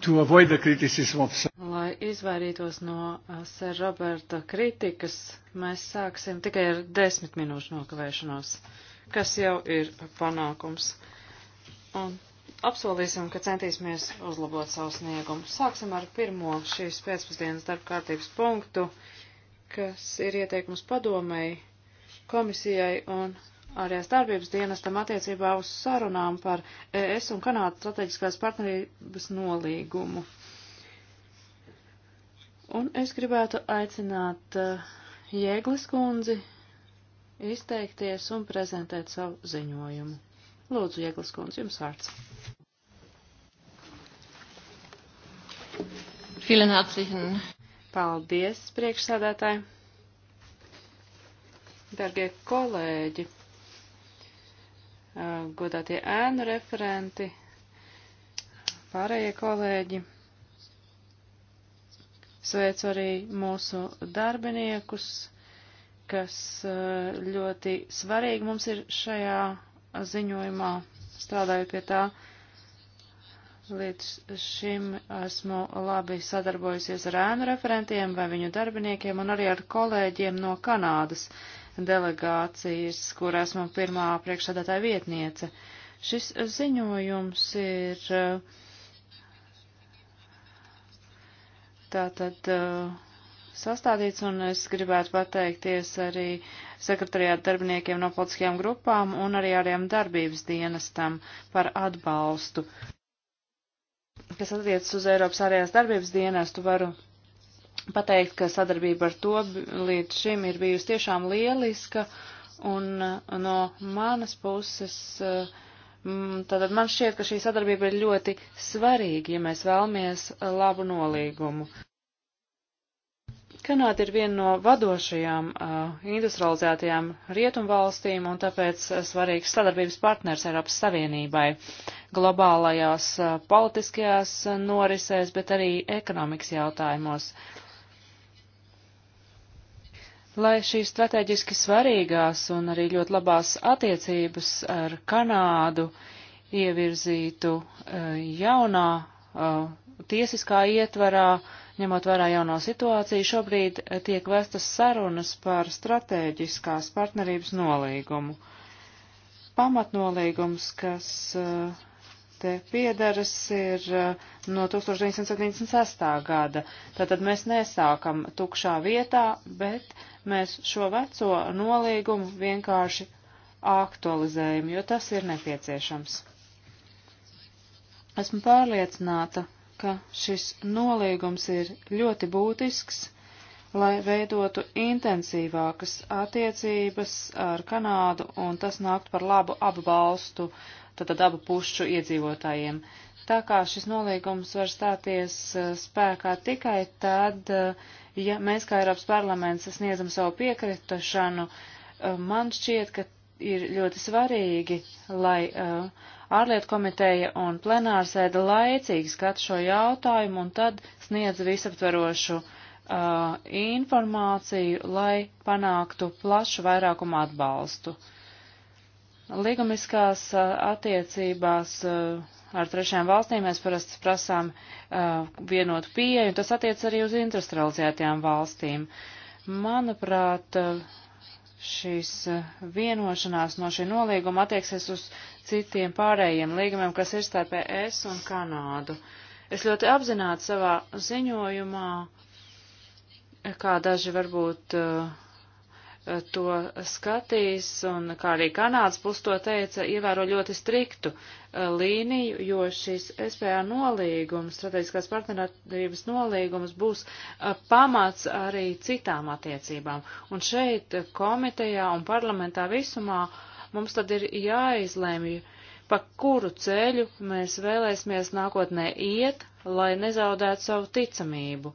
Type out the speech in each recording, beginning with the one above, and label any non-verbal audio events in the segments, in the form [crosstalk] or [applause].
Of... Lai izvairītos no uh, Sir Roberta kritikas, mēs sāksim tikai ar desmit minūšu nokavēšanos, kas jau ir panākums. Un apsolīsim, ka centīsimies uzlabot savu sniegumu. Sāksim ar pirmo šīs pēcpusdienas darba kārtības punktu, kas ir ieteikums padomēji, komisijai un ārējās darbības dienestam attiecībā uz sarunām par ES un Kanādas strateģiskās partnerības nolīgumu. Un es gribētu aicināt eh, Jēglis kundzi izteikties un prezentēt savu ziņojumu. Lūdzu, Jēglis kundzi, jums vārds. Vielen herzlichen. Paldies, priekšsādātāji. Dargie kolēģi. Eh, godātie ēnu referenti, pārējie kolēģi. Sveicu arī mūsu darbiniekus, kas eh, ļoti svarīgi mums ir šajā ziņojumā, strādājot pie tā. Līdz šim esmu labi sadarbojusies ar ēnu referentiem vai viņu darbiniekiem un arī ar kolēģiem no Kanādas. Uh, delegācijas, kur esmu pirmā priekšsādātāja vietniece. Šis ziņojums ir eh, tātad eh, sastādīts, un es gribētu pateikties arī sekretariāta darbiniekiem no politiskajām grupām un arī ārējām darbības dienestam par atbalstu. Kas attiecas uz Eiropas ārējās darbības dienestu, varu pateikt, ka sadarbība ar to līdz šim ir bijusi tiešām lieliska, un uh, no manas puses, tātad uh, man šķiet, ka šī sadarbība ir ļoti svarīga, ja mēs vēlamies uh, labu nolīgumu. Kanāda ir viena no vadošajām uh, industrializētajām rietumvalstīm un tāpēc svarīgs sadarbības partners Eiropas Savienībai globālajās uh, politiskajās norisēs, bet arī ekonomikas jautājumos. Uh, lai šīs strateģiski svarīgās un arī ļoti labās attiecības ar Kanādu ievirzītu eh, jaunā eh, tiesiskā ietvarā, ņemot vērā jauno situāciju, šobrīd eh, tiek vestas sarunas par strateģiskās partnerības nolīgumu. Pamatnolīgums, kas uh, te piedaras, ir eh, no 1976. gada. Tātad mēs nesākam tukšā vietā, bet mēs šo veco nolīgumu vienkārši aktualizējam, jo tas ir nepieciešams. Esmu pārliecināta, ka šis nolīgums ir ļoti būtisks, lai veidotu intensīvākas attiecības ar Kanādu, un tas nākt par labu apbalstu uh, tātad abu pušu iedzīvotājiem. Tā kā šis nolīgums var stāties eh, spēkā tikai tad, eh, ja mēs kā Eiropas parlaments sniedzam savu piekritušanu, eh, man šķiet, ka ir ļoti svarīgi, lai ārlietu komiteja un plenārsēda laicīgi skat šo jautājumu un tad sniedz visaptverošu informāciju, lai panāktu plašu vairākumu atbalstu. Uh, Līgumiskās attiecībās ar trešajām valstīm mēs parasti prasām vienotu pieeju, un tas attiec arī uz industrializētajām valstīm. Manuprāt, šīs vienošanās no šī nolīguma attieksies uz citiem pārējiem līgumiem, kas ir starp ES un Kanādu. Es ļoti apzināti savā ziņojumā, kā daži varbūt uh, to skatīs, un kā arī Kanādas pus to teica, ievēro ļoti striktu uh, līniju, jo šis SPA nolīgums, strateģiskās partnerības nolīgums būs uh, pamats arī citām attiecībām. Un šeit uh, komitejā un parlamentā visumā mums tad ir jāizlēmj, pa kuru ceļu mēs vēlēsimies nākotnē iet, lai nezaudētu savu ticamību.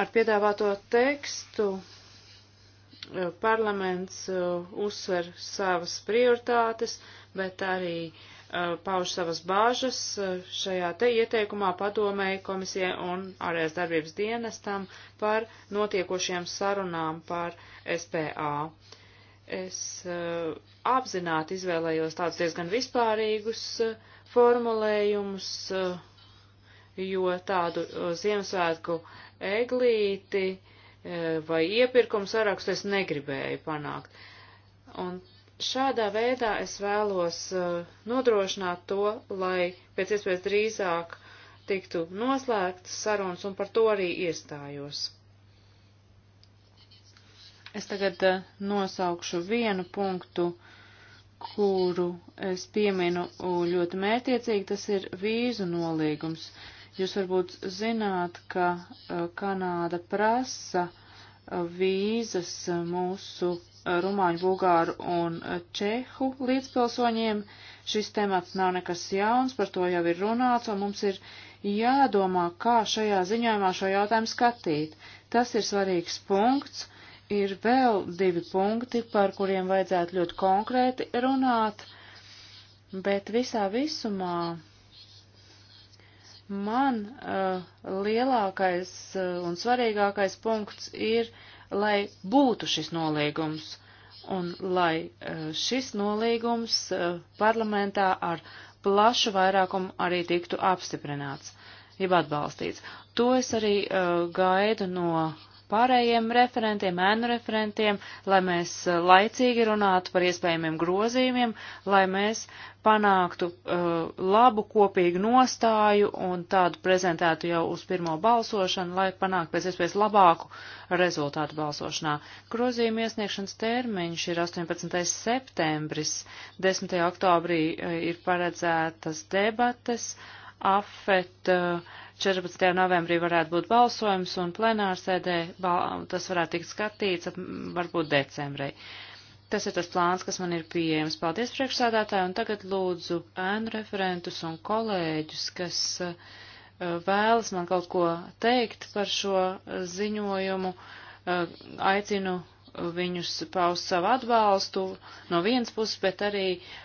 Ar piedāvāto tekstu eh, parlaments eh, uzsver savas prioritātes, bet arī eh, pauž savas bāžas šajā te ieteikumā padomēji komisijai un ārējās darbības dienestam par notiekošiem sarunām par SPA. Es uh, apzināti izvēlējos tādus diezgan vispārīgus uh, formulējumus, uh, jo tādu Ziemassvētku eglīti e, vai iepirkumu sarakstu es negribēju panākt. Un šādā veidā es vēlos e, nodrošināt to, lai pēc iespējas drīzāk tiktu noslēgtas sarunas un par to arī iestājos. Es tagad e, nosaukšu vienu punktu, kuru es pieminu ļoti mērtiecīgi, tas ir vīzu nolīgums. Uh, Jūs varbūt zināt, ka e, Kanāda prasa e, vīzas mūsu e, rumāņu, bulgāru un čehu līdzpilsoņiem. Šis temats nav nekas jauns, par to jau ir runāts, un mums ir jādomā, kā šajā ziņojumā šo jautājumu skatīt. Tas ir svarīgs punkts. Ir vēl divi punkti, par kuriem vajadzētu ļoti konkrēti runāt, bet visā visumā Man uh, lielākais uh, un svarīgākais punkts ir, lai būtu šis nolīgums un lai uh, šis nolīgums uh, parlamentā ar plašu vairākumu arī tiktu apstiprināts, jeb atbalstīts. To es arī uh, gaidu no pārējiem referentiem, ēnu referentiem, lai mēs eh, laicīgi runātu par iespējamiem grozījumiem, lai mēs panāktu uh, labu kopīgu nostāju un tādu prezentētu jau uz pirmo balsošanu, lai panāktu pēc iespējas labāku rezultātu balsošanā. Grozījuma iesniegšanas termiņš ir 18. septembris, 10. oktobrī eh, ir paredzētas debates, afet uh, 14. novembrī varētu būt balsojums un plenārsēdē tas varētu tikt skatīts varbūt decembrī. Tas ir tas plāns, kas man ir pieejams. Paldies priekšsādātāji un tagad lūdzu ēnu referentus un kolēģus, kas eh, vēlas man kaut ko teikt par šo ziņojumu. Eh, aicinu viņus paust savu atbalstu no vienas puses, bet arī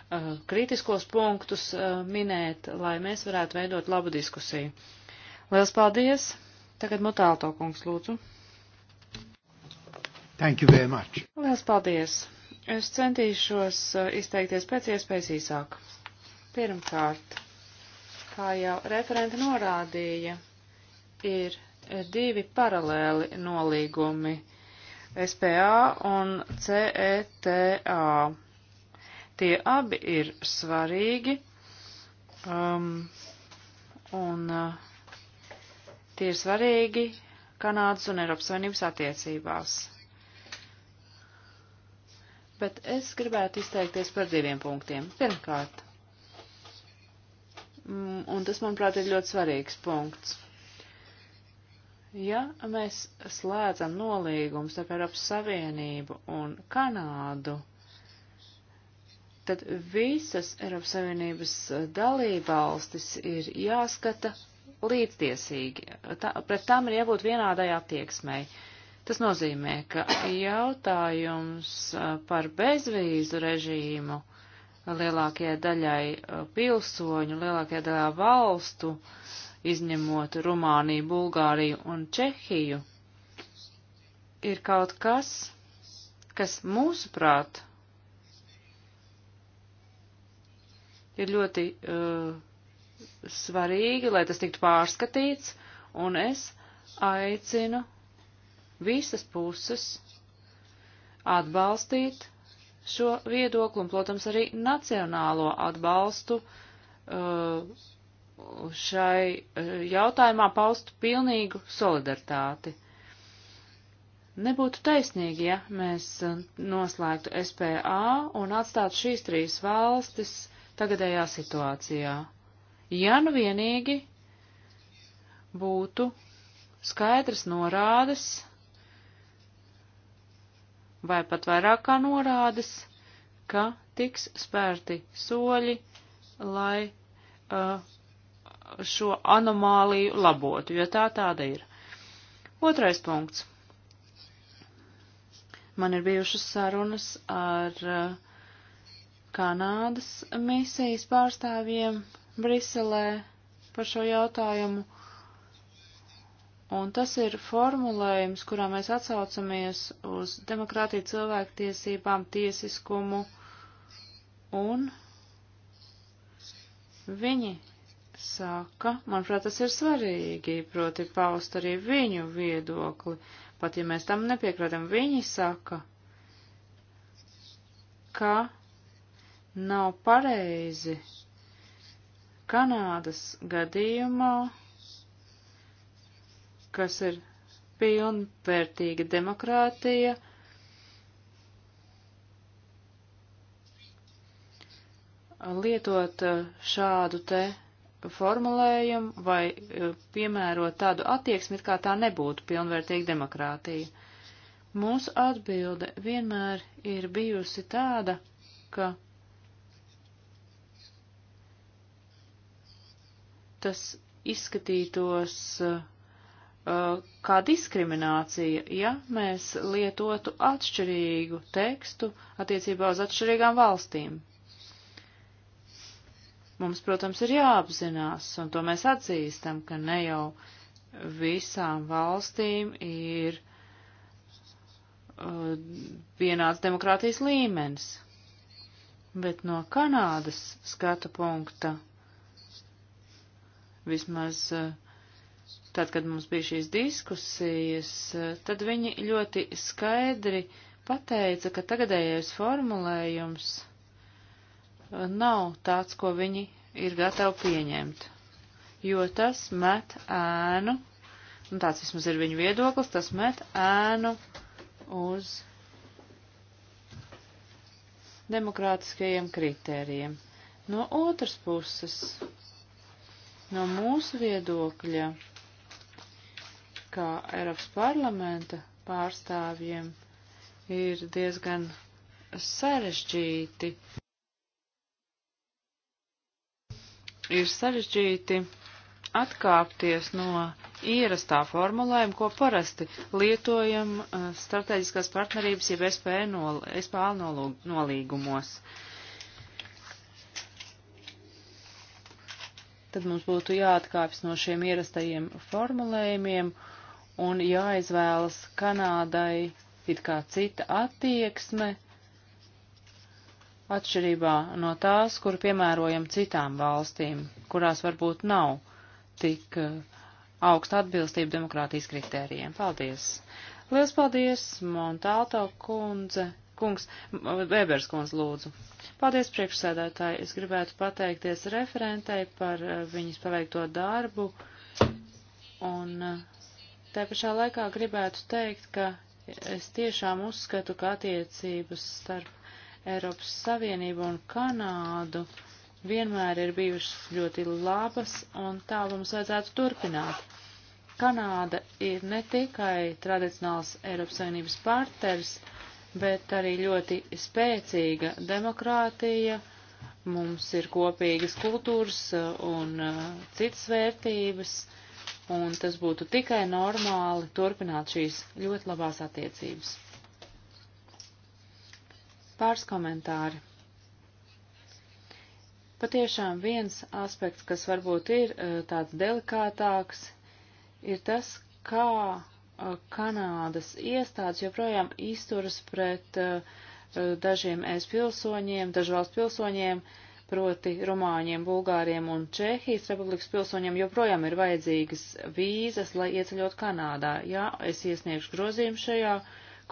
uh, kritiskos punktus uh, minēt, lai mēs varētu veidot labu diskusiju. Liels paldies! Tagad mutālto kungs lūdzu. Thank you very much. Liels paldies! Es centīšos eh, izteikties pēc iespējas īsāk. Pirmkārt, kā jau referenta norādīja, ir divi paralēli nolīgumi - SPA un CETA. Tie abi ir svarīgi, um, un uh, Tie ir svarīgi Kanādas un Eiropas Savienības attiecībās. Bet es gribētu izteikties par diviem punktiem. Pirmkārt, mm, un tas, manuprāt, ir ļoti svarīgs punkts. Ja mēs slēdzam nolīgumu starp Eiropas Savienību un Kanādu, tad visas Eiropas Savienības dalībvalstis ir jāskata līdztiesīgi. Tā, pret tām ir jābūt vienādai attieksmei. Tas nozīmē, ka jautājums par bezvīzu režīmu lielākajai daļai pilsoņu, lielākajai daļā valstu, izņemot Rumāniju, Bulgāriju un Čehiju, ir kaut kas, kas mūsuprāt ir ļoti uh, svarīgi, lai tas tiktu pārskatīts, un es aicinu visas puses atbalstīt šo viedokli un, protams, arī nacionālo atbalstu uh, šai uh, jautājumā paust pilnīgu solidaritāti. Nebūtu taisnīgi, ja mēs uh, noslēgtu SPA un atstātu šīs trīs valstis tagadējā situācijā ja nu vienīgi būtu skaidrs norādes, vai pat vairāk kā norādes, ka tiks spērti soļi, lai uh, šo anomāliju labotu, jo tā tāda ir. Otrais punkts. Man ir bijušas sarunas ar uh, Kanādas misijas pārstāvjiem, Briselē par šo jautājumu. Un tas ir formulējums, kurā mēs atsaucamies uz demokrātiju cilvēktiesībām, tiesiskumu, un viņi saka, manuprāt, tas ir svarīgi, proti paust arī viņu viedokli, pat ja mēs tam nepiekrātam, viņi saka, ka nav pareizi Kanādas gadījumā, kas ir pilnvērtīga demokrātija, lietot eh, šādu te formulējumu vai eh, piemērot tādu attieksmi, kā tā nebūtu pilnvērtīga demokrātija. Mūsu atbilde vienmēr ir bijusi tāda, ka tas izskatītos uh, kā diskriminācija, ja mēs lietotu atšķirīgu tekstu attiecībā uz atšķirīgām valstīm. Mums, protams, ir jāapzinās, un to mēs atzīstam, ka ne jau visām valstīm ir uh, vienāds demokrātijas līmenis, bet no Kanādas skatu punkta vismaz eh, tad, kad mums bija šīs diskusijas, eh, tad viņi ļoti skaidri pateica, ka tagadējais formulējums eh, nav tāds, ko viņi ir gatavi pieņemt, jo tas met ēnu, un tāds vismaz ir viņu viedoklis, tas met ēnu uz demokrātiskajiem kritērijiem. No otras puses, No mūsu viedokļa, kā Eiropas parlamenta pārstāvjiem, ir diezgan sarežģīti. Ir sarežģīti atkāpties no ierastā formulējuma, ko parasti lietojam uh, strateģiskās partnerības jeb SPA nolīgumos. tad mums būtu jāatkāpjas no šiem ierastajiem formulējumiem un jāizvēlas Kanādai it kā cita attieksme atšķirībā no tās, kur piemērojam citām valstīm, kurās varbūt nav tik eh, augsta atbilstība demokrātijas kritērijiem. Paldies! Lielas paldies, Montalto kundze, kungs, Vēbers kundze, lūdzu. Paldies priekšsēdētāji. Es gribētu pateikties referentei par eh, viņas paveikto darbu. Un eh, tā pašā laikā gribētu teikt, ka es tiešām uzskatu, ka attiecības starp Eiropas Savienību un Kanādu vienmēr ir bijušas ļoti labas, un tā mums vajadzētu turpināt. Kanāda ir ne tikai tradicionāls Eiropas Savienības partners, bet arī ļoti spēcīga demokrātija. Mums ir kopīgas kultūras uh, un uh, citas vērtības, un tas būtu tikai normāli turpināt šīs ļoti labās attiecības. Pāris komentāri. Patiešām viens aspekts, kas varbūt ir uh, tāds delikātāks, ir tas, kā Kanādas iestādes joprojām izturas pret dažiem es pilsoņiem, dažu valstu pilsoņiem, proti Rumāņiem, Bulgāriem un Čehijas republikas pilsoņiem joprojām ir vajadzīgas vīzas, lai ieceļot Kanādā. Jā, es iesniegšu grozījumu šajā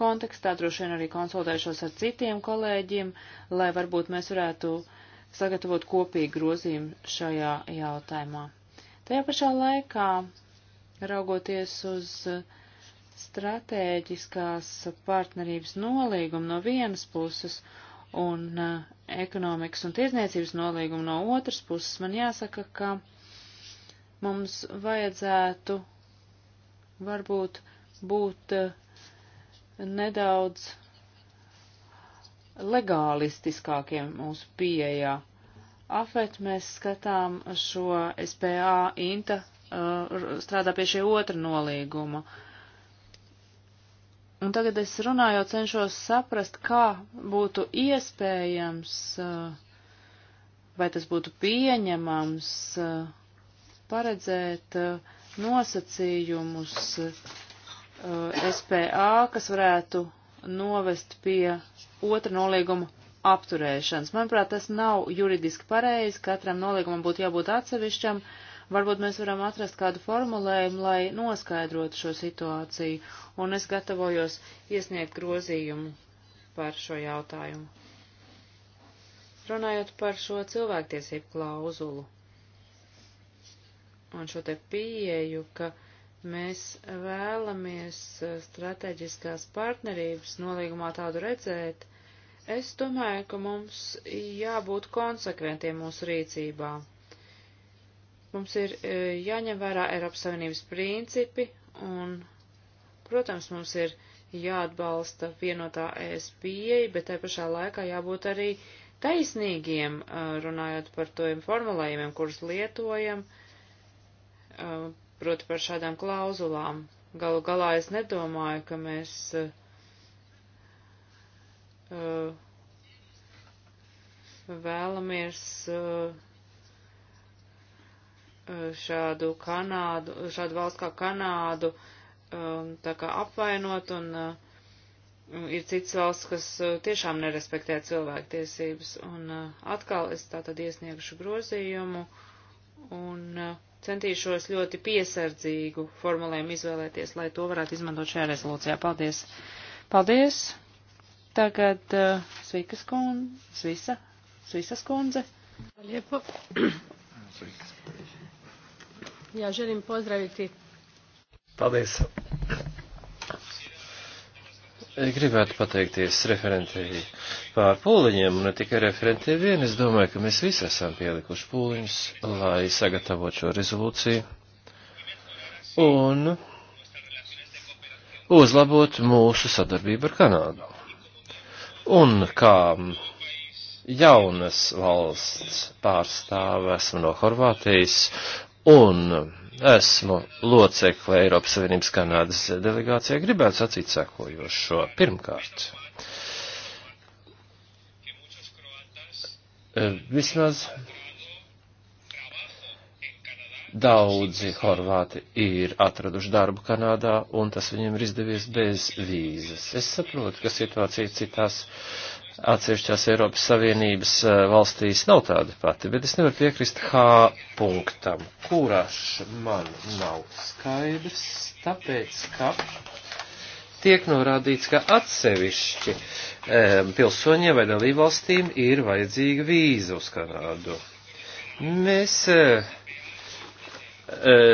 kontekstā, droši vien arī konsultēšos ar citiem kolēģiem, lai varbūt mēs varētu sagatavot kopīgu grozījumu šajā jautājumā. Tajā pašā laikā, raugoties uz uh, stratēģiskās partnerības nolīgumu no vienas puses un uh, ekonomikas un tirzniecības nolīgumu no otras puses, man jāsaka, ka mums vajadzētu varbūt būt uh, nedaudz legālistiskākiem mūsu pieejā. Afet mēs skatām šo SPA, INTA uh, strādā pie šī otra nolīguma. Uh, Un tagad es runāju, cenšos saprast, kā būtu iespējams, eh, vai tas būtu pieņemams, eh, paredzēt eh, nosacījumus SPA, kas varētu novest pie otra nolīguma apturēšanas. Manuprāt, tas nav juridiski pareizi, katram nolīgumam būtu jābūt atsevišķam, uh, Varbūt mēs varam atrast kādu formulējumu, lai noskaidrotu šo situāciju, un es gatavojos iesniegt grozījumu par šo jautājumu. Runājot par šo cilvēktiesību klauzulu un šo te pieeju, ka mēs vēlamies e, strateģiskās partnerības nolīgumā tādu redzēt, es domāju, ka mums jābūt konsekventiem mūsu rīcībā. Mums ir e, jāņem vērā Eiropas Savienības principi un, protams, mums ir jāatbalsta vienotā ES pieeja, bet tai pašā laikā jābūt arī taisnīgiem, e, runājot par tojiem formulējumiem, kurus lietojam, e, proti par šādām klauzulām. Galu galā es nedomāju, ka mēs vēlamies uh, šādu Kanādu, šādu valstu kā Kanādu um, tā kā apvainot un uh, ir cits valsts, kas uh, tiešām nerespektē cilvēktiesības. Un uh, atkal es tā tad iesniegšu grozījumu un centīšos ļoti piesardzīgu formulējumu izvēlēties, lai to varētu izmantot šajā rezolūcijā. Paldies! Paldies! Tagad uh, Svikas kundze, Svisa, Svisas kundze. Liepo ja želim pozdraviti. Paldies. Gribētu pateikties referentei pār pūliņiem, un ne tikai referentei vien. Es domāju, ka mēs visi esam pielikuši pūliņus, lai sagatavotu šo rezolūciju un uzlabot mūsu sadarbību ar Kanādu. Un kā jaunas valsts pārstāve esmu no Horvātijas, un esmu locekle Eiropas Savienības Kanādas delegācijā, gribētu sacīt sekojošo. Pirmkārt, vismaz daudzi horvāti ir atraduši darbu Kanādā, un tas viņiem ir izdevies bez vīzas. Es saprotu, ka situācija citās atsevišķās Eiropas Savienības eh, valstīs nav tāda pati, bet es nevaru piekrist H punktam, kurš man nav skaidrs, tāpēc, ka tiek norādīts, ka atsevišķi um, pilsoņiem vai dalībvalstīm ir vajadzīga vīza uz Kanādu. Mēs uh,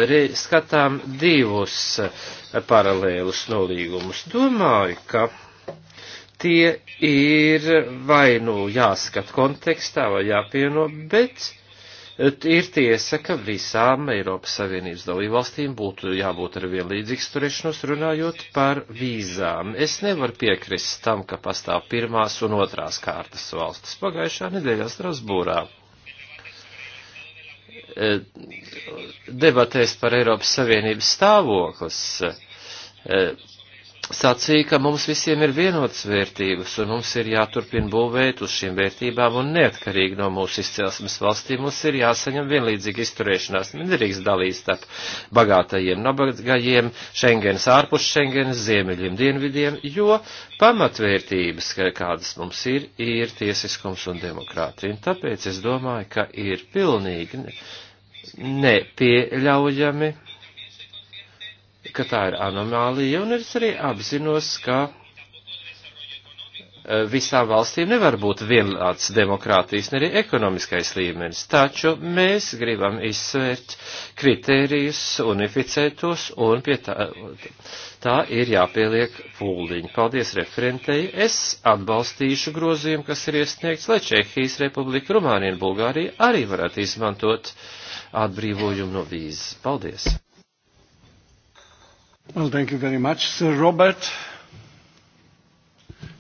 re, skatām divus paralēlus nolīgumus. Domāju, ka tie ir vai nu jāskat kontekstā vai jāpieno, bet e, ir tiesa, ka visām Eiropas Savienības dalībvalstīm būtu jābūt ar vienlīdzīgu izturēšanos runājot par vīzām. Es nevaru piekrist tam, ka pastāv pirmās un otrās kārtas valstis pagājušā nedēļā Strasbūrā. E, debatēs par Eiropas Savienības stāvoklis e, sacīja, ka mums visiem ir vienotas vērtības, un mums ir jāturpina būvēt uz šīm vērtībām, un neatkarīgi no mūsu izcelsmes valstīm mums ir jāsaņem vienlīdzīga izturēšanās. Nedrīkst dalīt starp bagātajiem, nabagajiem, Schengens ārpus Schengens, ziemeļiem, dienvidiem, jo pamatvērtības, kādas mums ir, ir tiesiskums un demokrātija. Un tāpēc es domāju, ka ir pilnīgi nepieļaujami. Ne ka tā ir anomālija, un es arī apzinos, ka e, visām valstīm nevar būt vienlāds demokrātijas, ne arī ekonomiskais līmenis, taču mēs gribam izsvērt kritērijus, unificēt tos, un pie tā, tā ir jāpieliek pūliņi. Paldies referentei, es atbalstīšu grozījumu, kas ir iesniegts, lai Čehijas republika, Rumānija un Bulgārija arī varētu izmantot atbrīvojumu no vīzes. Paldies! Well, thank you very much, Sir Robert.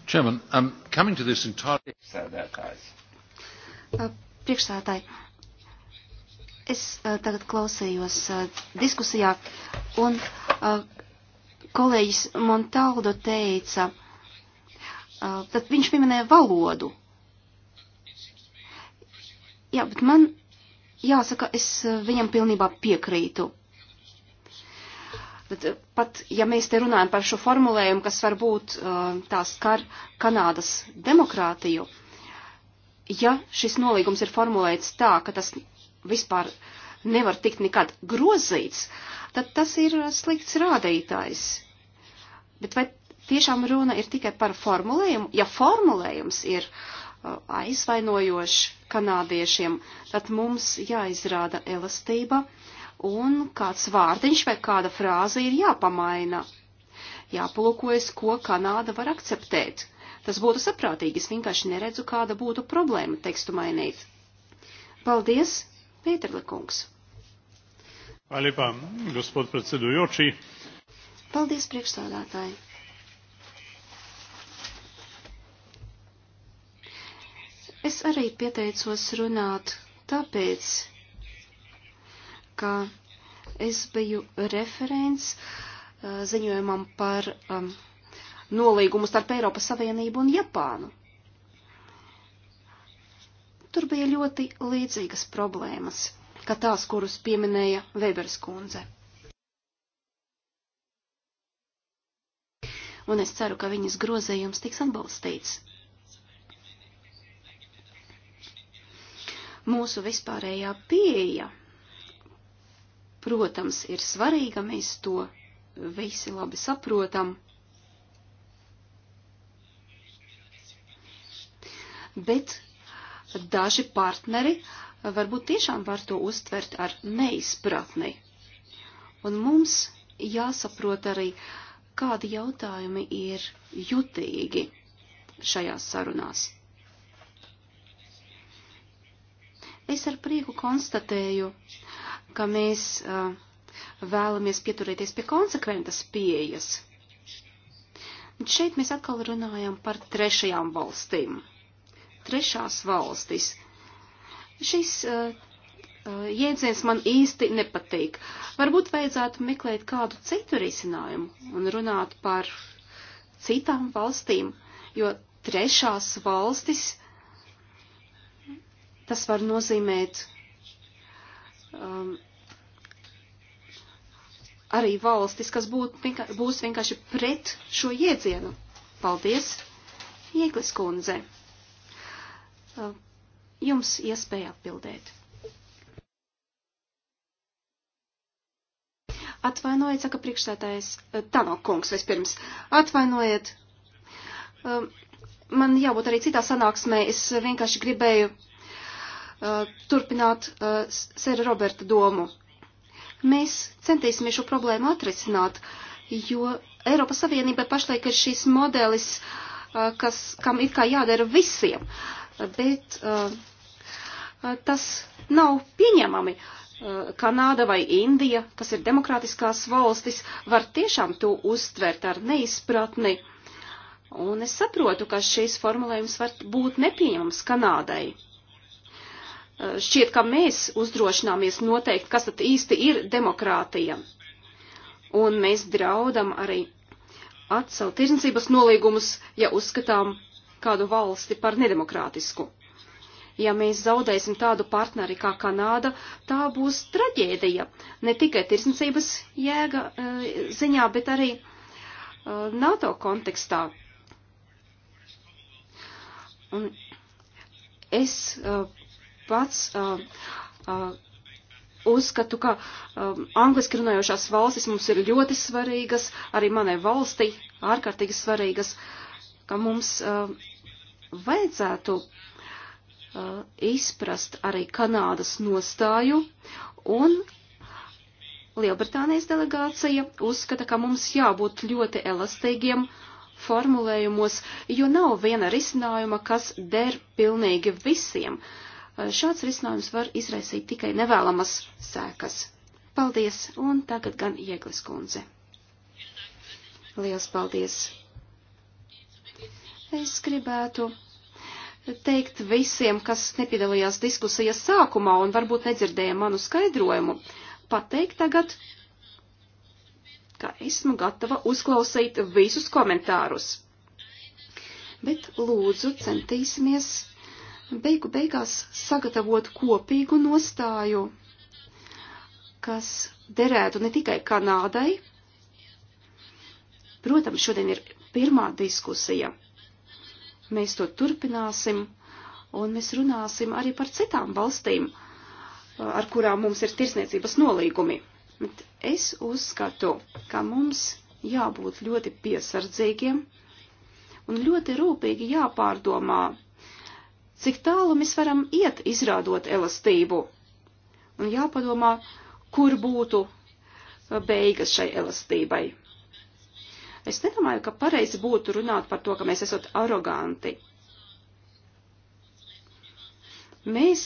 Chairman, um, coming to this entirely... Priekšsēdētājs. Uh, priekšsēdētāji, es uh, tagad klausējos uh, diskusijā, un uh, kolēģis Montaldo teica, uh, tad viņš pieminēja valodu. Jā, bet man jāsaka, es uh, viņam pilnībā piekrītu. Bet eh, pat, ja mēs te runājam par šo formulējumu, kas varbūt eh, tās kar Kanādas demokrātiju, ja šis nolīgums ir formulēts tā, ka tas vispār nevar tikt nekad grozīts, tad tas ir slikts rādītājs. Bet vai tiešām runa ir tikai par formulējumu? Ja formulējums ir eh, aizvainojošs kanādiešiem, tad mums jāizrāda elastība un kāds vārdiņš vai kāda frāze ir jāpamaina. Jāpalūkojas, ko Kanāda var akceptēt. Tas būtu saprātīgi, es vienkārši neredzu, kāda būtu problēma tekstu mainīt. Paldies, Pēterle kungs! Aļipā, gospod predsedujoči! Paldies, priekšstādātāji! Es arī pieteicos runāt, tāpēc, ka es biju referents uh, ziņojumam par um, nolīgumu starp Eiropas Savienību un Japānu. Tur bija ļoti līdzīgas problēmas, kā tās, kurus pieminēja Weberas kundze. Un es ceru, ka viņas grozējums tiks atbalstīts. Mūsu vispārējā pieeja protams, ir svarīga, mēs to visi labi saprotam. Bet daži partneri varbūt tiešām var to uztvert ar neizpratni. Un mums jāsaprot arī, kādi jautājumi ir jutīgi šajās sarunās. Es ar prieku konstatēju, uh, ka mēs uh, vēlamies pieturēties pie konsekventas pieejas. Un šeit mēs atkal runājam par trešajām valstīm. Trešās valstis. Šis uh, jēdziens man īsti nepatīk. Varbūt vajadzētu meklēt kādu citu risinājumu un runāt par citām valstīm, jo trešās valstis tas var nozīmēt um, arī valstis, kas būt, būs vienkārši pret šo jēdzienu. Paldies, Ieglis kundze. Um, jums iespēja atbildēt. Atvainojiet, saka priekšstādājs uh, Tano kungs vispirms. Atvainojiet. Um, man jābūt arī citā sanāksmē. Es vienkārši gribēju Uh, turpināt uh, Sēra Roberta domu. Mēs centīsimies šo problēmu atrisināt, jo Eiropas Savienībai pašlaik ir šis modelis, uh, kas, kam it kā jādara visiem, bet tas nav pieņemami. Kanāda vai Indija, kas ir demokrātiskās valstis, var tiešām to uztvert ar neizpratni. Un es saprotu, ka šīs formulējums var būt nepieņemams Kanādai šķiet, ka mēs uzdrošināmies noteikt, kas tad īsti ir demokrātija. Un mēs draudam arī atcelt tirdzniecības nolīgumus, ja uzskatām kādu valsti par nedemokrātisku. Ja mēs zaudēsim tādu partneri kā Kanāda, tā būs traģēdija ne tikai tirdzniecības jēga e, ziņā, bet arī e, NATO kontekstā. Un es uh, pats uh, uh, uzskatu, ka um, angliski runājošās valstis mums ir ļoti svarīgas, arī manai valstī ārkārtīgi svarīgas, ka mums uh, vajadzētu uh, izprast arī Kanādas nostāju un Lielbritānijas delegācija uzskata, ka mums jābūt ļoti elastīgiem formulējumos, jo nav viena risinājuma, kas der pilnīgi visiem. Uh, šāds risinājums var izraisīt tikai nevēlamas sēkas. Paldies, un tagad gan Ieglis kundze. Liels paldies! Es gribētu teikt visiem, kas nepiedalījās diskusijas sākumā un varbūt nedzirdēja manu skaidrojumu, pateikt tagad, ka esmu gatava uzklausīt visus komentārus. Bet lūdzu centīsimies beigu beigās sagatavot kopīgu nostāju, kas derētu ne tikai Kanādai. Protams, šodien ir pirmā diskusija. Mēs to turpināsim, un mēs runāsim arī par citām valstīm, ar kurām mums ir tirsniecības nolīgumi. Bet es uzskatu, ka mums jābūt ļoti piesardzīgiem un ļoti rūpīgi jāpārdomā cik tālu mēs varam iet, izrādot elastību. Un jāpadomā, kur būtu uh, beigas šai elastībai. Es nedomāju, ka pareizi būtu runāt par to, ka mēs esam aroganti. Mēs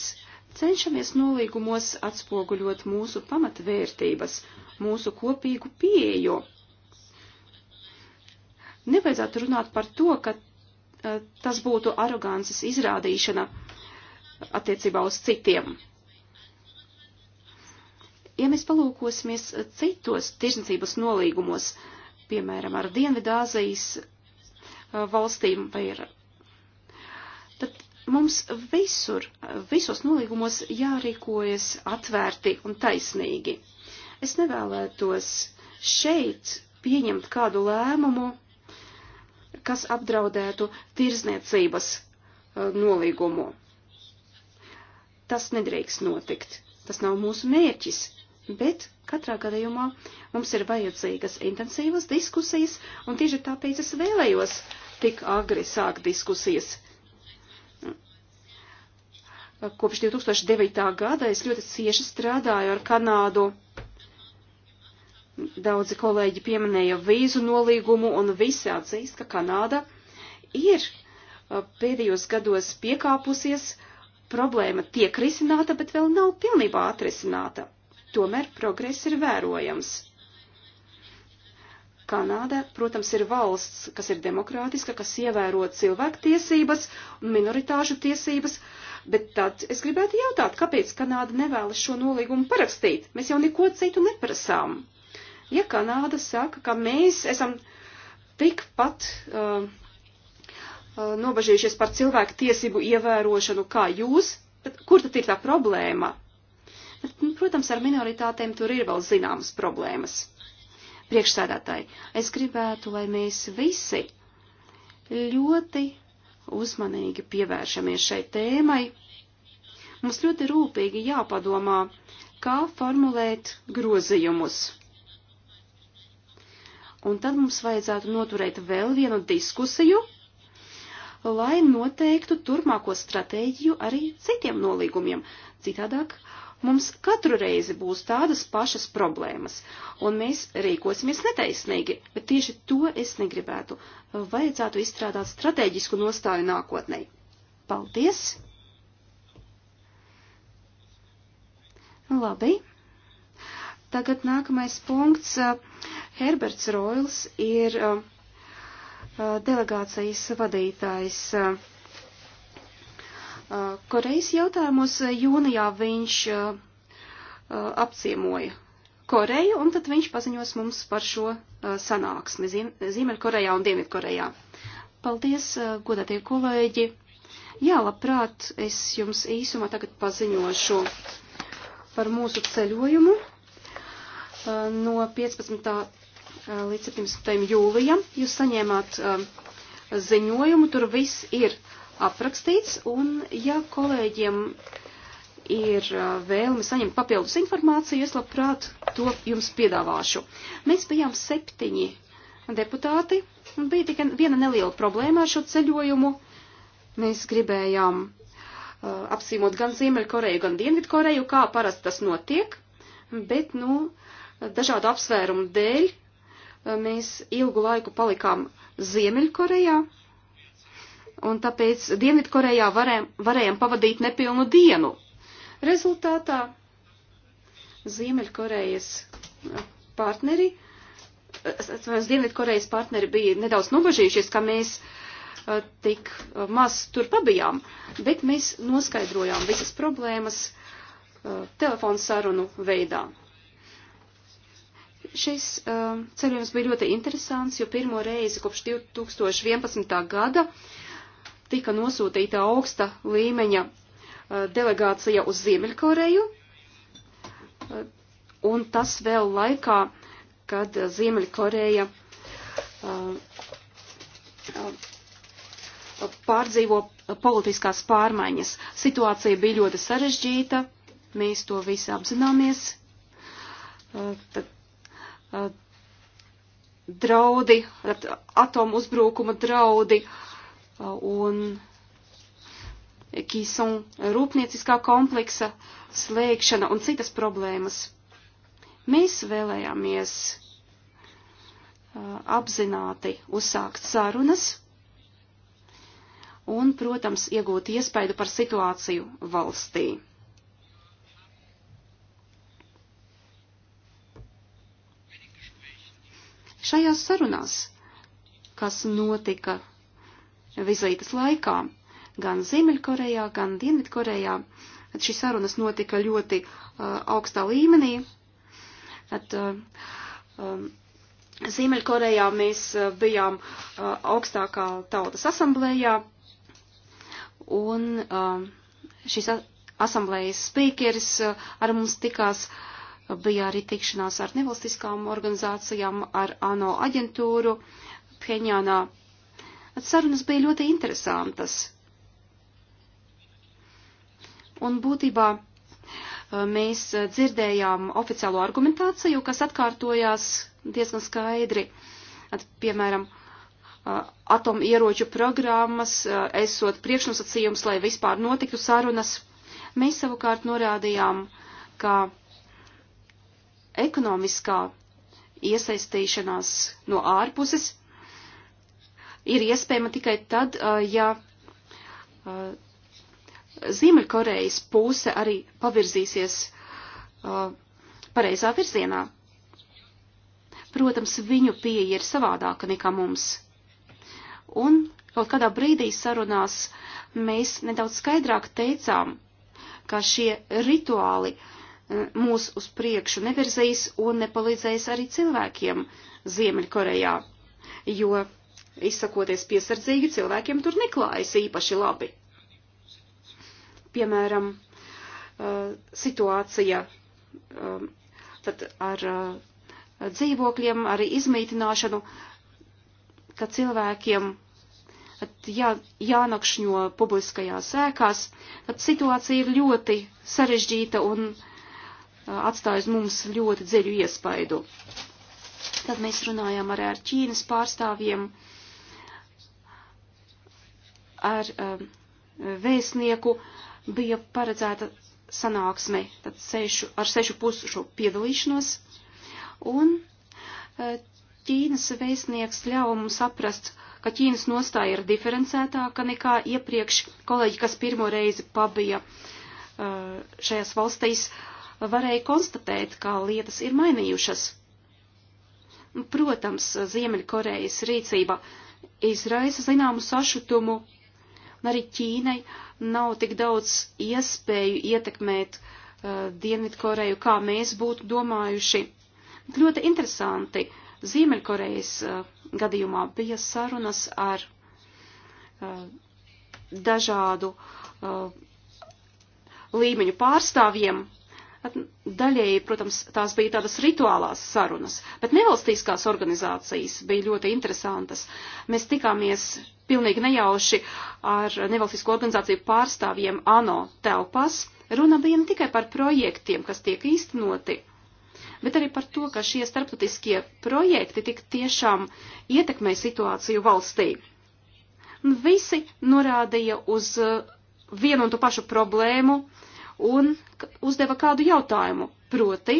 cenšamies nolīgumos atspoguļot mūsu pamatvērtības, mūsu kopīgu pieeju. Nevajadzētu runāt par to, ka Eh, tas būtu arogances izrādīšana attiecībā uz citiem. Ja mēs palūkosimies citos tirsniecības nolīgumos, piemēram, ar Dienvidāzijas eh, valstīm vai ir, tad mums visur, visos nolīgumos jārīkojas atvērti un taisnīgi. Es nevēlētos šeit pieņemt kādu lēmumu, kas apdraudētu tirzniecības uh, nolīgumu. Tas nedrīkst notikt. Tas nav mūsu mērķis, bet katrā gadījumā mums ir vajadzīgas intensīvas diskusijas, un tieši tāpēc es vēlējos tik agri sākt diskusijas. Kopš 2009. gada es ļoti cieši strādāju ar Kanādu Daudzi kolēģi pieminēja vīzu nolīgumu un visi atzīst, ka Kanāda ir pēdējos gados piekāpusies, problēma tiek risināta, bet vēl nav pilnībā atrisināta. Tomēr progress ir vērojams. Kanāda, protams, ir valsts, kas ir demokrātiska, kas ievēro cilvēktiesības un minoritāšu tiesības, bet tad es gribētu jautāt, kāpēc Kanāda nevēlas šo nolīgumu parakstīt? Mēs jau neko citu neprasām ja Kanāda saka, ka mēs esam tikpat uh, uh, nobažījušies par cilvēku tiesību ievērošanu kā jūs, bet kur tad ir tā problēma? Bet, nu, protams, ar minoritātēm tur ir vēl zināmas problēmas. Priekšsēdētāji, es gribētu, lai mēs visi ļoti uzmanīgi pievēršamies šai tēmai. Mums ļoti rūpīgi jāpadomā, kā formulēt grozījumus Un tad mums vajadzētu noturēt vēl vienu diskusiju, lai noteiktu turpmāko stratēģiju arī citiem nolīgumiem. Citādāk mums katru reizi būs tādas pašas problēmas, un mēs rīkosimies netaisnīgi, bet tieši to es negribētu. Vajadzētu izstrādāt strateģisku nostāju nākotnē. Paldies! Labi. Tagad nākamais punkts. Uh, Herberts Roils ir uh, uh, delegācijas vadītājs. Uh, Korejas jautājumos jūnijā viņš uh, uh, apciemoja Koreju, un tad viņš paziņos mums par šo uh, sanāksmi Ziemeļkorejā un Dienvidkorejā. Paldies, godātie kolēģi! Jā, labprāt, es jums īsumā tagad paziņošu par mūsu ceļojumu no 15. Eh, līdz 17. jūlijam. Jūs saņēmāt eh, ziņojumu, tur viss ir aprakstīts, un ja kolēģiem ir eh, vēlme saņemt papildus informāciju, es labprāt to jums piedāvāšu. Mēs bijām septiņi deputāti, un bija tikai viena neliela problēma ar šo ceļojumu. Mēs gribējām apsīmot gan Ziemeļkoreju, gan Dienvidkoreju, kā parasti tas notiek, bet, nu, dažādu apsvērumu dēļ Eh, mēs ilgu laiku palikām Ziemeļkorejā, un tāpēc Dienvidkorejā varējām, varējām pavadīt nepilnu dienu. Rezultātā Ziemeļkorejas eh, partneri, eh, Dienvidkorejas partneri bija nedaudz nobažījušies, ka mēs tik maz tur pabijām, bet mēs noskaidrojām visas problēmas telefonsarunu veidā. Šis um, ceļojums bija ļoti interesants, jo pirmo reizi kopš 2011. gada tika nosūtīta augsta līmeņa uh, delegācija uz Ziemeļkoreju, uh, un tas vēl laikā, kad uh, Ziemeļkoreja uh, uh, pārdzīvo politiskās pārmaiņas. Situācija bija ļoti sarežģīta, mēs to visi apzināmies. Uh, tad Eh, draudi, atomu uzbrukuma draudi eh, un Kīsun rūpnieciskā kompleksa slēgšana un citas problēmas. Mēs vēlējāmies eh, apzināti uzsākt sarunas un, protams, iegūt iespaidu par situāciju valstī. Šajās sarunās, kas notika vizītes laikā, gan Ziemeļkorejā, gan Dienvidkorejā, šīs sarunas notika ļoti uh, augstā līmenī. At, uh, um, Ziemeļkorejā mēs uh, bijām uh, augstākā tautas asamblējā, un uh, šīs asamblējas spīkeris uh, ar mums tikās uh, bija arī tikšanās ar nevalstiskām organizācijām, ar ANO aģentūru Pheņānā. Sarunas bija ļoti interesantas. Un būtībā e, mēs dzirdējām oficiālo argumentāciju, kas atkārtojās diezgan skaidri. At, piemēram, e, atomieroču programmas, e, esot priekšnosacījums, lai vispār notiktu sarunas. Mēs savukārt norādījām, ka ekonomiskā iesaistīšanās no ārpuses ir iespējama tikai tad, ja Ziemeļkorejas puse arī pavirzīsies pareizā virzienā. Protams, viņu pieeja ir savādāka nekā mums. Un kaut kādā brīdī sarunās mēs nedaudz skaidrāk teicām, ka šie rituāli uh, Eh, mūs uz priekšu nevirzīs un nepalīdzēs arī cilvēkiem Ziemeļkorejā, jo, izsakoties piesardzīgi, cilvēkiem tur neklājas īpaši labi. Piemēram, eh, situācija eh, tad ar dzīvokļiem, arī izmītināšanu, ka cilvēkiem jā, jānakšņo publiskajās ēkās, tad situācija ir ļoti sarežģīta un uh, atstāja uz mums ļoti dziļu iespaidu. Tad mēs runājām arī ar Ķīnas pārstāvjiem, ar um, vēstnieku bija paredzēta sanāksme tad sešu, ar sešu pušu piedalīšanos, un uh, Ķīnas vēstnieks ļāva mums saprast, ka Ķīnas nostāja ir diferencētāka nekā iepriekš kolēģi, kas pirmo reizi pabija uh, šajās valstīs, uh, varēja konstatēt, kā lietas ir mainījušas. Protams, Ziemeļkorejas rīcība izraisa zināmu sašutumu, un arī Ķīnai nav tik daudz iespēju ietekmēt uh, Dienvidkoreju, kā mēs būtu domājuši. Bet ļoti interesanti, Ziemeļkorejas uh, gadījumā bija sarunas ar uh, dažādu uh, līmeņu pārstāvjiem, Pat daļēji, protams, tās bija tādas rituālās sarunas, bet nevalstiskās organizācijas bija ļoti interesantas. Mēs tikāmies pilnīgi nejauši ar nevalstisko organizāciju pārstāvjiem ANO telpās. Runa bija ne tikai par projektiem, kas tiek īstenoti, bet arī par to, ka šie starptautiskie projekti tik tiešām ietekmē situāciju valstī. Un visi norādīja uz uh, vienu un to pašu problēmu, uh, un uzdeva kādu jautājumu, proti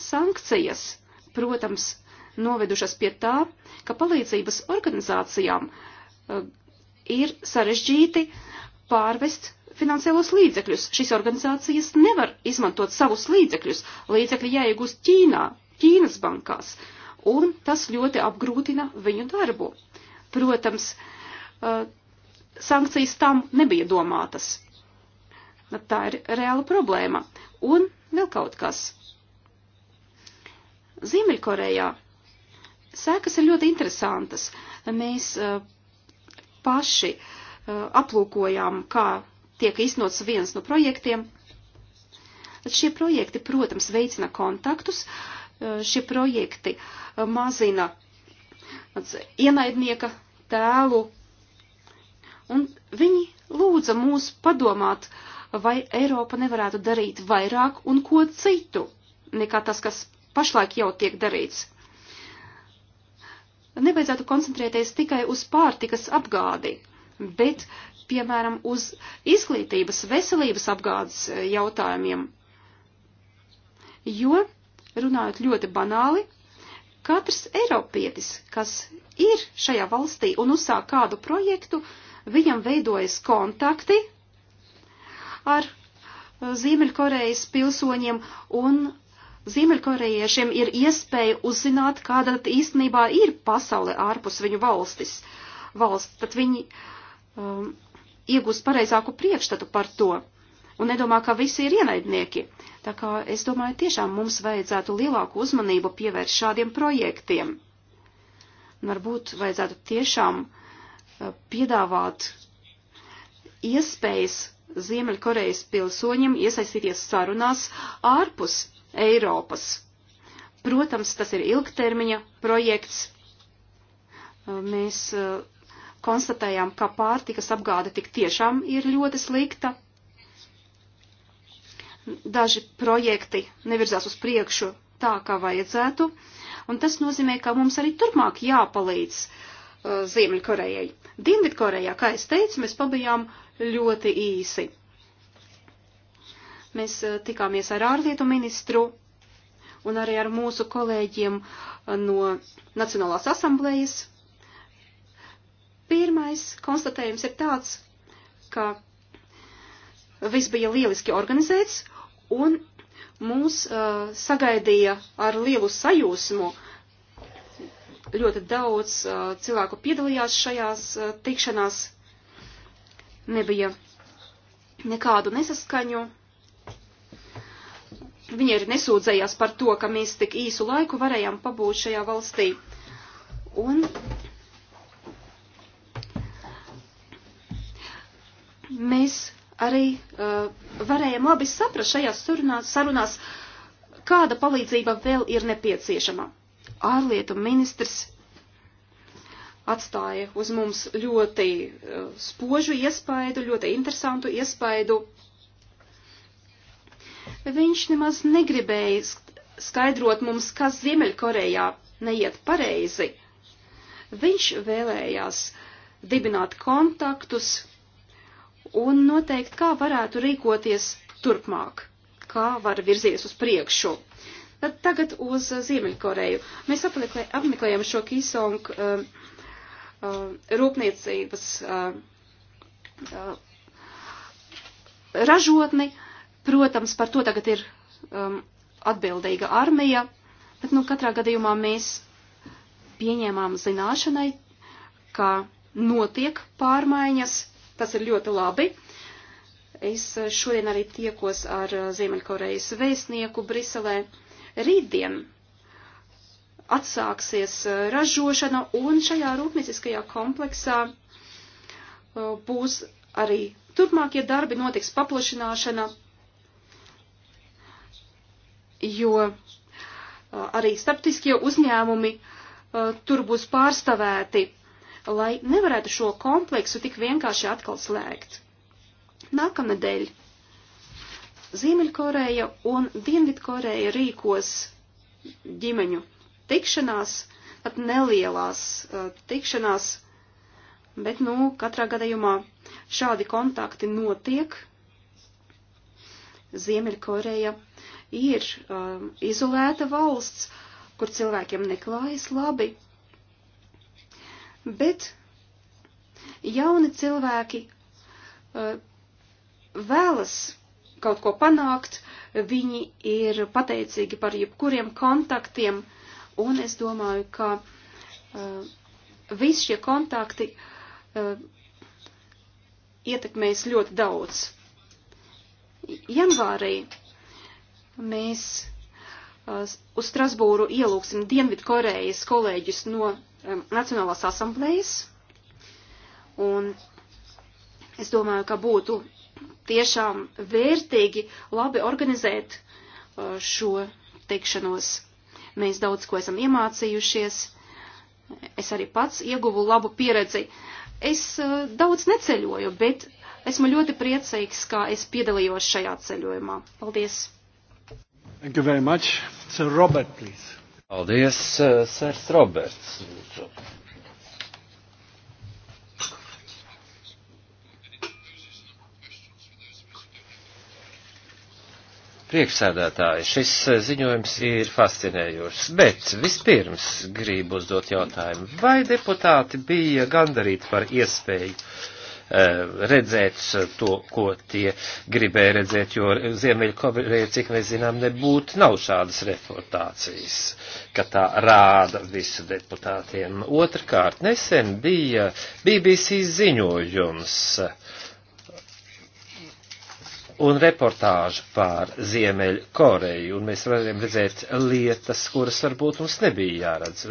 sankcijas, protams, novedušas pie tā, ka palīdzības organizācijām uh, ir sarežģīti pārvest finansiālos līdzekļus. Šīs organizācijas nevar izmantot savus līdzekļus. Līdzekļi jāiegūst Ķīnā, Ķīnas bankās, un tas ļoti apgrūtina viņu darbu. Protams, uh, sankcijas tam nebija domātas. Nu, tā ir reāla problēma. Un vēl kaut kas. Ziemeļkorejā sēkas ir ļoti interesantas. Mēs uh, paši uh, aplūkojām, kā tiek iznots viens no projektiem. Šie projekti, protams, veicina kontaktus, uh, šie projekti mazina ienaidnieka tēlu, un viņi lūdza mūs padomāt, uh, vai Eiropa nevarētu darīt vairāk un ko citu, nekā tas, kas pašlaik jau tiek darīts. Nebeidzētu koncentrēties tikai uz pārtikas apgādi, bet, piemēram, uz izglītības, veselības apgādes e, jautājumiem. Jo, runājot ļoti banāli, katrs eiropietis, kas ir šajā valstī un uzsāk kādu projektu, viņam veidojas kontakti ar uh, Ziemeļkorejas pilsoņiem un Ziemeļkorejiešiem ir iespēja uzzināt, kāda tad īstenībā ir pasaule ārpus viņu valstis. Valsts, tad viņi um, iegūst pareizāku priekšstatu par to un nedomā, ka visi ir ienaidnieki. Tā kā es domāju, tiešām mums vajadzētu lielāku uzmanību pievērst šādiem projektiem. Un varbūt vajadzētu tiešām uh, piedāvāt iespējas Ziemeļkorejas pilsoņiem iesaistīties sarunās ārpus Eiropas. Protams, tas ir ilgtermiņa projekts. Uh, mēs uh, konstatējām, ka pārtikas apgāde tik tiešām ir ļoti slikta. Daži projekti nevirzās uz priekšu tā, kā vajadzētu, un tas nozīmē, ka mums arī turpmāk jāpalīdz uh, Ziemeļkorejai. Dienvidkorejā, kā es teicu, mēs pabijām uh, ļoti īsi. Mēs eh, tikāmies ar ārlietu ministru un arī ar mūsu kolēģiem eh, no Nacionālās asamblējas. Pirmais konstatējums ir tāds, ka viss bija lieliski organizēts un mūs uh, sagaidīja ar lielu sajūsmu. Ļoti daudz uh, cilvēku piedalījās šajās uh, tikšanās Nebija nekādu nesaskaņu. Viņi arī nesūdzējās par to, ka mēs tik īsu laiku varējām pabūt šajā valstī. Un mēs arī uh, varējām labi saprast šajās sarunās, sarunās, kāda palīdzība vēl ir nepieciešama. Ārlietu ministrs atstāja uz mums ļoti uh, spožu iespaidu, ļoti interesantu iespaidu. Viņš nemaz negribēja skaidrot mums, kas Ziemeļkorejā neiet pareizi. Viņš vēlējās dibināt kontaktus un noteikt, kā varētu rīkoties turpmāk, kā var virzies uz priekšu. Tad tagad uz Ziemeļkoreju. Mēs apmeklējam šo Kisongu. Uh, Uh, rūpniecības uh, uh, ražotni. Protams, par to tagad ir um, atbildīga armija, bet nu katrā gadījumā mēs pieņēmām zināšanai, ka notiek pārmaiņas, tas ir ļoti labi. Es šodien arī tiekos ar Ziemeļkorejas vēstnieku Briselē. Rītdien atsāksies uh, ražošana un šajā rūpnieciskajā kompleksā uh, būs arī turpmākie darbi, notiks paplašināšana, jo uh, arī starptiskie uzņēmumi tur būs pārstāvēti, lai nevarētu šo kompleksu tik vienkārši atkal slēgt. Nākamnedēļ Ziemeļkoreja un Dienvidkoreja rīkos ģimeņu tikšanās, pat nelielās uh, tikšanās, bet, nu, katrā gadījumā šādi kontakti notiek. Ziemeļkoreja ir um, izolēta valsts, kur cilvēkiem neklājas labi, bet jauni cilvēki uh, vēlas kaut ko panākt, viņi ir pateicīgi par jebkuriem kontaktiem, uh, Un es domāju, ka uh, visi šie kontakti uh, ietekmēs ļoti daudz. Janvārī mēs uh, uz Strasbūru ielūksim Dienvidkorejas kolēģus no um, Nacionālās asamblējas. Un es domāju, ka būtu tiešām vērtīgi labi organizēt uh, šo tikšanos. Mēs daudz ko esam iemācījušies. Es arī pats ieguvu labu pieredzi. Es uh, daudz neceļoju, bet esmu ļoti priecīgs, ka es piedalījos šajā ceļojumā. Paldies! Thank you very much. Sir Robert, please. Paldies, uh, eh, Sērs Roberts. Priekšsēdētāji, šis eh, ziņojums ir fascinējošs, bet vispirms gribu uzdot jautājumu, vai deputāti bija gandarīti par iespēju eh, redzēt to, ko tie gribēja redzēt, jo Ziemeļkoreja, cik mēs zinām, nebūtu nav šādas reportācijas, ka tā rāda visu deputātiem. Otrkārt, nesen bija BBC ziņojums un reportāžu pār Ziemeļu Koreju, un mēs varējām redzēt lietas, kuras varbūt mums nebija jāredz.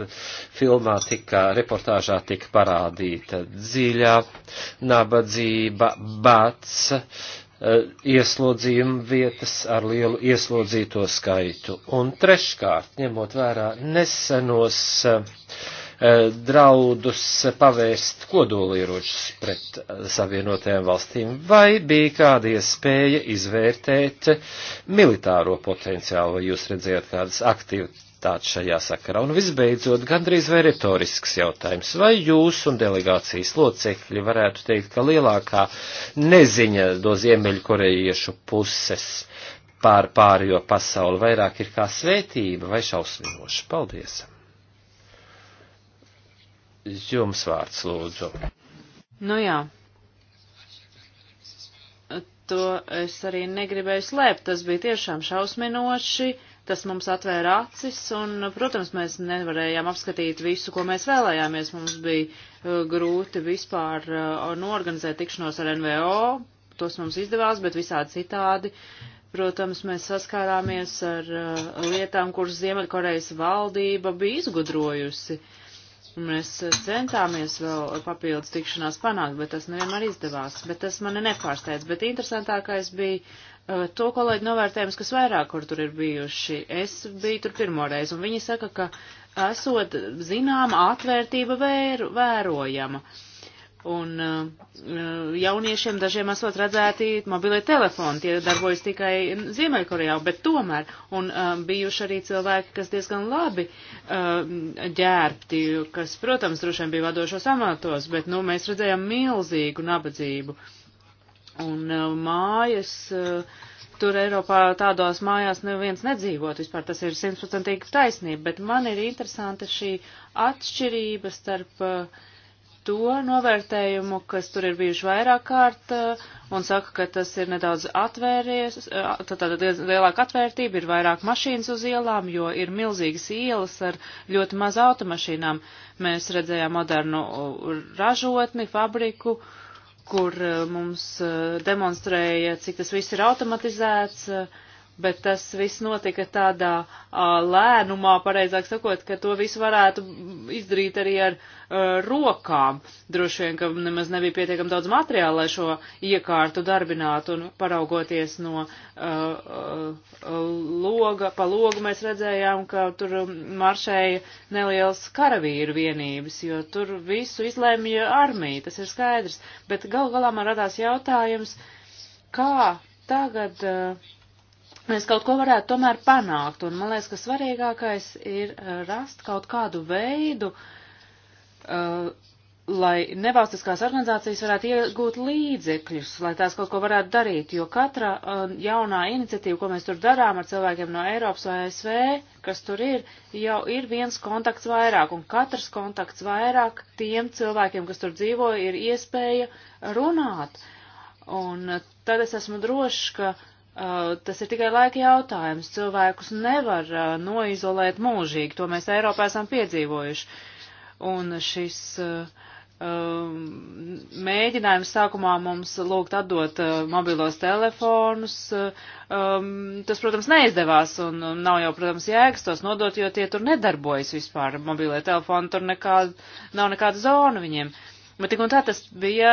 Filmā tika, reportāžā tika parādīta dziļā nabadzība, bats, eh, ieslodzījuma vietas ar lielu ieslodzīto skaitu. Un treškārt, ņemot vērā nesenos uh, E, draudus pavērst kodolieročus pret savienotajām valstīm, vai bija kāda iespēja izvērtēt militāro potenciālu, vai jūs redzējāt kādas aktivitātes šajā sakarā? Un visbeidzot, gandrīz vai retorisks jautājums, vai jūs un delegācijas locekļi varētu teikt, ka lielākā neziņa no ziemeļkorejiešu puses pār pārējo pasauli vairāk ir kā svētība vai šausminoša? Paldies! Jums vārds, lūdzu. Nu jā. To es arī negribēju slēpt. Tas bija tiešām šausminoši. Tas mums atvēra acis un, protams, mēs nevarējām apskatīt visu, ko mēs vēlējāmies. Mums bija uh, grūti vispār uh, norganizēt tikšanos ar NVO. Tos mums izdevās, bet visādi citādi. Protams, mēs saskārāmies ar uh, lietām, kuras Ziemeļkorejas valdība bija izgudrojusi. Uh, Mēs eh, centāmies vēl papildus tikšanās panākt, bet tas nevienmēr izdevās. Bet tas mani nepārsteidz. Bet interesantākais bija uh, to kolēģi novērtējums, kas vairāk, kur tur ir bijuši. Es biju tur pirmoreiz, un viņi saka, ka esot zināma atvērtība vēru, vērojama. Uh, Un uh, uh, jauniešiem dažiem esot redzēti mobilie telefoni, tie darbojas tikai Ziemeļkorejā, bet tomēr, un uh, bijuši arī cilvēki, kas diezgan labi ģērbti, kas, protams, droši vien bija vadošos amatos, bet, nu, mēs redzējām milzīgu nabadzību. Un mājas, tur Eiropā tādās mājās neviens nedzīvot, vispār tas ir simtprocentīgi taisnība, bet man ir interesanta šī atšķirība starp uh, to novērtējumu, kas tur ir bijuši vairāk kārt, eh, un saka, ka tas ir nedaudz atvēries, eh, tātad lielāka atvērtība, ir vairāk mašīnas uz ielām, jo ir milzīgas ielas ar ļoti maz automašīnām. Mēs redzējām modernu uh, ražotni, fabriku, kur eh, mums demonstrēja, cik tas viss ir automatizēts, bet tas viss notika tādā uh, lēnumā, pareizāk sakot, ka to visu varētu izdarīt arī ar uh, rokām. Droši vien, ka nemaz nebija pietiekam daudz materiāla, lai šo iekārtu darbinātu un paraugoties no uh, uh, loga, pa logu mēs redzējām, ka tur maršēja neliels karavīru vienības, jo tur visu izlēmīja armija, tas ir skaidrs, bet gal galā man radās jautājums, kā tagad uh, mēs kaut ko varētu tomēr panākt. Un man liekas, ka svarīgākais ir eh, rast kaut kādu veidu, uh, lai nevalstiskās organizācijas varētu iegūt līdzekļus, lai tās kaut ko varētu darīt, jo katra uh, jaunā iniciatīva, ko mēs tur darām ar cilvēkiem no Eiropas vai ASV, kas tur ir, jau ir viens kontakts vairāk, un katrs kontakts vairāk tiem cilvēkiem, kas tur dzīvo, ir iespēja runāt. Un tad es esmu drošs, ka uh, Uh, tas ir tikai laika jautājums. Cilvēkus nevar uh, noizolēt mūžīgi, to mēs Eiropā esam piedzīvojuši. Un šis uh, um, mēģinājums sākumā mums lūgt atdot mobilos telefonus, um, tas, protams, neizdevās un nav jau, protams, jēgas tos nodot, jo tie tur nedarbojas vispār. Mobilie telefoni tur nekāda, nav nekāda zona viņiem. Uh, Bet tik un tā tas bija,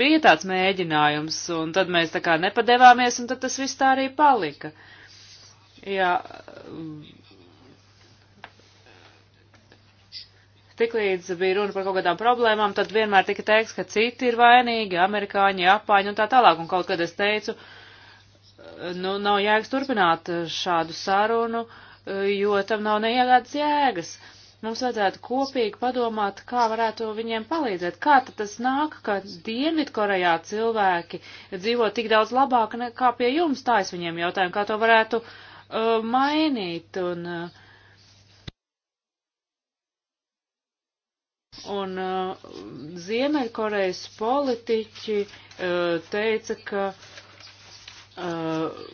bija tāds mēģinājums, un tad mēs tā kā nepadevāmies, un tad tas viss tā arī palika. Jā. Tiklīdz bija runa par kaut kādām problēmām, tad vienmēr tika teiks, ka citi ir vainīgi, amerikāņi, japāņi un tā tālāk. Un kaut kad es teicu, nu, nav jēgas turpināt šādu sarunu, jo tam nav neiegādas jēgas. jēgas Mums vajadzētu kopīgi padomāt, kā varētu viņiem palīdzēt. Kā tad tas nāk, ka Dienvidkorejā cilvēki dzīvo tik daudz labāk nekā pie jums? Tā es viņiem jautāju, kā to varētu uh, mainīt. Un, uh, un uh, Ziemeļkorejas politiķi uh, teica, ka uh,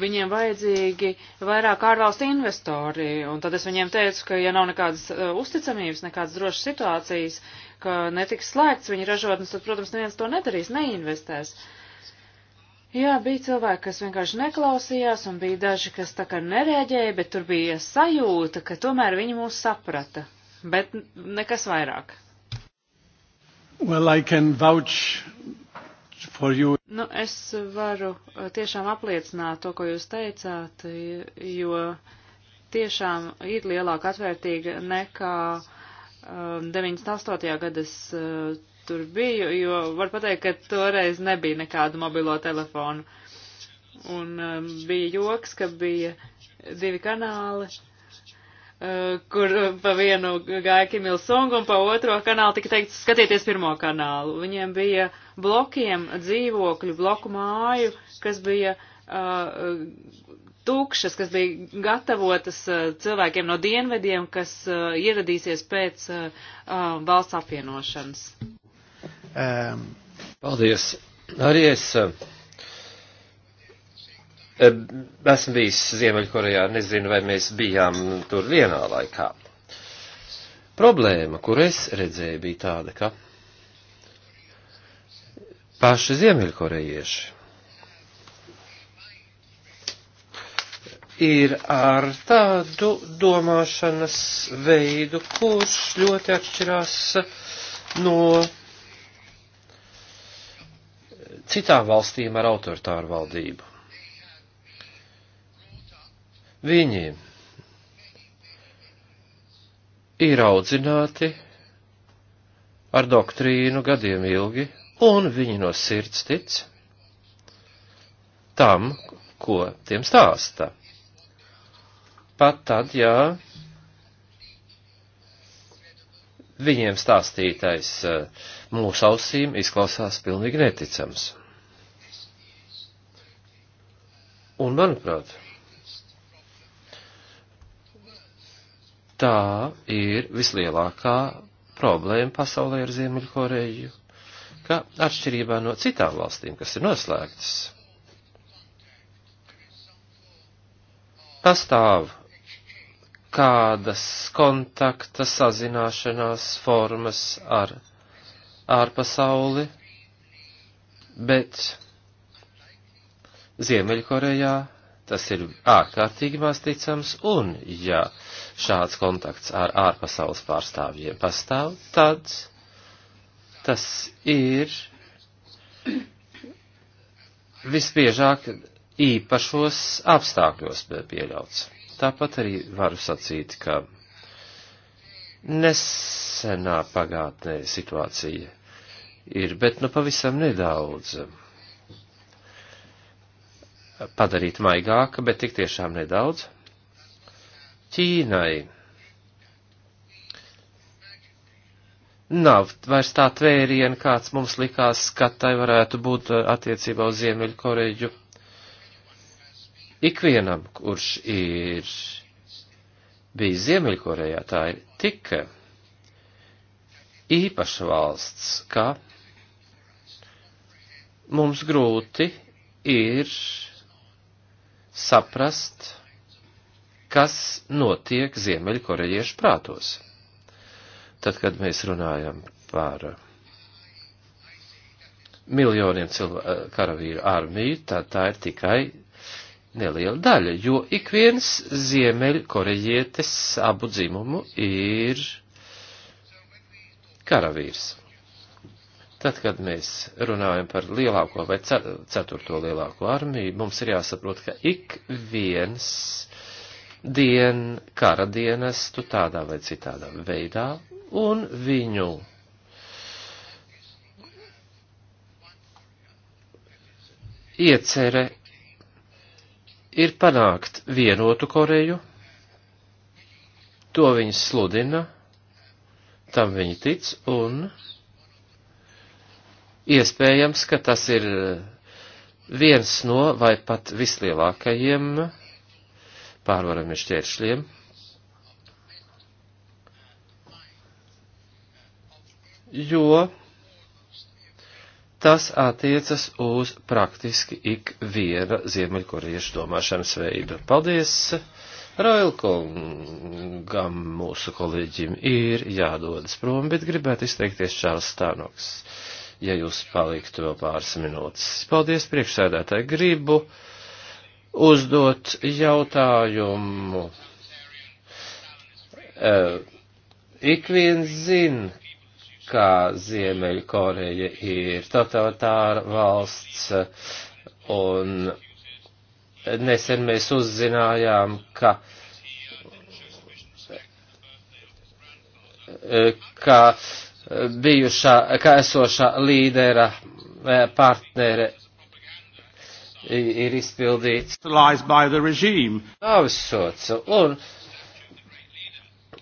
viņiem vajadzīgi vairāk ārvalstu investori, un tad es viņiem teicu, ka ja nav nekādas uh, uzticamības, nekādas drošas situācijas, ka netiks slēgts viņa ražotnes, tad, protams, neviens to nedarīs, neinvestēs. Jā, bija cilvēki, kas vienkārši neklausījās, un bija daži, kas tā kā nereaģēja, bet tur bija sajūta, ka tomēr viņi mūs saprata, bet nekas vairāk. Well, I can vouch Nu, es varu uh, tiešām apliecināt to, ko jūs teicāt, jo tiešām ir lielāka atvērtīga nekā um, 98. gadas uh, tur biju, jo var pateikt, ka toreiz nebija nekādu mobilo telefonu. Un um, bija joks, ka bija divi kanāli. Uh, Eh, kur eh, pa vienu gāja Kimils Songu un pa otro kanālu tika teikt, skatieties pirmo kanālu. Viņiem bija blokiem dzīvokļu, bloku māju, kas bija uh, tukšas, kas bija gatavotas uh, cilvēkiem no dienvediem, kas uh, ieradīsies pēc valsts apvienošanas. Um, paldies! Arī es Esmu bijis Ziemeļkorejā, nezinu, vai mēs bijām tur vienā laikā. Problēma, kur es redzēju, bija tāda, ka paši ziemeļkorejieši ir ar tādu domāšanas veidu, kurš ļoti atšķirās no citām valstīm ar autoritāru valdību. Viņi ir audzināti ar doktrīnu gadiem ilgi, un viņi no sirds tic tam, ko tiem stāsta. Pat tad, jā, viņiem stāstītais eh, mūsu ausīm izklausās pilnīgi neticams. Un, manuprāt, tā ir vislielākā problēma pasaulē ar Ziemeļkoreju, ka atšķirībā no citām valstīm, kas ir noslēgtas, pastāv kādas kontakta sazināšanās formas ar ārpasauli, bet Ziemeļkorejā tas ir ārkārtīgi maz ticams, un ja šāds kontakts ar ārpasaules pārstāvjiem pastāv, tad tas ir visbiežāk īpašos apstākļos pieļauts. Tāpat arī varu sacīt, ka nesenā pagātnē situācija ir, bet nu pavisam nedaudz padarīt maigāka, bet tik tiešām nedaudz. Ķīnai nav vairs tā tvēriena, kāds mums likās, ka tai varētu būt uh, attiecībā uz Ziemeļkoreju. Ikvienam, kurš ir bijis Ziemeļkorejā, tā ir tik īpaša valsts, ka mums grūti ir saprast, kas notiek ziemeļkorejiešu prātos. Tad, kad mēs runājam par miljoniem karavīru armiju, tad tā ir tikai neliela daļa, jo ik viens ziemeļkorejietis abu dzimumu ir karavīrs. Tad, kad mēs runājam par lielāko vai ceturto lielāko armiju, mums ir jāsaprot, ka ik viens dien, kara dienestu tādā vai citādā veidā un viņu iecere ir panākt vienotu Koreju, to viņi sludina, tam viņi tic un. Iespējams, ka tas ir eh, viens no vai pat vislielākajiem pārvaramiem šķēršļiem. Jo tas attiecas uz praktiski ik viena ziemeļkoriešu domāšanas veidu. Paldies! Railkungam mūsu kolēģim ir jādodas prom, bet gribētu izteikties Čārls Stānoks ja jūs paliktu vēl pāris minūtes. Paldies, priekšsēdētāji. Gribu uzdot jautājumu. Uh, ik viens zin, kā Ziemeļkoreja ir totalitāra valsts, un nesen mēs uzzinājām, ka uh, ka bijušā, kā esošā līdera eh, partnere ir izpildīts. Avisots. Un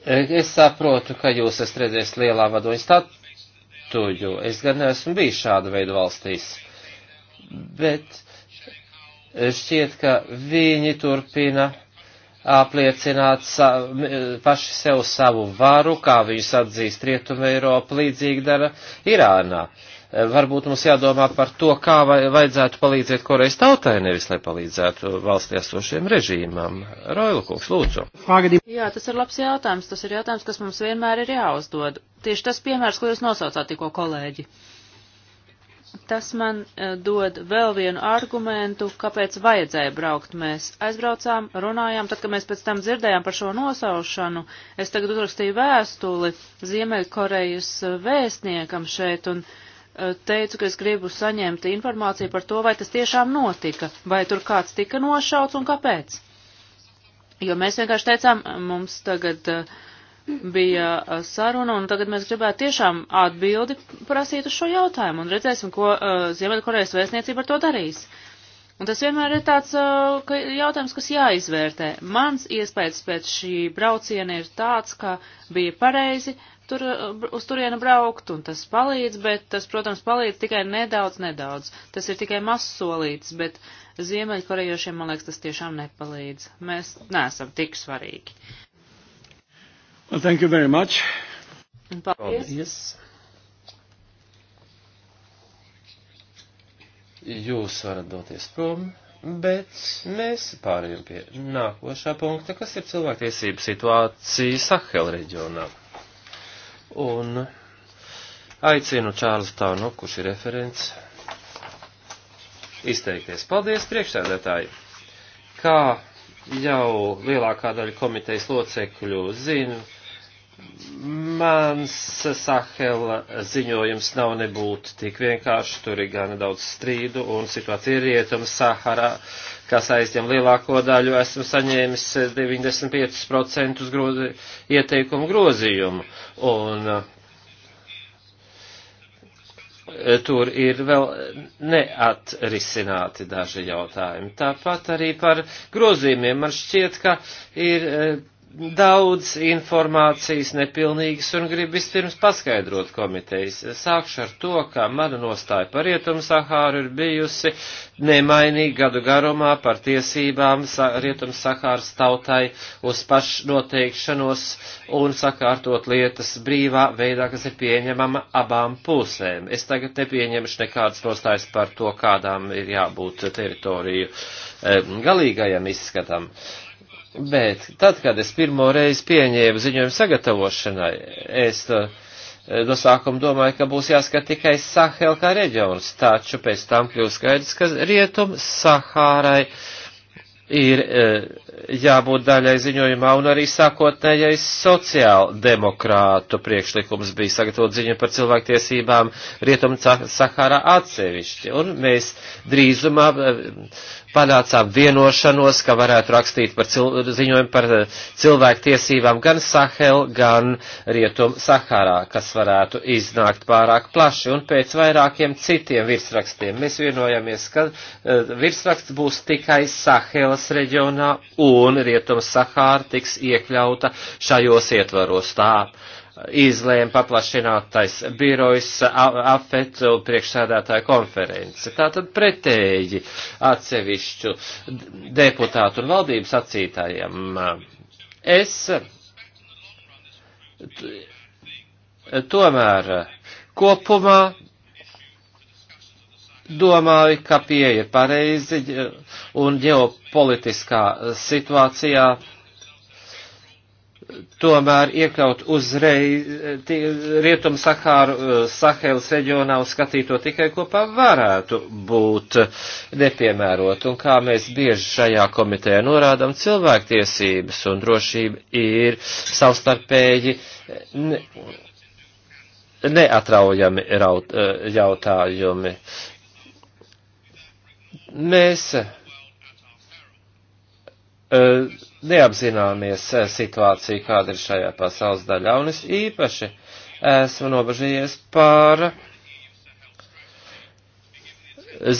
eh, es saprotu, ka jūs esat redzējis lielā vadoņa statuju. Es gan neesmu bijis šāda veida valstīs. Bet eh, šķiet, ka viņi turpina apliecināt sa, e, paši sev savu varu, kā viņus atzīst Rietuma Eiropa, līdzīgi dara Irānā. E, varbūt mums jādomā par to, kā vajadzētu palīdzēt Korejas tautai, nevis lai palīdzētu valstī esošiem režīmam. Roilkungs, lūdzu. Jā, tas ir labs jautājums. Tas ir jautājums, kas mums vienmēr ir jāuzdod. Tieši tas piemērs, ko jūs nosaucāt tikko kolēģi. Uh, tas man e, dod vēl vienu argumentu, kāpēc vajadzēja braukt. Mēs aizbraucām, runājām, tad, kad mēs pēc tam dzirdējām par šo nosaušanu, es tagad uzrakstīju vēstuli Ziemeļkorejas e, vēstniekam šeit un e, teicu, ka es gribu saņemt informāciju par to, vai tas tiešām notika, vai tur kāds tika nošauts un kāpēc. Jo mēs vienkārši teicām, mums tagad uh, bija uh, saruna, un tagad mēs gribētu tiešām atbildi prasīt uz šo jautājumu, un redzēsim, ko uh, Ziemeļkorejas vēstniecība ar to darīs. Un tas vienmēr ir tāds uh, ka jautājums, kas jāizvērtē. Mans iespējas pēc šī brauciena ir tāds, ka bija pareizi tur, uh, uz turienu braukt, un tas palīdz, bet tas, protams, palīdz tikai nedaudz, nedaudz. Tas ir tikai mazs solīts, bet Ziemeļkorejošiem, man liekas, tas tiešām nepalīdz. Mēs neesam tik svarīgi. Well, thank you very much. Paldies. Paldies. Jūs varat doties prom, bet mēs pārējām pie nākošā punkta, kas ir cilvēktiesība situācija Sahel reģionā. Un aicinu Čārlis Tānu, kurš ir referents, izteikties. Paldies, priekšsēdētāji! Kā jau lielākā daļa komitejas locekļu zina, Mans Sahela ziņojums nav nebūtu tik vienkārši, tur ir gan daudz strīdu un situācija ir rietuma Saharā, kas aizņem lielāko daļu, esmu saņēmis 95% grozi, ieteikumu grozījumu. Un e, tur ir vēl neatrisināti daži jautājumi. Tāpat arī par grozījumiem man šķiet, ka ir e, daudz informācijas nepilnīgas un gribu vispirms paskaidrot komitejas. Sākšu ar to, ka mana nostāja par Rietumu Sahāru ir bijusi nemainīga gadu garumā par tiesībām Rietumu Sahāras tautai uz pašnoteikšanos un sakārtot lietas brīvā veidā, kas ir pieņemama abām pusēm. Es tagad nepieņemšu nekādas nostājas par to, kādām ir jābūt teritoriju eh, galīgajam izskatam. Uh, Bet tad, kad es pirmo reizi pieņēmu ziņojumu sagatavošanai, es eh, no sākuma domāju, ka būs jāskat tikai Sahel kā reģions, taču pēc tam kļūst skaidrs, ka rietum Sahārai ir eh, jābūt daļai ziņojumā, un arī sākotnējais sociāldemokrātu priekšlikums bija sagatavot ziņu par cilvēktiesībām Rietum Sahārā atsevišķi, un mēs drīzumā eh, panācām vienošanos, ka varētu rakstīt par cil, ziņojumu par eh, cilvēku tiesībām gan Sahel, gan Rietum Sahārā, kas varētu iznākt pārāk plaši. Un pēc vairākiem citiem virsrakstiem mēs vienojamies, ka uh, virsraksts būs tikai Sahelas reģionā un Rietum Sahāra tiks iekļauta šajos ietvaros. Tā izlēma paplašinātais birojs afetu priekšsēdētāja konference. Tātad pretēji atsevišķu deputātu un valdības acītājiem. Es tomēr kopumā domāju, ka pieeja pareizi un ģeopolitiskā situācijā tomēr iekļaut uzreiz Rietumu Sahāru, eh, Sahēlas reģionā un skatīt to tikai kopā varētu būt nepiemērot. Un kā mēs bieži šajā komitejā norādam, cilvēktiesības un drošība ir savstarpēji ne, neatraujami raut, eh, jautājumi. Mēs uh, neapzināmies eh, situāciju, kāda ir šajā pasaules daļā, un es īpaši esmu nobažījies par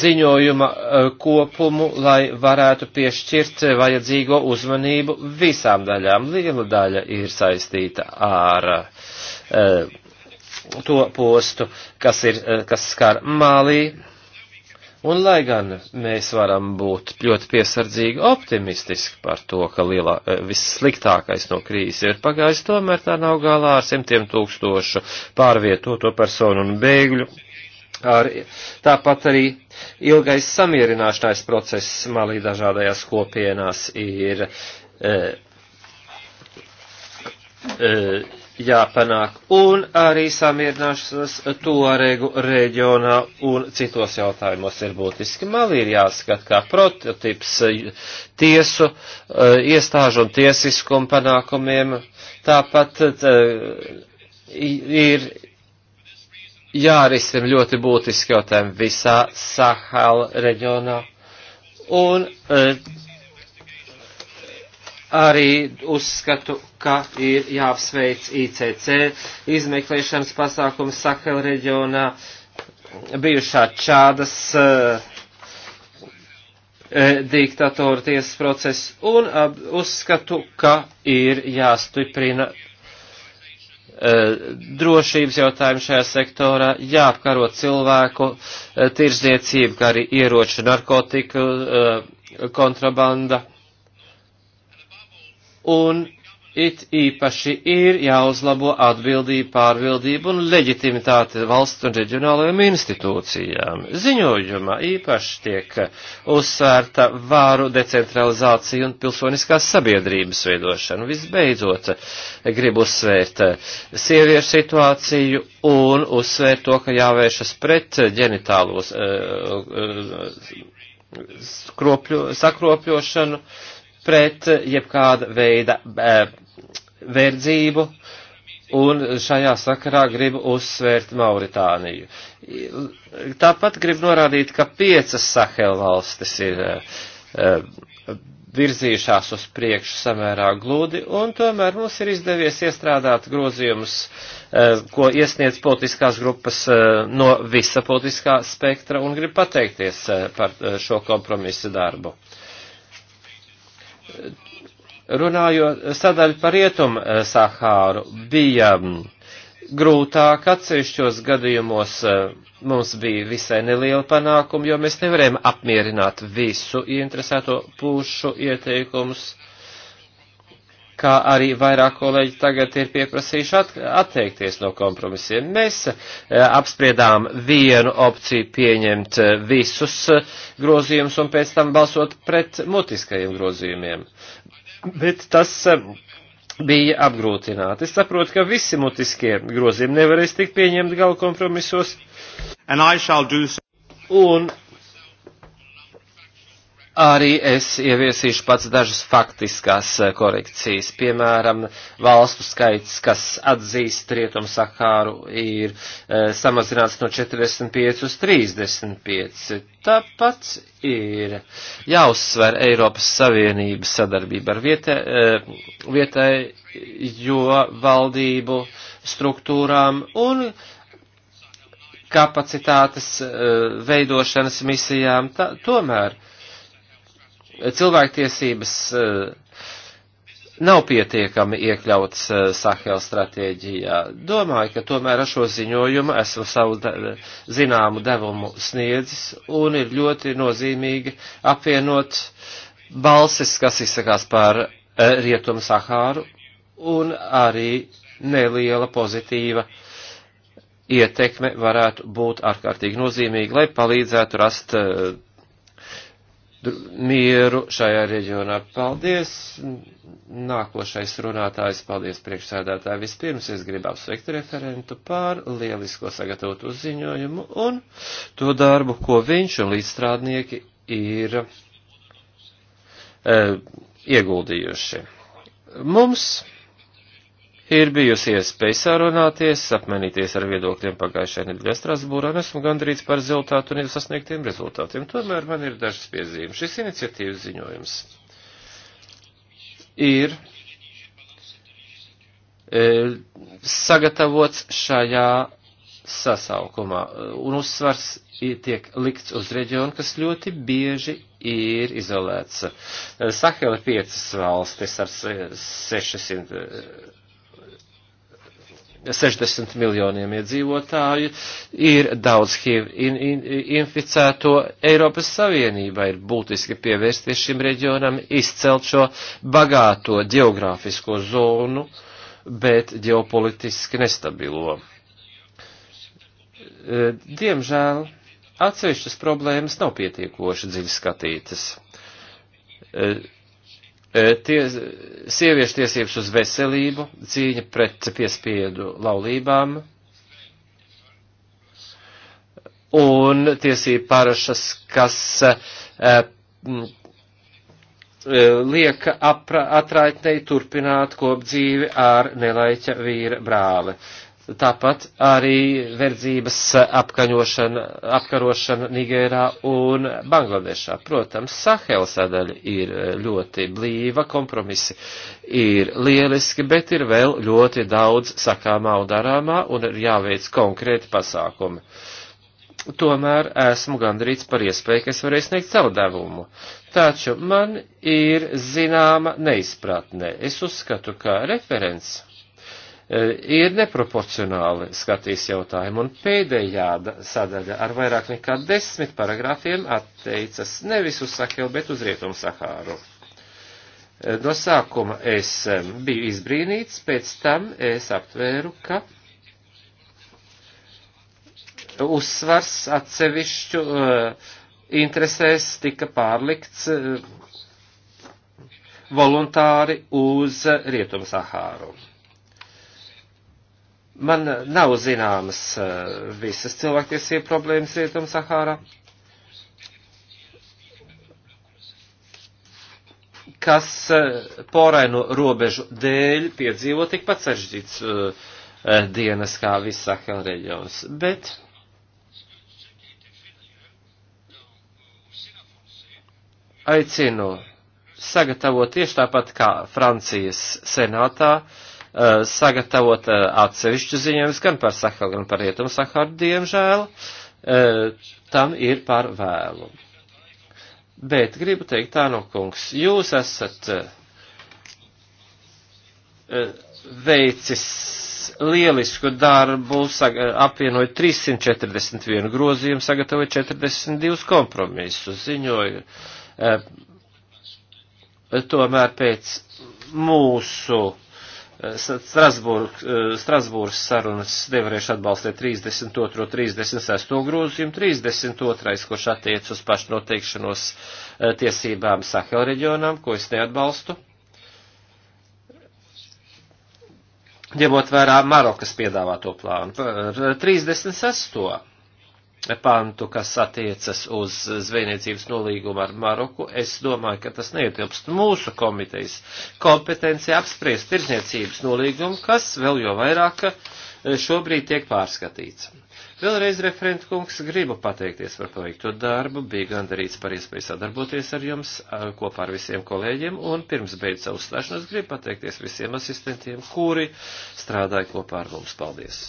ziņojuma eh, kopumu, lai varētu piešķirt vajadzīgo uzmanību visām daļām. Liela daļa ir saistīta ar eh, to postu, kas, ir, kas skar Malī, Un, lai gan mēs varam būt ļoti piesardzīgi optimistiski par to, ka lielā, eh, vissliktākais no krīzes ir pagājis, tomēr tā nav galā ar simtiem tūkstošu pārvietoto personu un bēgļu. Ar, tāpat arī ilgais samierināšanās process malī dažādajās kopienās ir. E, e, jāpanāk, un arī samierināšanas Tuaregu reģionā un citos jautājumos ir būtiski. Malī ir jāskat kā prototips tiesu eh, iestāžu un tiesiskumu panākumiem, tāpat eh, ir jārisina ļoti būtiski jautājumi visā Sahela reģionā, un eh, arī uzskatu, ka ir jāapsveic ICC izmeklēšanas pasākums Sahel reģionā, bijušā čādas uh, diktatora tiesas process, un uh, uzskatu, ka ir jāstiprina eh, drošības jautājumu šajā sektorā, jāapkaro cilvēku tirzniecību, kā arī ieroču narkotiku kontrabanda un it īpaši ir jāuzlabo atbildība, pārvildība un leģitimitāte valsts un reģionālajām institūcijām. Ziņojumā īpaši tiek uzsvērta vāru decentralizācija un pilsoniskās sabiedrības veidošana. Visbeidzot, gribu uzsvērt sieviešu situāciju un uzsvērt to, ka jāvēršas pret ģenitālos. Uh, uh, skropļo, sakropļošanu, pret jebkāda veida eh, verdzību, un šajā sakarā gribu uzsvērt Mauritāniju. Tāpat gribu norādīt, ka piecas Sahel valstis ir eh, virzījušās uz priekšu samērā glūdi, un tomēr mums ir izdevies iestrādāt grozījumus, eh, ko iesniedz politiskās grupas no visa politiskā spektra, un gribu pateikties par šo kompromisu darbu runājot sadaļu par rietumu eh, Sahāru, bija mm, grūtāk atsevišķos gadījumos eh, mums bija visai neliela panākuma, jo mēs nevarējām apmierināt visu ieinteresēto pušu ieteikumus kā arī vairāk kolēģi tagad ir pieprasījuši at, atteikties no kompromisiem. Mēs e, apspriedām vienu opciju pieņemt eh, visus eh, grozījumus un pēc tam balsot pret mutiskajiem grozījumiem. Bet tas e, bija apgrūtināti. Es saprotu, ka visi mutiskie grozījumi nevarēs tikt pieņemti galu kompromisos. So. Un Arī es ieviesīšu pats dažas faktiskās eh, korekcijas. Piemēram, valstu skaits, kas atzīst rietumu sakāru, ir e, samazināts no 45 uz 35. Tāpat ir jāuzsver Eiropas Savienības sadarbība ar vietē, e, eh, vietējo valdību struktūrām un kapacitātes e, veidošanas misijām. Tā, tomēr cilvēktiesības eh, nav pietiekami iekļauts eh, Sahel stratēģijā. Domāju, ka tomēr ar šo ziņojumu esmu savu de, zināmu devumu sniedzis un ir ļoti nozīmīgi apvienot balsis, kas izsakās par eh, Rietumu Sahāru un arī neliela pozitīva ietekme varētu būt ārkārtīgi nozīmīga, lai palīdzētu rast mieru šajā reģionā. Paldies! Nākošais runātājs, paldies priekšsēdētāji. Vispirms es gribu apsveikt referentu par lielisko sagatavotu ziņojumu un to darbu, ko viņš un līdzstrādnieki ir e, ieguldījuši. Mums Ir bijusi iespēja sarunāties, apmainīties ar viedokļiem pagājušajā nedēļā Strasbūrā, un esmu gandrīz par rezultātu un jau sasniegtiem rezultātiem. Tomēr man ir dažas piezīmes. Šis iniciatīvas ziņojums ir e, sagatavots šajā sasaukumā, un uzsvars tiek likts uz reģionu, kas ļoti bieži ir izolēts. E, Sahela piecas valstis ar 600 60 miljoniem iedzīvotāju, ir daudz HIV in, in, inficēto Eiropas Savienībā, ir būtiski pievērsties šim reģionam, izcelt šo bagāto geogrāfisko zonu, bet ģeopolitiski nestabilo. E, diemžēl atsevišķas problēmas nav pietiekoši dziļi skatītas e, E, ties, sieviešu tiesības uz veselību, cīņa pret piespiedu laulībām un tiesība parašas, kas eh, e, lieka atraitnei turpināt kopdzīvi ar nelaiķa vīra brāli. Tāpat arī verdzības apkaņošana, apkarošana Nigērā un Bangladešā. Protams, Sahela sadaļa ir ļoti blīva, kompromisi ir lieliski, bet ir vēl ļoti daudz sakāmā un darāmā un ir jāveic konkrēti pasākumi. Tomēr esmu gandrīz par iespēju, ka es varēju sniegt savu devumu. Taču man ir zināma neizpratne. Es uzskatu, ka referents E, ir neproporcionāli skatījis jautājumu, un pēdējā sadaļa ar vairāk nekā desmit paragrāfiem atteicas nevis uz Sahelu, bet uz Rietumu Sahāru. E, no sākuma es biju izbrīnīts, pēc tam es aptvēru, ka uzsvars atsevišķu uh, interesēs tika pārlikts uh, voluntāri uz Rietumu Sahāru. Uh, Man nav zināmas eh, visas cilvēktiesība problēmas Rietum Sahārā. kas eh, poraino robežu dēļ piedzīvo tikpat sarežģīts uh, dienas kā viss Sahel reģions. Bet aicinu sagatavot tieši tāpat kā Francijas senātā uh, Uh, sagatavot uh, atsevišķu ziņojumus gan par Saharu, gan par Rietumu Saharu, diemžēl, uh, tam ir par vēlu. Bet gribu teikt tā, nu, kungs, jūs esat veicis lielisku darbu, apvienoja 341 grozījumu, sagatavoja 42 kompromisus, ziņoja. E, tomēr pēc mūsu Eh, Strasbūras sarunas nevarēšu atbalstīt 32. 36. grozījumu, 32. kurš attiec uz pašnoteikšanos eh, tiesībām Sahel reģionām, ko es neatbalstu. Ņemot vērā Marokas piedāvāto plānu. 36 pantu, kas attiecas uz zvejniecības nolīgumu ar Maroku, es domāju, ka tas neietilpst mūsu komitejas kompetenci apspriest tirdzniecības nolīgumu, kas vēl jo vairāk eh, šobrīd tiek pārskatīts. Vēlreiz, referent kungs, gribu pateikties par paveikto darbu, bija gandarīts par iespēju sadarboties ar jums eh, kopā ar visiem kolēģiem, un pirms beidz savu slašanos gribu pateikties visiem asistentiem, kuri strādāja kopā ar mums. Paldies!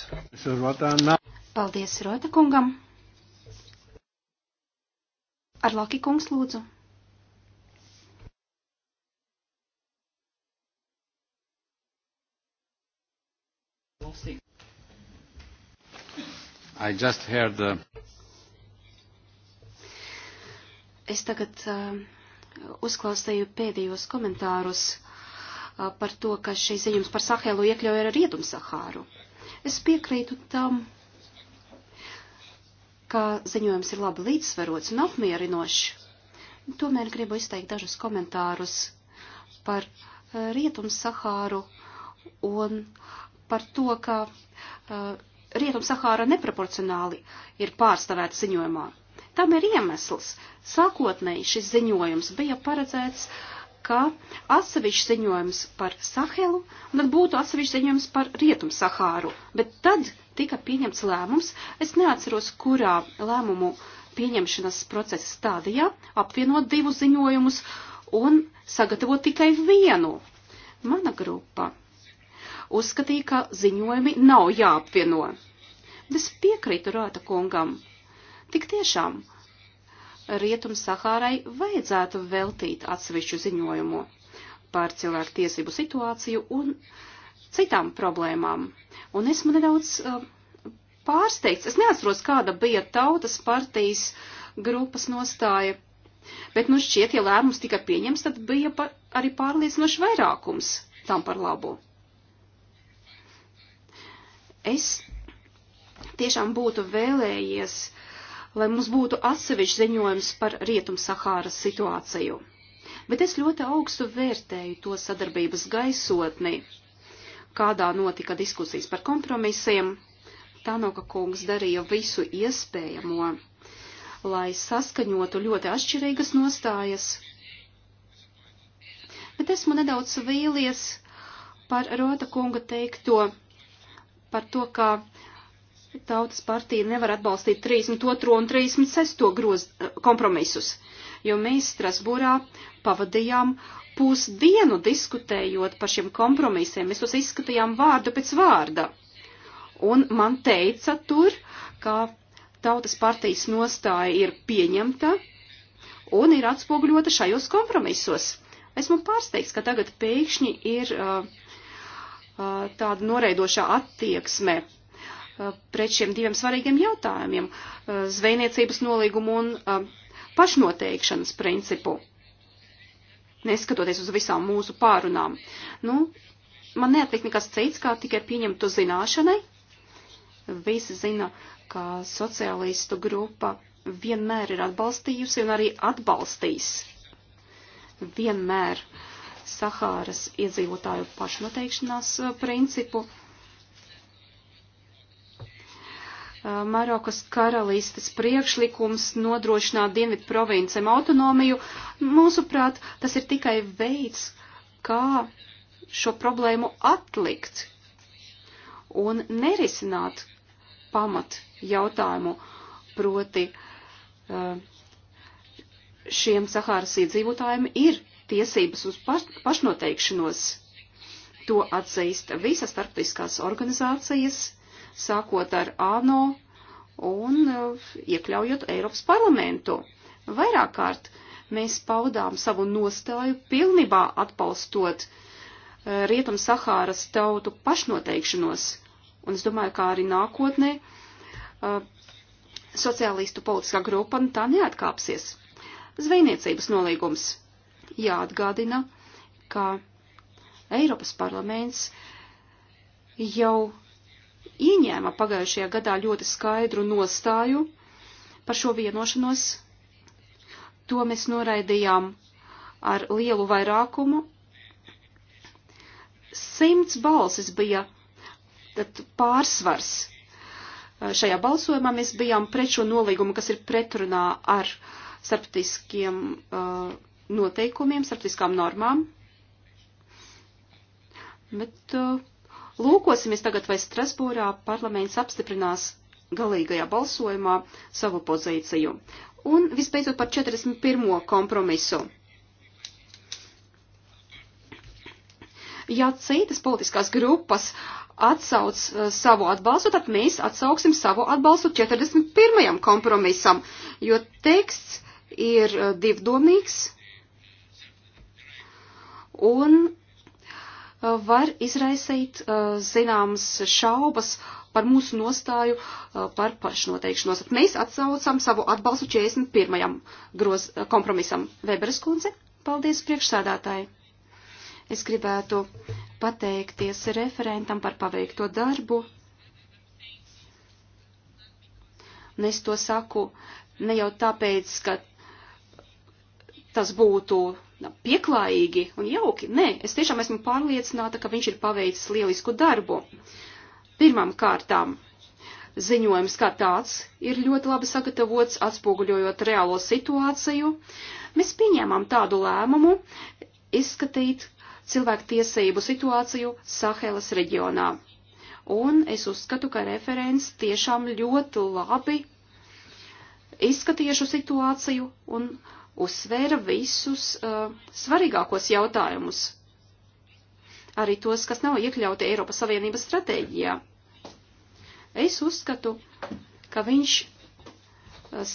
Paldies Rota kungam! Ar Laki kungs lūdzu. I just heard the... Es tagad uh, uzklausīju pēdējos komentārus uh, par to, ka šī ziņums par Sahelu iekļauj ar Rietumu Sahāru. Es piekrītu tam, ka ziņojums ir labi līdzsvarots un apmierinošs. Tomēr gribu izteikt dažus komentārus par eh, Rietumu Sahāru un par to, ka uh, Rietumu Sahāra neproporcionāli ir pārstāvēta ziņojumā. Tam ir iemesls. Sākotnēji šis ziņojums bija paredzēts, ka atsevišķi ziņojums par Sahelu, un tad būtu atsevišķi ziņojums par Rietumu Sahāru. Bet tad tika pieņemts lēmums. Es neatceros, kurā lēmumu pieņemšanas procesa stadijā apvienot divus ziņojumus un sagatavot tikai vienu. Mana grupa uzskatīja, ka ziņojumi nav jāapvieno. Es piekrītu Rāta kungam. Tik tiešām Rietum Sahārai vajadzētu veltīt atsevišķu ziņojumu par cilvēku tiesību situāciju un uh, citām problēmām. Un esmu nedaudz uh, pārsteigts. Es neatceros, kāda bija tautas partijas grupas nostāja, bet nu šķiet, ja lēmums tika pieņems, tad bija pa, arī pārliecinoši vairākums tam par labu. Es tiešām būtu vēlējies, lai mums būtu atsevišķi ziņojums par Rietum Sahāras situāciju. Bet es ļoti augstu vērtēju to sadarbības gaisotni, kādā notika diskusijas par kompromisiem. Tanoka kungs darīja visu iespējamo, lai saskaņotu ļoti atšķirīgas nostājas. Bet esmu nedaudz vīlies par Rota kunga teikto, par to, ka Tautas partija nevar atbalstīt 32. un 36. groz kompromisus, jo mēs Strasbūrā pavadījām pusdienu diskutējot par šiem kompromisiem. Mēs tos izskatījām vārdu pēc vārda. Un man teica tur, ka tautas partijas nostāja ir pieņemta un ir atspoguļota šajos kompromisos. Esmu pārsteigts, ka tagad pēkšņi ir uh, uh, tāda noreidošā attieksme uh, pret šiem diviem svarīgiem jautājumiem uh, - zvejniecības nolīgumu un uh, pašnoteikšanas principu. Uh, neskatoties uz visām mūsu pārunām. Nu, man neatliek nekas cits, kā tikai pieņemt to zināšanai. Visi zina, ka sociālistu grupa vienmēr ir atbalstījusi un arī atbalstīs vienmēr Sahāras iedzīvotāju pašnoteikšanās eh, principu Uh, Marokas karalistes priekšlikums nodrošināt Dienvidu provincēm autonomiju. Mūsuprāt, tas ir tikai veids, kā šo problēmu atlikt un nerisināt pamat jautājumu proti uh, šiem Sahāras iedzīvotājiem ir tiesības uz pašnoteikšanos. To atzīst visas starptautiskās organizācijas, sākot ar ANO un uh, iekļaujot Eiropas parlamentu. Vairāk kārt mēs paudām savu nostāju pilnībā atbalstot uh, Rietum Sahāras tautu pašnoteikšanos, un es domāju, kā arī nākotnē uh, sociālistu politiskā grupa nu tā neatkāpsies. Zvejniecības nolīgums jāatgādina, ka Eiropas parlaments jau ieņēma pagājušajā gadā ļoti skaidru nostāju par šo vienošanos. To mēs noraidījām ar lielu vairākumu. Simts balsis bija pārsvars. Šajā balsojumā mēs bijām pret šo nolīgumu, kas ir pretrunā ar starptiskiem uh, noteikumiem, starptiskām normām. Bet uh, Lūkosimies tagad, vai Strasbūrā parlaments apstiprinās galīgajā balsojumā savu pozīciju. Un visbeidzot par 41. kompromisu. Ja citas politiskās grupas atsauc eh, savu atbalstu, tad mēs atsauksim savu atbalstu 41. kompromisam, jo teksts ir eh, divdomīgs un var izraisīt uh, zināmas šaubas par mūsu nostāju uh, par pašnoteikšanos. Mēs atsaucam savu atbalstu 41. Groz, kompromisam. Weberas kundze, paldies priekšsādātāji. Es gribētu pateikties referentam par paveikto darbu. Un es to saku ne jau tāpēc, ka tas būtu Nu, pieklājīgi un jauki. Nē, es tiešām esmu pārliecināta, ka viņš ir paveicis lielisku darbu. Pirmām kārtām ziņojums kā tāds ir ļoti labi sagatavots, atspoguļojot reālo situāciju. Mēs pieņēmām tādu lēmumu izskatīt cilvēktiesību situāciju Sahelas reģionā. Un es uzskatu, ka referents tiešām ļoti labi izskatīja šo situāciju un uh, uzsvēra visus uh, svarīgākos jautājumus, arī tos, kas nav iekļauti Eiropas Savienības stratēģijā. Es uzskatu, ka viņš uh,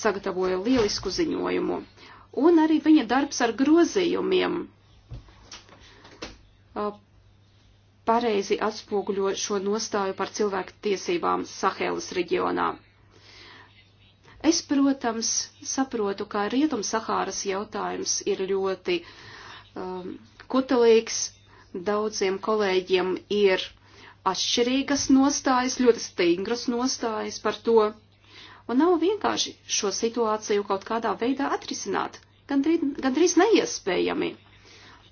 sagatavoja lielisku ziņojumu, un arī viņa darbs ar grozījumiem uh, pareizi atspoguļo šo nostāju par cilvēku tiesībām Sahelas reģionā. Es, protams, saprotu, ka Rietum-Sahāras jautājums ir ļoti um, kutelīgs. Daudziem kolēģiem ir atšķirīgas nostājas, ļoti stingras nostājas par to. Un nav vienkārši šo situāciju kaut kādā veidā atrisināt. Gandrīz, gandrīz neiespējami.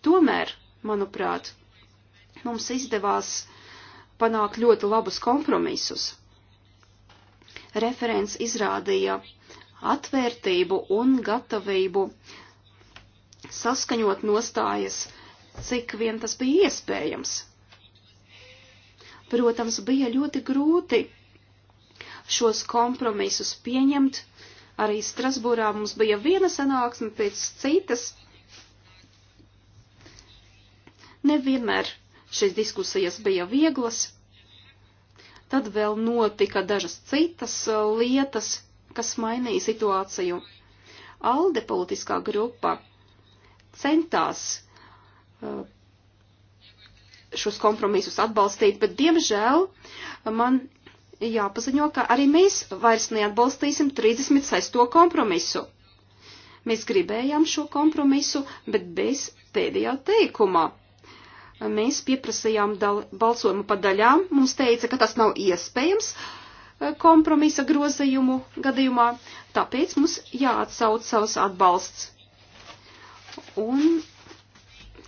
Tomēr, manuprāt, mums izdevās panākt ļoti labus kompromisus referents izrādīja atvērtību un gatavību saskaņot nostājas, cik vien tas bija iespējams. Protams, bija ļoti grūti šos kompromisus pieņemt. Arī Strasbūrā mums bija viena sanāksme pēc citas. Nevienmēr šīs diskusijas bija vieglas. Tad vēl notika dažas citas uh, lietas, kas mainīja situāciju. Alde politiskā grupa centās uh, šos kompromisus atbalstīt, bet diemžēl man jāpaziņo, ka arī mēs vairs neatbalstīsim 36. kompromisu. Mēs gribējām šo kompromisu, bet bez pēdējā teikumā. Mēs pieprasījām balsojumu pa daļām. Mums teica, ka tas nav iespējams eh, kompromisa grozījumu gadījumā, tāpēc mums jāatsauc savs atbalsts. Un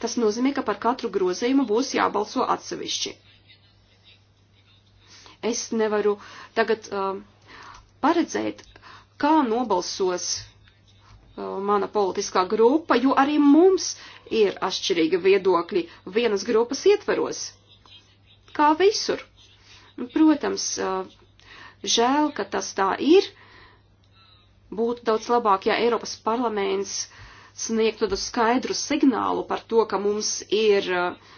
tas nozīmē, ka par katru grozījumu būs jābalso atsevišķi. Es nevaru tagad uh, paredzēt, kā nobalsos Uh, mana politiskā grupa, jo arī mums ir atšķirīga viedokļi vienas grupas ietveros. Kā visur. Protams, uh, žēl, ka tas tā ir. Būtu daudz labāk, ja Eiropas parlaments sniegtu tādu skaidru signālu par to, ka mums ir uh,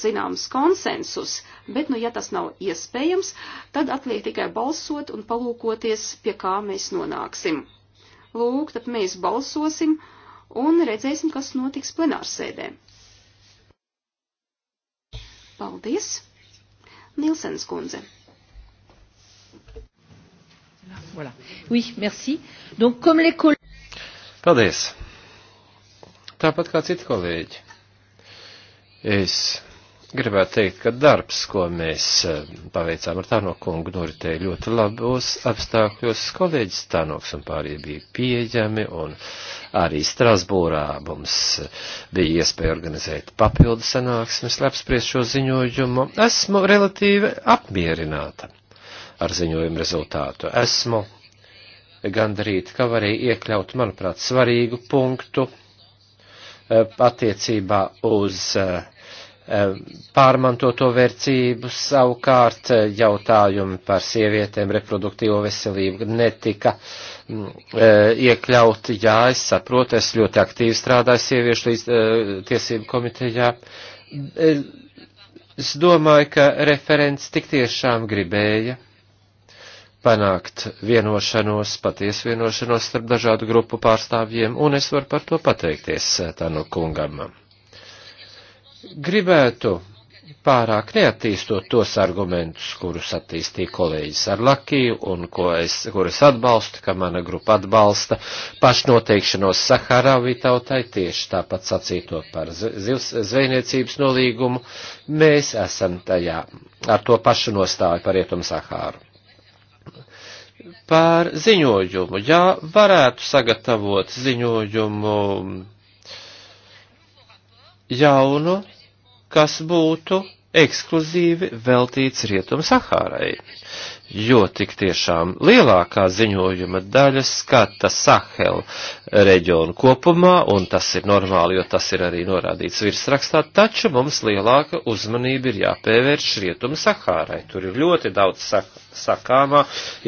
zināms konsensus, bet, nu, ja tas nav iespējams, tad atliek tikai balsot un palūkoties, pie kā mēs nonāksim. Lūk, tad mēs balsosim un redzēsim, kas notiks plenārsēdē. Paldies! Nilsens kundze. Voilà. Oui, merci. Donc, comme les Paldies! Tāpat kā citi kolēģi. Es gribētu teikt, ka darbs, ko mēs e, paveicām ar Tāno kungu, noritēja ļoti labos apstākļos. Kolēģis Tānoks un pārējie bija pieejami, un arī Strasbūrā mums bija iespēja organizēt papildu sanāksmes, lai apspriest šo ziņojumu. Esmu relatīvi apmierināta ar ziņojumu rezultātu. Esmu gandrīt, ka varēja iekļaut, manuprāt, svarīgu punktu e, attiecībā uz uh, Eh, pārmantoto vērtību, savukārt eh, jautājumi par sievietēm, reproduktīvo veselību netika mm, eh, iekļauti. Jā, es saprotu, es ļoti aktīvi strādāju sieviešu līdz, tiesību komitejā. Es domāju, ka referents tik tiešām gribēja panākt vienošanos, patiesu vienošanos starp dažādu grupu pārstāvjiem, un es varu par to pateikties Tānu kungam gribētu pārāk neattīstot tos argumentus, kurus attīstīja kolēģis ar Lakiju un ko es, kurus atbalstu, ka mana grupa atbalsta pašnoteikšanos Saharavi tautai, tieši tāpat sacīto par zivs, zvejniecības nolīgumu, mēs esam tajā ar to pašu nostāju par Rietumu Sahāru. Par ziņojumu, jā, varētu sagatavot ziņojumu jaunu kas būtu ekskluzīvi veltīts Rietum Sahārai, jo tik tiešām lielākā ziņojuma daļa skata Sahel reģionu kopumā, un tas ir normāli, jo tas ir arī norādīts virsrakstā, taču mums lielāka uzmanība ir jāpievērš Rietum Sahārai. Tur ir ļoti daudz Sahara sakāmā,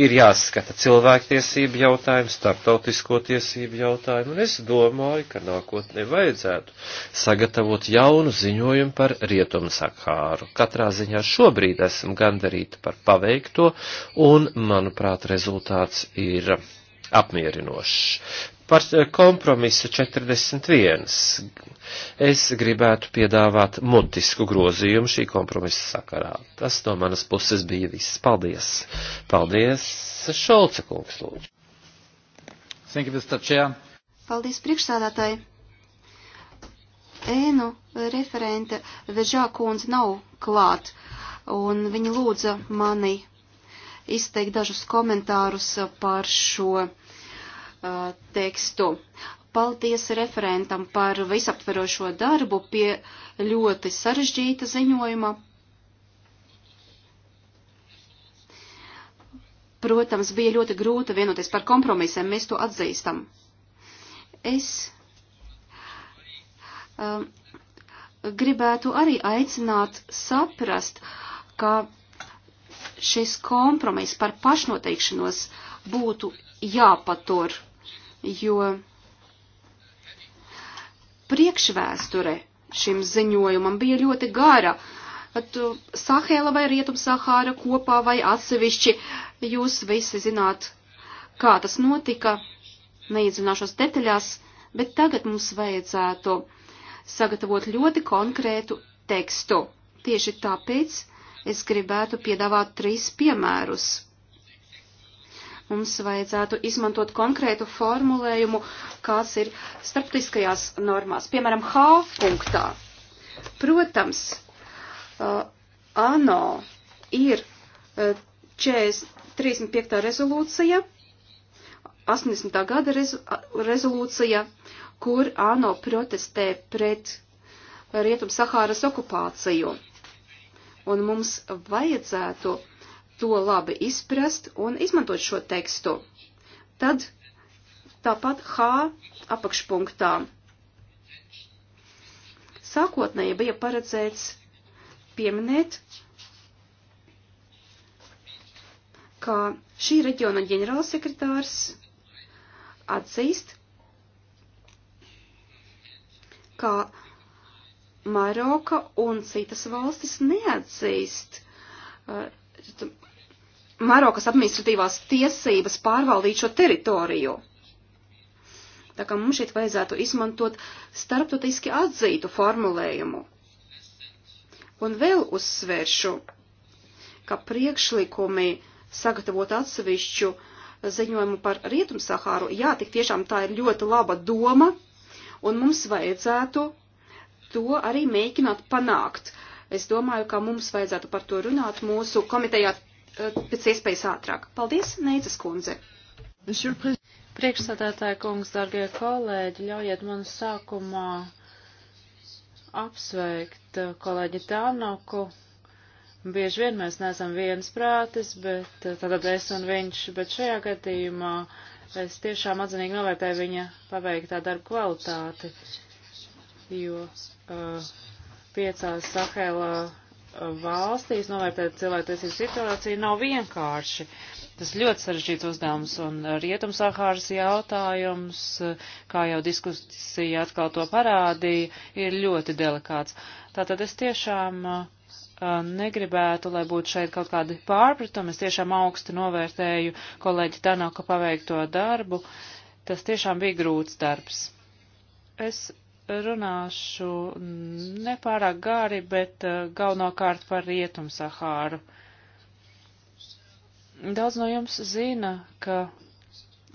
ir jāskata cilvēktiesību jautājumu, starptautisko tiesību jautājumu, un es domāju, ka nākotnē vajadzētu sagatavot jaunu ziņojumu par rietumu sakāru. Katrā ziņā šobrīd esam gandarīti par paveikto, un, manuprāt, rezultāts ir apmierinošs. Par eh, kompromisu 41. Es gribētu piedāvāt mutisku grozījumu šī kompromisa sakarā. Tas no manas puses bija viss. Paldies. Paldies, Šolce kungs, lūdzu. Thank you, Mr. Chair. Paldies priekšsādātāji. Ēnu referente Vežā kundze nav klāt, un viņa lūdza mani izteikt dažus komentārus par šo uh, tekstu. Paldies referentam par visaptverošo darbu pie ļoti sarežģīta ziņojuma. Protams, bija ļoti grūti vienoties par kompromisiem, mēs to atzīstam. Es um, gribētu arī aicināt saprast, ka šis kompromiss par pašnoteikšanos būtu jāpatur jo priekšvēsture šim ziņojumam bija ļoti gara. At, uh, Sahela vai Rietumsahāra kopā vai atsevišķi, jūs visi zināt, kā tas notika, neiedzināšos detaļās, bet tagad mums vajadzētu sagatavot ļoti konkrētu tekstu. Tieši tāpēc es gribētu piedāvāt trīs piemērus Mums vajadzētu izmantot konkrētu formulējumu, kas ir starptiskajās normās, piemēram, H punktā. Protams, uh, ANO ir uh, 35. rezolūcija, 80. gada rezo, rezolūcija, kur ANO protestē pret Rietum Sahāras okupāciju. Un mums vajadzētu to labi izprast un izmantot šo tekstu. Tad tāpat H apakšpunktā. Sākotnēji bija paredzēts pieminēt, ka šī reģiona ģenerālsekretārs atzīst, ka Maroka un citas valstis neatzīst uh, Marokas administratīvās tiesības pārvaldīt šo teritoriju. Tā kā mums šeit vajadzētu izmantot starptautiski atzītu formulējumu. Un vēl uzsvēršu, ka priekšlikumi sagatavot atsevišķu ziņojumu par Rietumsahāru, jā, tik tiešām tā ir ļoti laba doma, un mums vajadzētu to arī mēģināt panākt. Es domāju, ka mums vajadzētu par to runāt mūsu komitejā Eh, pēc iespējas ātrāk. Paldies, Neicas kundze! Priekšsādātāja kungs, dargie kolēģi, ļaujiet man sākumā apsveikt eh, kolēģi Tānoku. Bieži vien mēs neesam viensprātis, bet eh, tātad es un viņš, bet šajā gadījumā es tiešām atzinīgi novērtēju viņa paveiktā darba kvalitāti, jo uh, piecās Sahela valstīs novērtēt cilvēktiesību situāciju nav vienkārši. Tas ļoti sarežģīts uzdevums un Rietumsahāras jautājums, kā jau diskusija atkal to parādīja, ir ļoti delikāts. Tātad es tiešām uh, negribētu, lai būtu šeit kaut kādi pārpratumi. Es tiešām augstu novērtēju kolēģi Tanaka paveikto darbu. Tas tiešām bija grūts darbs. Es runāšu nepārāk gāri, bet eh, galvenokārt par Rietumu Sahāru. Daudz no jums zina, ka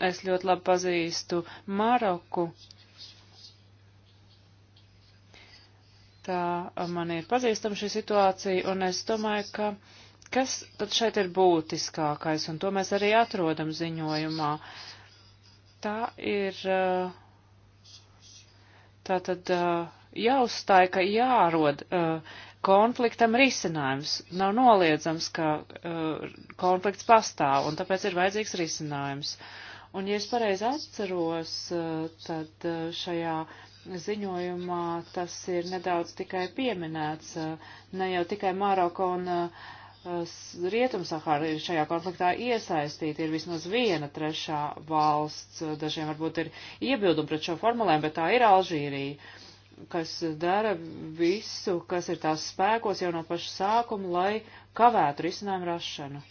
es ļoti labi pazīstu Maroku. Tā man ir pazīstama šī situācija, un es domāju, ka kas tad šeit ir būtiskākais, un to mēs arī atrodam ziņojumā. Tā ir uh, Tātad jāuzstāja, ka jārod konfliktam risinājums. Nav noliedzams, ka konflikts pastāv, un tāpēc ir vajadzīgs risinājums. Un, ja es pareizi atceros, tad šajā ziņojumā tas ir nedaudz tikai pieminēts, ne jau tikai Maroko un uh, Rietumsahara ir šajā konfliktā iesaistīta, ir vismaz viena trešā valsts, dažiem varbūt ir iebildumi pret šo formulēm, bet tā ir Alžīrija, kas dara visu, kas ir tās spēkos jau no paša sākuma, lai kavētu risinājumu rašanu.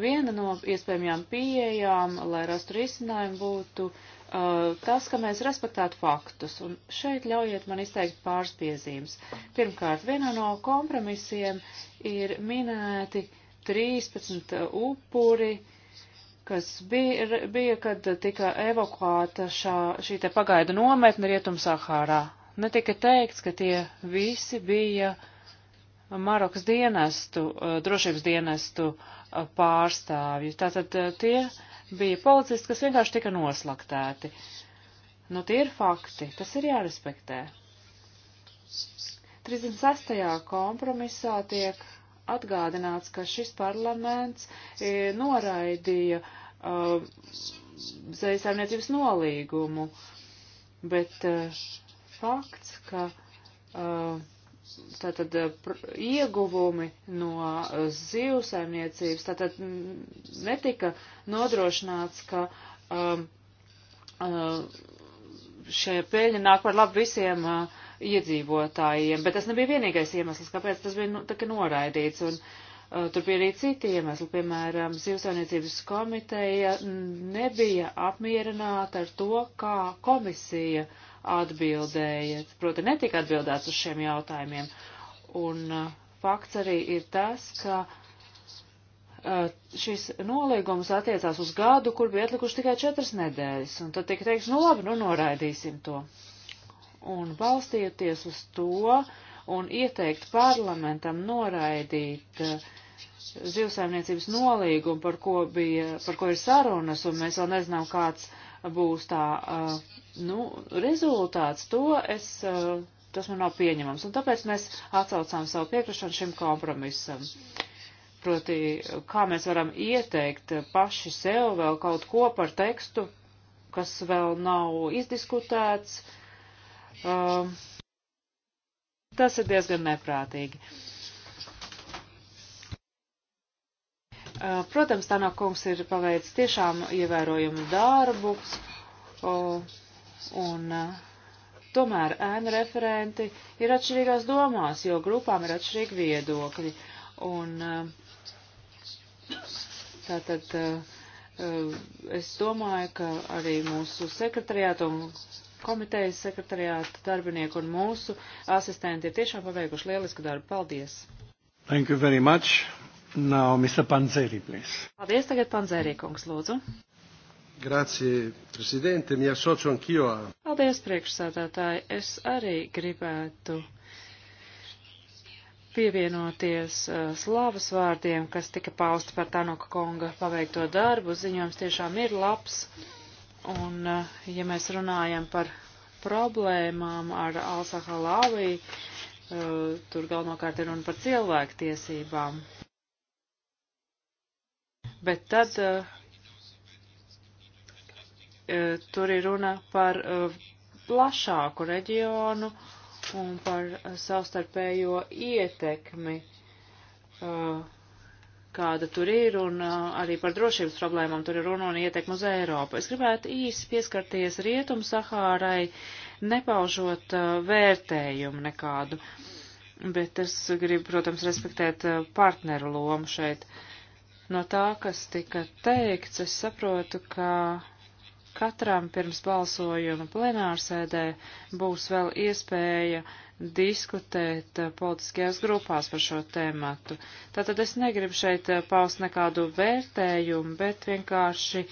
Viena no iespējamajām pieejām, lai rastu risinājumu, būtu uh, Uh, tas, ka mēs respektētu faktus, un šeit ļaujiet man izteikt pāris piezīmes. Pirmkārt, vienā no kompromisiem ir minēti 13 upuri, kas bija, bija kad tika evakuēta šā, šī te pagaida nometne Rietum-Sahārā. Netika teikts, ka tie visi bija Marokas dienestu, uh, drošības dienestu uh, pārstāvji. Tātad tie bija policisti, kas vienkārši tika noslaktēti. Nu, tie ir fakti, tas ir jārespektē. 36. kompromisā tiek atgādināts, ka šis parlaments e, noraidīja uh, e, zvejasaimniecības nolīgumu, bet uh, fakts, ka uh, tātad eh, ieguvumi no eh, zivsaimniecības, tātad netika nodrošināts, ka um, eh, šie peļņi nāk par labu visiem uh, iedzīvotājiem, bet tas nebija vienīgais iemesls, kāpēc tas bija nu, noraidīts. Un, uh, Tur bija arī citi iemesli, piemēram, Zivsainiecības komiteja nebija apmierināta ar to, kā komisija uh, atbildējat. Proti, netika atbildēts uz šiem jautājumiem. Un uh, fakts arī ir tas, ka uh, šis nolīgums attiecās uz gadu, kur bija atlikuši tikai četras nedēļas. Un tad tika teiks, nu labi, nu noraidīsim to. Un balstījoties uz to un ieteikt parlamentam noraidīt uh, zivsaimniecības nolīgumu, par ko, bija, par ko ir sarunas, un mēs vēl nezinām, kāds uh, būs tā, nu, rezultāts, to es, tas man nav pieņemams. Un tāpēc mēs atsaucām savu piekrišanu šim kompromisam. Proti, kā mēs varam ieteikt paši sev vēl kaut ko par tekstu, kas vēl nav izdiskutēts. Tas ir diezgan neprātīgi. Uh, Eh, protams, Tano kungs ir paveicis tiešām ievērojumu darbu, eh, un eh, tomēr ēnu referenti ir atšķirīgās domās, jo grupām ir atšķirīgi viedokļi. Un tātad es domāju, ka arī mūsu sekretariātu un komitejas sekretariāta darbinieki un mūsu asistenti ir tiešām paveikuši lielisku darbu. Paldies! Thank you very much. Now, Mr. Panzeri, please. Paldies, tagad Panzeri, kungs, lūdzu. Grazie, prezidente, mi asocio anch'io a. Paldies, priekšsādātāji, es arī gribētu pievienoties uh, slavas vārdiem, kas tika pausti par Tanoka Konga paveikto darbu. Ziņojums tiešām ir labs. Un, uh, ja mēs runājam par problēmām ar Alsahalāvī, uh, tur galvenokārt ir runa par cilvēku tiesībām. Bet tad uh, tur ir runa par uh, plašāku reģionu un par uh, savstarpējo ietekmi, kāda tur ir, un arī par drošības problēmām tur ir runa un ietekmi uz Eiropu. Es gribētu īsi pieskarties Rietumu Sahārai, nepaužot vērtējumu nekādu, bet es gribu, protams, respektēt partneru lomu šeit. Uh, No tā, kas tika teikts, es saprotu, ka katram pirms balsojuma plenārsēdē būs vēl iespēja diskutēt eh, politiskajās grupās par šo tēmatu. Tātad es negribu šeit eh, paust nekādu vērtējumu, bet vienkārši eh,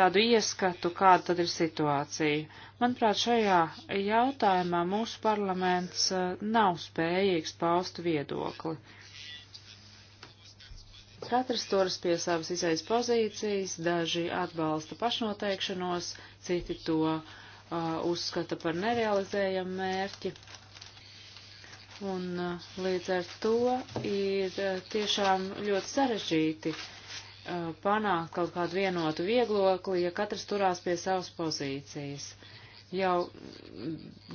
tādu ieskatu, kāda tad ir situācija. Manuprāt, šajā jautājumā mūsu parlaments nav spējīgs paust viedokli. Katrs turas pie savas izaisa pozīcijas, daži atbalsta pašnoteikšanos, citi to uh, uzskata par nerealizējamu mērķi. Un uh, līdz ar to ir uh, tiešām ļoti sarežģīti uh, panākt kaut kādu vienotu vieglokli, ja katrs turās pie savas pozīcijas. Jau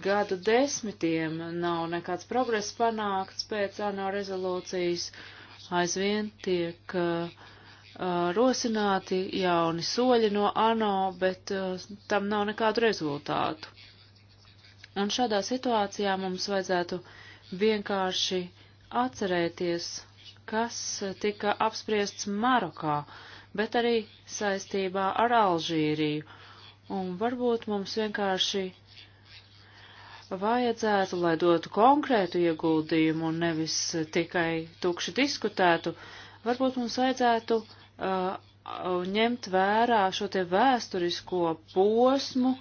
gadu desmitiem nav nekāds progress panākts pēc ANO rezolūcijas. Uh, aizvien tiek uh, rosināti jauni soļi no ANO, bet uh, tam nav nekādu rezultātu. Un šādā situācijā mums vajadzētu vienkārši atcerēties, kas tika apspriests Marokā, bet arī saistībā ar Alžīriju. Un varbūt mums vienkārši vajadzētu, lai dotu konkrētu ieguldījumu un nevis tikai tukši diskutētu, varbūt mums vajadzētu uh, ņemt vērā šo te vēsturisko posmu,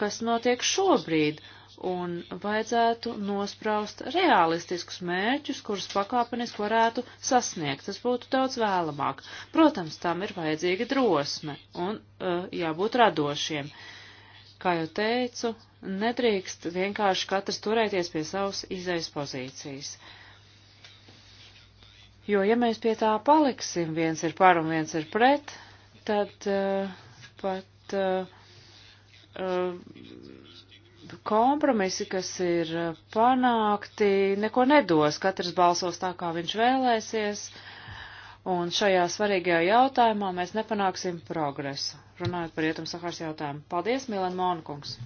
kas notiek šobrīd, un vajadzētu nospraust realistiskus mērķus, kurus pakāpeniski varētu sasniegt. Tas būtu daudz vēlamāk. Protams, tam ir vajadzīga drosme un uh, jābūt radošiem. Kā jau teicu, Nedrīkst vienkārši katrs turēties pie savas izaisa pozīcijas. Jo, ja mēs pie tā paliksim, viens ir par un viens ir pret, tad uh, pat uh, uh, kompromisi, kas ir panākti, neko nedos. Katrs balsos tā, kā viņš vēlēsies. Un šajā svarīgajā jautājumā mēs nepanāksim progresu. Runājot par Rietumsahāras jautājumu. Paldies, Milan Monkungs!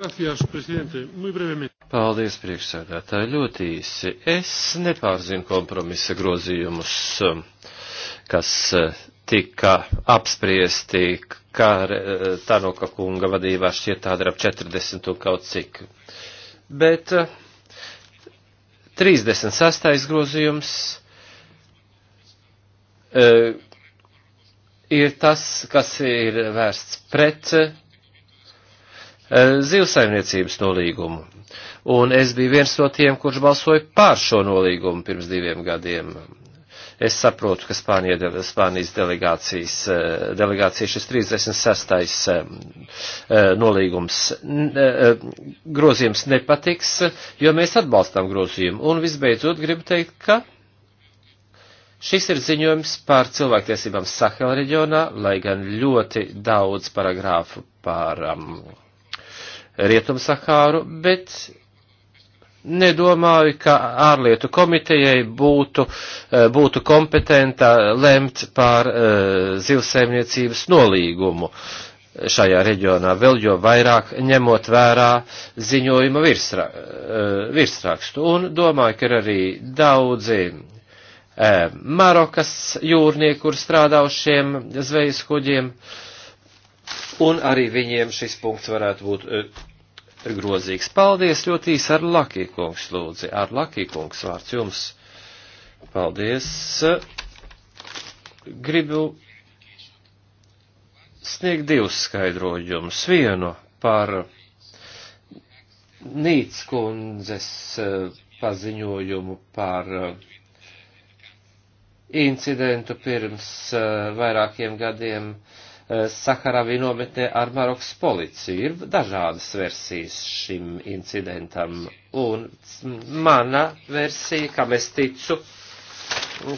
Gracias, presidente. Muy brevemente. Paldies, priekšsēdētāji. Ļoti īsi. Es nepārzinu kompromisa grozījumus, um, kas uh, tika apspriesti, kā uh, Tanoka kunga vadībā šķiet tāda ir ap 40 un kaut cik. Bet 36. Uh, grozījums ir tas, kas ir vērsts pret Eh, zivsaimniecības nolīgumu. Un es biju viens no tiem, kurš balsoja pār šo nolīgumu pirms diviem gadiem. Es saprotu, ka Spānija, Spānijas delegācijas, eh, delegācija šis 36. Eh, nolīgums grozījums nepatiks, jo mēs atbalstām grozījumu. Un visbeidzot gribu teikt, ka Šis ir ziņojums par cilvēktiesībām Sahel reģionā, lai gan ļoti daudz paragrāfu par um, Rietumsahāru, bet nedomāju, ka ārlietu komitejai būtu, eh, būtu kompetenta lemt par eh, zivsaimniecības nolīgumu šajā reģionā, vēl jo vairāk ņemot vērā ziņojuma virsra, eh, virsrakstu. Un domāju, ka ir arī daudzi Marokas jūrnieki, kur strādā uz šiem zvejas kuģiem. Uh, un arī viņiem šis punkts varētu būt eh, grozīgs. Paldies ļoti īsi ar Lakīkungs lūdzi, ar Lakīkungs vārds jums. Paldies. Gribu sniegt divus skaidrojumus. Vienu par Nīts kundzes eh, paziņojumu par eh, incidentu pirms vairākiem gadiem uh, Eh, Sakaravī nometnē ar Marokas policiju. Ir dažādas versijas šim incidentam, un mana versija, kam es ticu,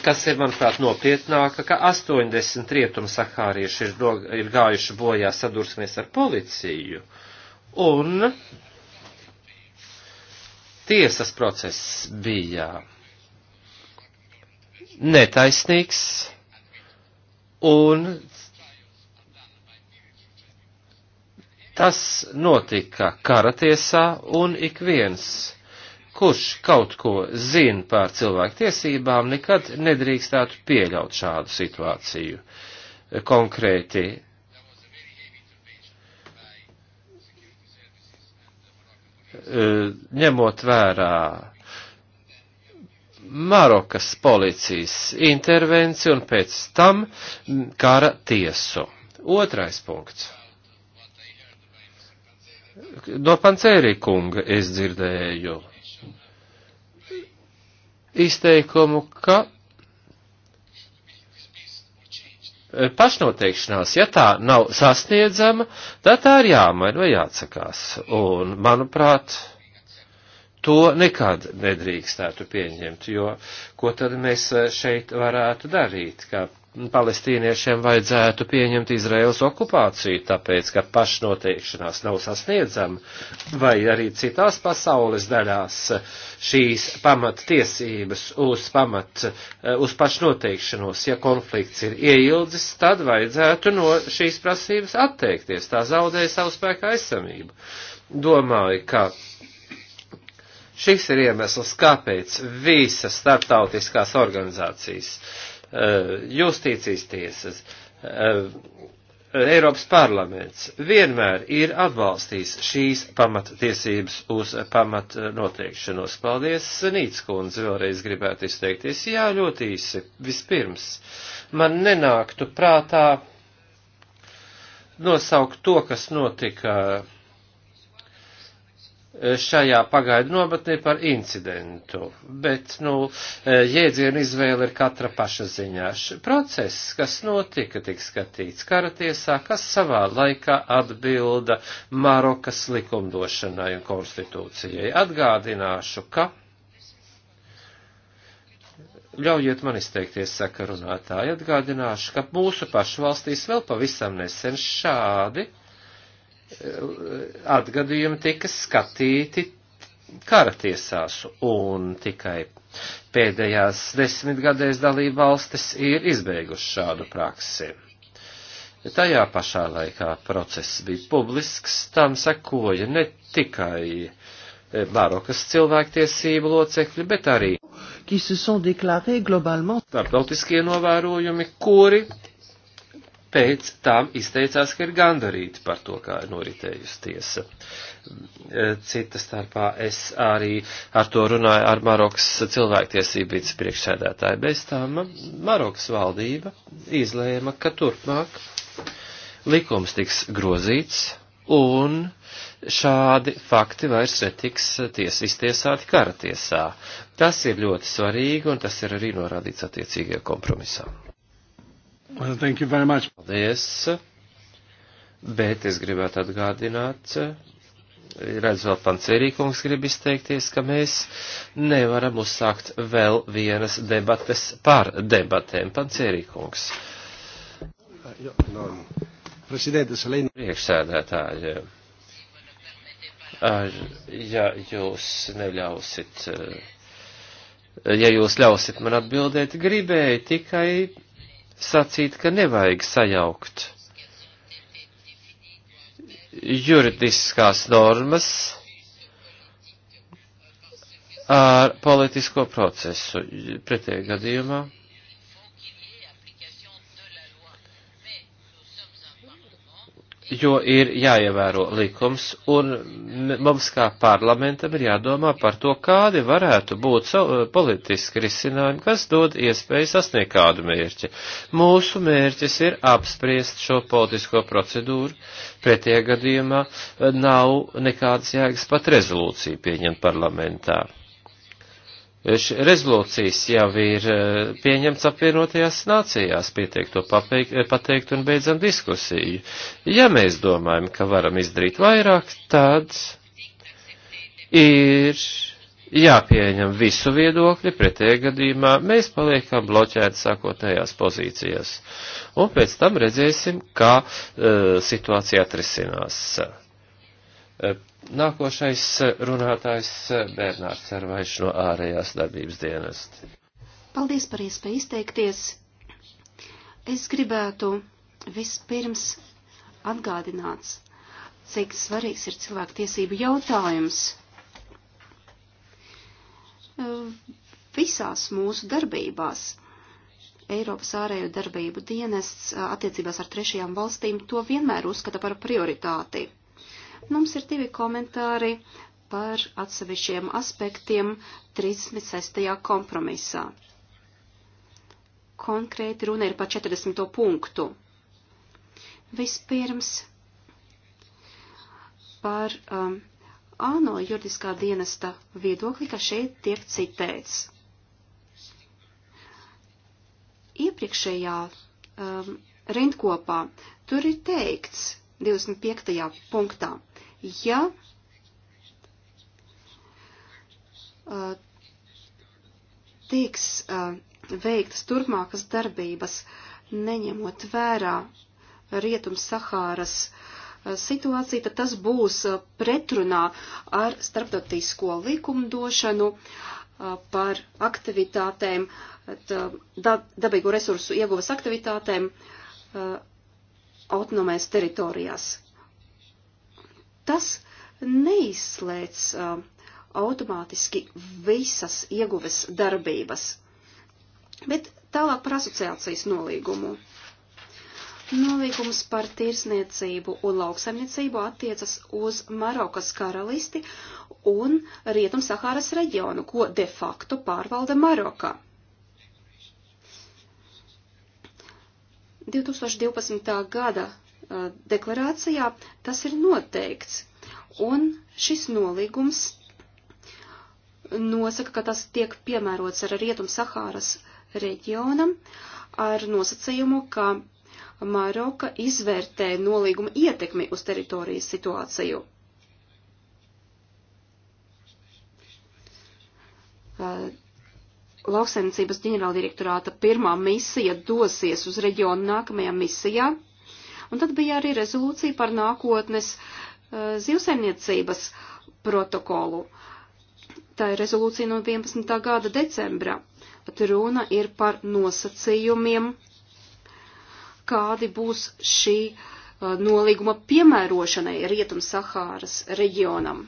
kas ir, manuprāt, nopietnāka, ka 80 rietumu sahārieši ir, dog, ir gājuši bojā sadursmies ar policiju, un tiesas process bija netaisnīgs, un Tas notika karatiesā un ik viens, kurš kaut ko zina par cilvēktiesībām, nekad nedrīkstētu pieļaut šādu situāciju. Konkrēti eh, ņemot vērā Marokas policijas intervenciju un pēc tam kara tiesu. Otrais punkts. No pancērīkunga es dzirdēju izteikumu, ka pašnoteikšanās, ja tā nav sasniedzama, tad tā ir jāmaina vai jāatsakās. Un, manuprāt, to nekad nedrīkstētu pieņemt, jo ko tad mēs šeit varētu darīt, kā palestīniešiem vajadzētu pieņemt Izraels okupāciju, tāpēc, ka pašnoteikšanās nav sasniedzama, vai arī citās pasaules daļās šīs pamattiesības uz, pamat, uz pašnoteikšanos, ja konflikts ir ieildzis, tad vajadzētu no šīs prasības atteikties, tā zaudēja savu spēku aizsamību. Domāju, ka Šis ir iemesls, kāpēc visas starptautiskās organizācijas Eh, justīcijas tiesas, eh, eh, Eiropas parlaments vienmēr ir atbalstījis šīs pamattiesības uz pamat noteikšanos. Paldies, Nīts kundze, vēlreiz gribētu izteikties. Jā, ļoti īsi. Vispirms, man nenāktu prātā nosaukt to, kas notika šajā pagaidu nobatnē par incidentu, bet, nu, jēdzienu izvēle ir katra paša ziņā. Process, kas notika, tik skatīts karatiesā, kas savā laikā atbilda Marokas likumdošanai un konstitūcijai. Atgādināšu, ka. Ļaujiet man izteikties, saka runātāji, atgādināšu, ka mūsu pašu valstīs vēl pavisam nesen šādi uh, atgadījumi tika skatīti kara tiesās, un tikai pēdējās desmitgadēs dalība valstis ir izbeiguši šādu praksi. Tajā pašā laikā process bija publisks, tam sekoja ne tikai eh, Marokas cilvēktiesību locekļi, bet arī starptautiskie novērojumi, kuri pēc tam izteicās, ka ir gandarīti par to, kā ir noritējusi tiesa. E, Cita starpā es arī ar to runāju ar Marokas cilvēktiesību vicepriekšsēdētāju. Bez tām Marokas valdība izlēma, ka turpmāk likums tiks grozīts un šādi fakti vairs netiks ties, iztiesāti kara tiesā. Tas ir ļoti svarīgi un tas ir arī norādīts attiecīgajā kompromisā. Well, thank you very much. Paldies. Bet es gribētu atgādināt, redz vēl pancerīkungs grib izteikties, ka mēs nevaram uzsākt vēl vienas debates par debatēm. Pancerīkungs. Priekšsēdētāji. Ar, ja jūs neļausit, ja jūs ļausit man atbildēt, gribēju tikai sacīt, ka nevajag sajaukt juridiskās normas ar politisko procesu pretējā gadījumā. jo ir jāievēro likums, un mums kā parlamentam ir jādomā par to, kādi varētu būt eh, politiski risinājumi, kas dod iespēju sasniegt kādu mērķi. Mūsu mērķis ir apspriest šo politisko procedūru, pretie gadījumā eh, nav nekādas jēgas pat rezolūciju pieņemt parlamentā rezolūcijas jau ir e, pieņemts apvienotajās nācijās, pietiek to papeik, e, pateikt un beidzam diskusiju. Ja mēs domājam, ka varam izdarīt vairāk, tad ir jāpieņem visu viedokļi, pretējā gadījumā mēs paliekam bloķēti sākotnējās pozīcijās. Un pēc tam redzēsim, kā uh, situācija atrisinās. Uh, Nākošais runātājs Bernārds Arvaiš no ārējās darbības dienesta. Paldies par iespēju izteikties. Es gribētu vispirms atgādināts, cik svarīgs ir cilvēku tiesību jautājums visās mūsu darbībās. Eiropas ārējo darbību dienests attiecībās ar trešajām valstīm to vienmēr uzskata par prioritāti. Mums ir divi komentāri par atsevišķiem aspektiem 36. kompromisā. Konkrēti runa ir par 40. punktu. Vispirms par um, ANO juridiskā dienesta viedokli, ka šeit tiek citēts. Iepriekšējā um, rindkopā tur ir teikts, 25. punktā. Ja uh, tiks uh, veiktas turpmākas darbības, neņemot vērā Rietums Sahāras uh, situāciju, tad tas būs pretrunā ar starptautisko likumdošanu par aktivitātēm, dabīgo resursu ieguves aktivitātēm autonomais teritorijās. Tas neizslēdz uh, automātiski visas ieguves darbības, bet tālāk par asociācijas nolīgumu. Nolīgums par tirsniecību un lauksaimniecību attiecas uz Marokas karalisti un Rietum Sahāras reģionu, ko de facto pārvalda Marokā. 2012. gada deklarācijā tas ir noteikts, un šis nolīgums nosaka, ka tas tiek piemērots ar Rietum Sahāras reģionam ar nosacījumu, ka Maroka izvērtē nolīguma ietekmi uz teritorijas situāciju. Uh, lauksaimniecības ģenerāldirektorāta pirmā misija dosies uz reģionu nākamajā misijā. Un tad bija arī rezolūcija par nākotnes uh, zivsaimniecības protokolu. Tā ir rezolūcija no 11. gada decembra. Pat runa ir par nosacījumiem, kādi būs šī uh, nolīguma piemērošanai Rietum Sahāras reģionam.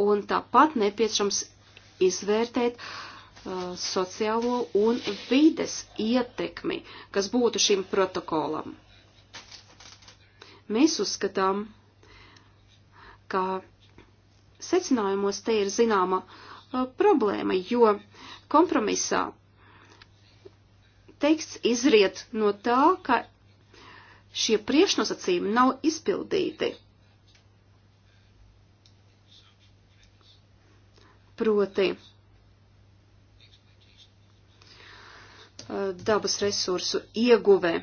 Un tāpat nepieciešams izvērtēt uh, Uh, sociālo un vides ietekmi, kas būtu šim protokolam. Mēs uzskatām, ka secinājumos te ir zināma uh, problēma, jo kompromisā teksts izriet no tā, ka šie priekšnosacījumi nav izpildīti. Proti, dabas resursu ieguvē.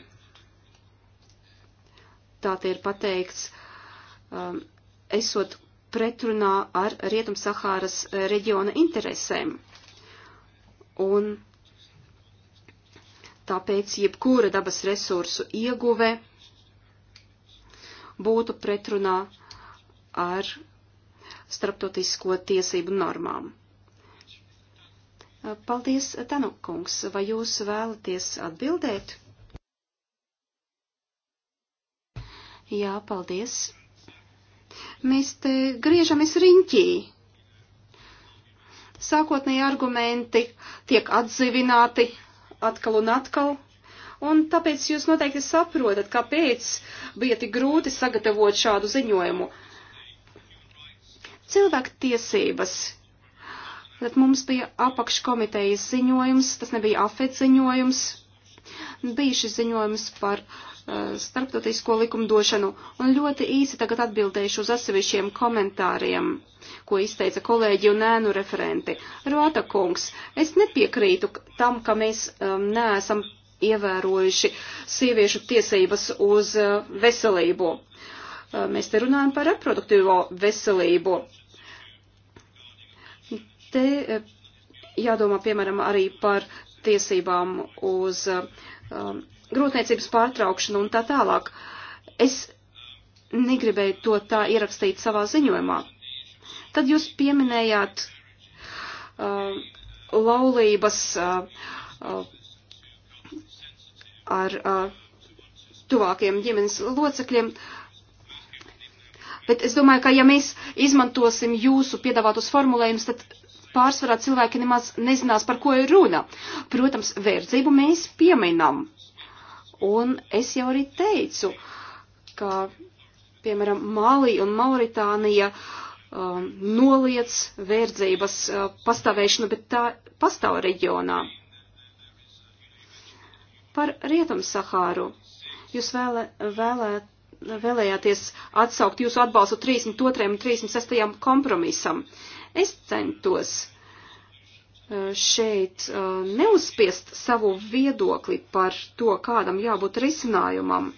Tā te ir pateikts, um, esot pretrunā ar Rietum-Sahāras reģiona interesēm. Un tāpēc jebkura dabas resursu ieguve būtu pretrunā ar starptautisko tiesību normām. Paldies, Tanukungs. Vai jūs vēlaties atbildēt? Jā, paldies. Mēs te griežamies riņķī. Sākotnēji argumenti tiek atdzīvināti atkal un atkal, un tāpēc jūs noteikti saprotat, kāpēc bija tik grūti sagatavot šādu ziņojumu. Cilvēku tiesības Bet mums bija apakškomitejas ziņojums, tas nebija afet ziņojums, bija šis ziņojums par uh, starptautisko likumdošanu, un ļoti īsi tagad atbildēšu uz atsevišķiem komentāriem, ko izteica kolēģi un ēnu referenti. Rota kungs, es nepiekrītu tam, ka mēs um, neesam ievērojuši sieviešu tiesības uz uh, veselību. Uh, mēs te runājam par reproduktīvo veselību. Te eh, jādomā, piemēram, arī par tiesībām uz um, grūtniecības pārtraukšanu un tā tālāk. Es negribēju to tā ierakstīt savā ziņojumā. Tad jūs pieminējāt uh, laulības uh, uh, ar uh, tuvākiem ģimenes locekļiem. Bet es domāju, ka ja mēs izmantosim jūsu piedāvātos formulējumus, tad pārsvarā cilvēki nemaz nezinās, par ko ir runa. Protams, verdzību mēs pieminam. Un es jau arī teicu, ka, piemēram, Mali un Mauritānija um, noliec verdzības uh, pastāvēšanu, bet tā pastāv reģionā. Par Rietumu Sahāru. Jūs vēlē, vēlē, vēlējāties atsaukt jūsu atbalstu 32. un 36. kompromisam. Uh, Es centos uh, šeit uh, neuzspiest savu viedokli par to, kādam jābūt risinājumam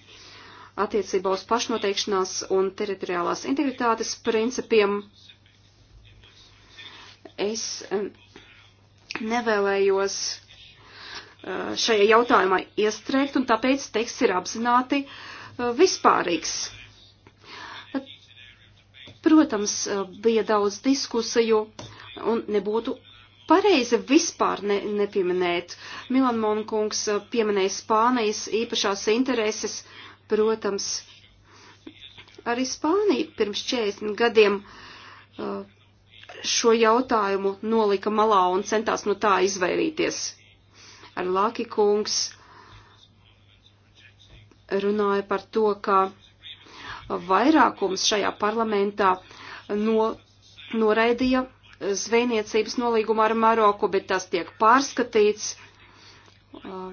attiecībā uz pašnoteikšanās un teritoriālās integritātes principiem. Es um, nevēlējos uh, šajā jautājumā iestrēgt, un tāpēc teksts ir apzināti vispārīgs. Protams, eh, bija daudz diskusiju un nebūtu pareizi vispār ne, nepieminēt. Milan Monkungs eh, pieminēja Spānijas īpašās intereses. Protams, arī Spānija pirms 40 gadiem eh, šo jautājumu nolika malā un centās no tā izvairīties. Ar Laki kungs runāja par to, ka vairākums šajā parlamentā no, noraidīja zvejniecības nolīgumu ar Maroku, bet tas tiek pārskatīts. Uh,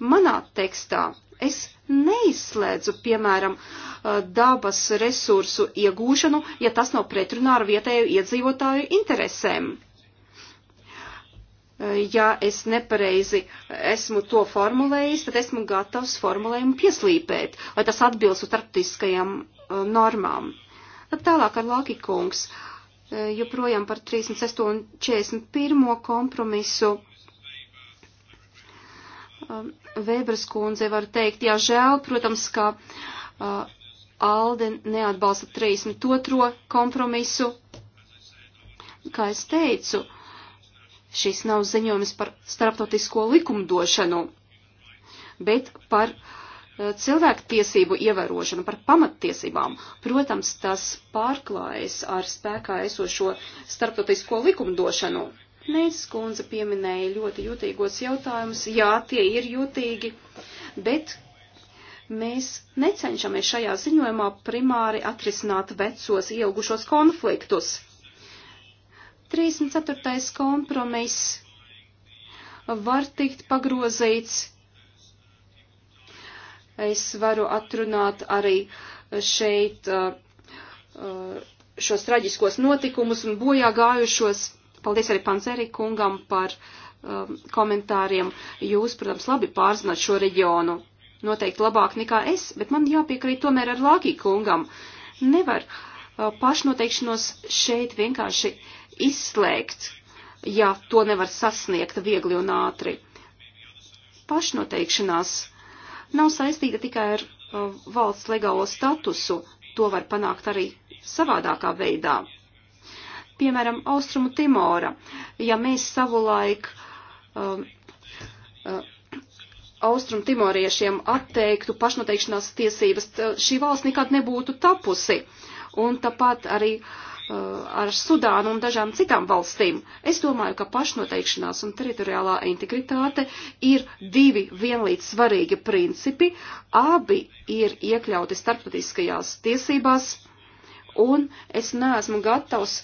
manā tekstā es neizslēdzu, piemēram, uh, dabas resursu iegūšanu, ja tas nav pretrunā ar vietēju iedzīvotāju interesēm ja es nepareizi esmu to formulējis, tad esmu gatavs formulējumu pieslīpēt, lai tas atbilstu starptiskajām uh, normām. Tad tālāk ar Laki kungs, uh, joprojām par 36. un 41. kompromisu. Um, Vēbras kundze var teikt, jā, žēl, protams, ka uh, Alde neatbalsta 32. kompromisu. Kā es teicu, uh, Šis nav ziņojums par starptautisko likumdošanu, bet par eh, cilvēku tiesību ievērošanu, par pamattiesībām. Protams, tas pārklājas ar spēkā esošo starptautisko likumdošanu. Mēs, kundze, pieminēja ļoti jūtīgos jautājumus. Jā, tie ir jūtīgi, bet mēs necenšamies šajā ziņojumā primāri atrisināt vecos ielgušos konfliktus. 34. kompromiss var tikt pagrozīts. Es varu atrunāt arī šeit uh, uh, šos traģiskos notikumus un bojā gājušos. Paldies arī Panzeri kungam par um, komentāriem. Jūs, protams, labi pārzināt šo reģionu. Noteikti labāk nekā es, bet man jāpiekrīt tomēr ar Lākī kungam. Nevar uh, pašnoteikšanos šeit vienkārši uh, izslēgts, ja to nevar sasniegt viegli un ātri. Pašnoteikšanās nav saistīta tikai ar uh, valsts legālo statusu, to var panākt arī savādākā veidā. Piemēram, Austrumu Timora, ja mēs savulaik um, uh, Austrum Timoriešiem atteiktu pašnoteikšanās tiesības, šī valsts nekad nebūtu tapusi. Un tāpat arī uh, Eh, ar Sudānu un dažām citām valstīm. Es domāju, ka pašnoteikšanās un teritoriālā integritāte ir divi vienlīdz svarīgi principi. Abi ir iekļauti starptautiskajās tiesībās, un es neesmu gatavs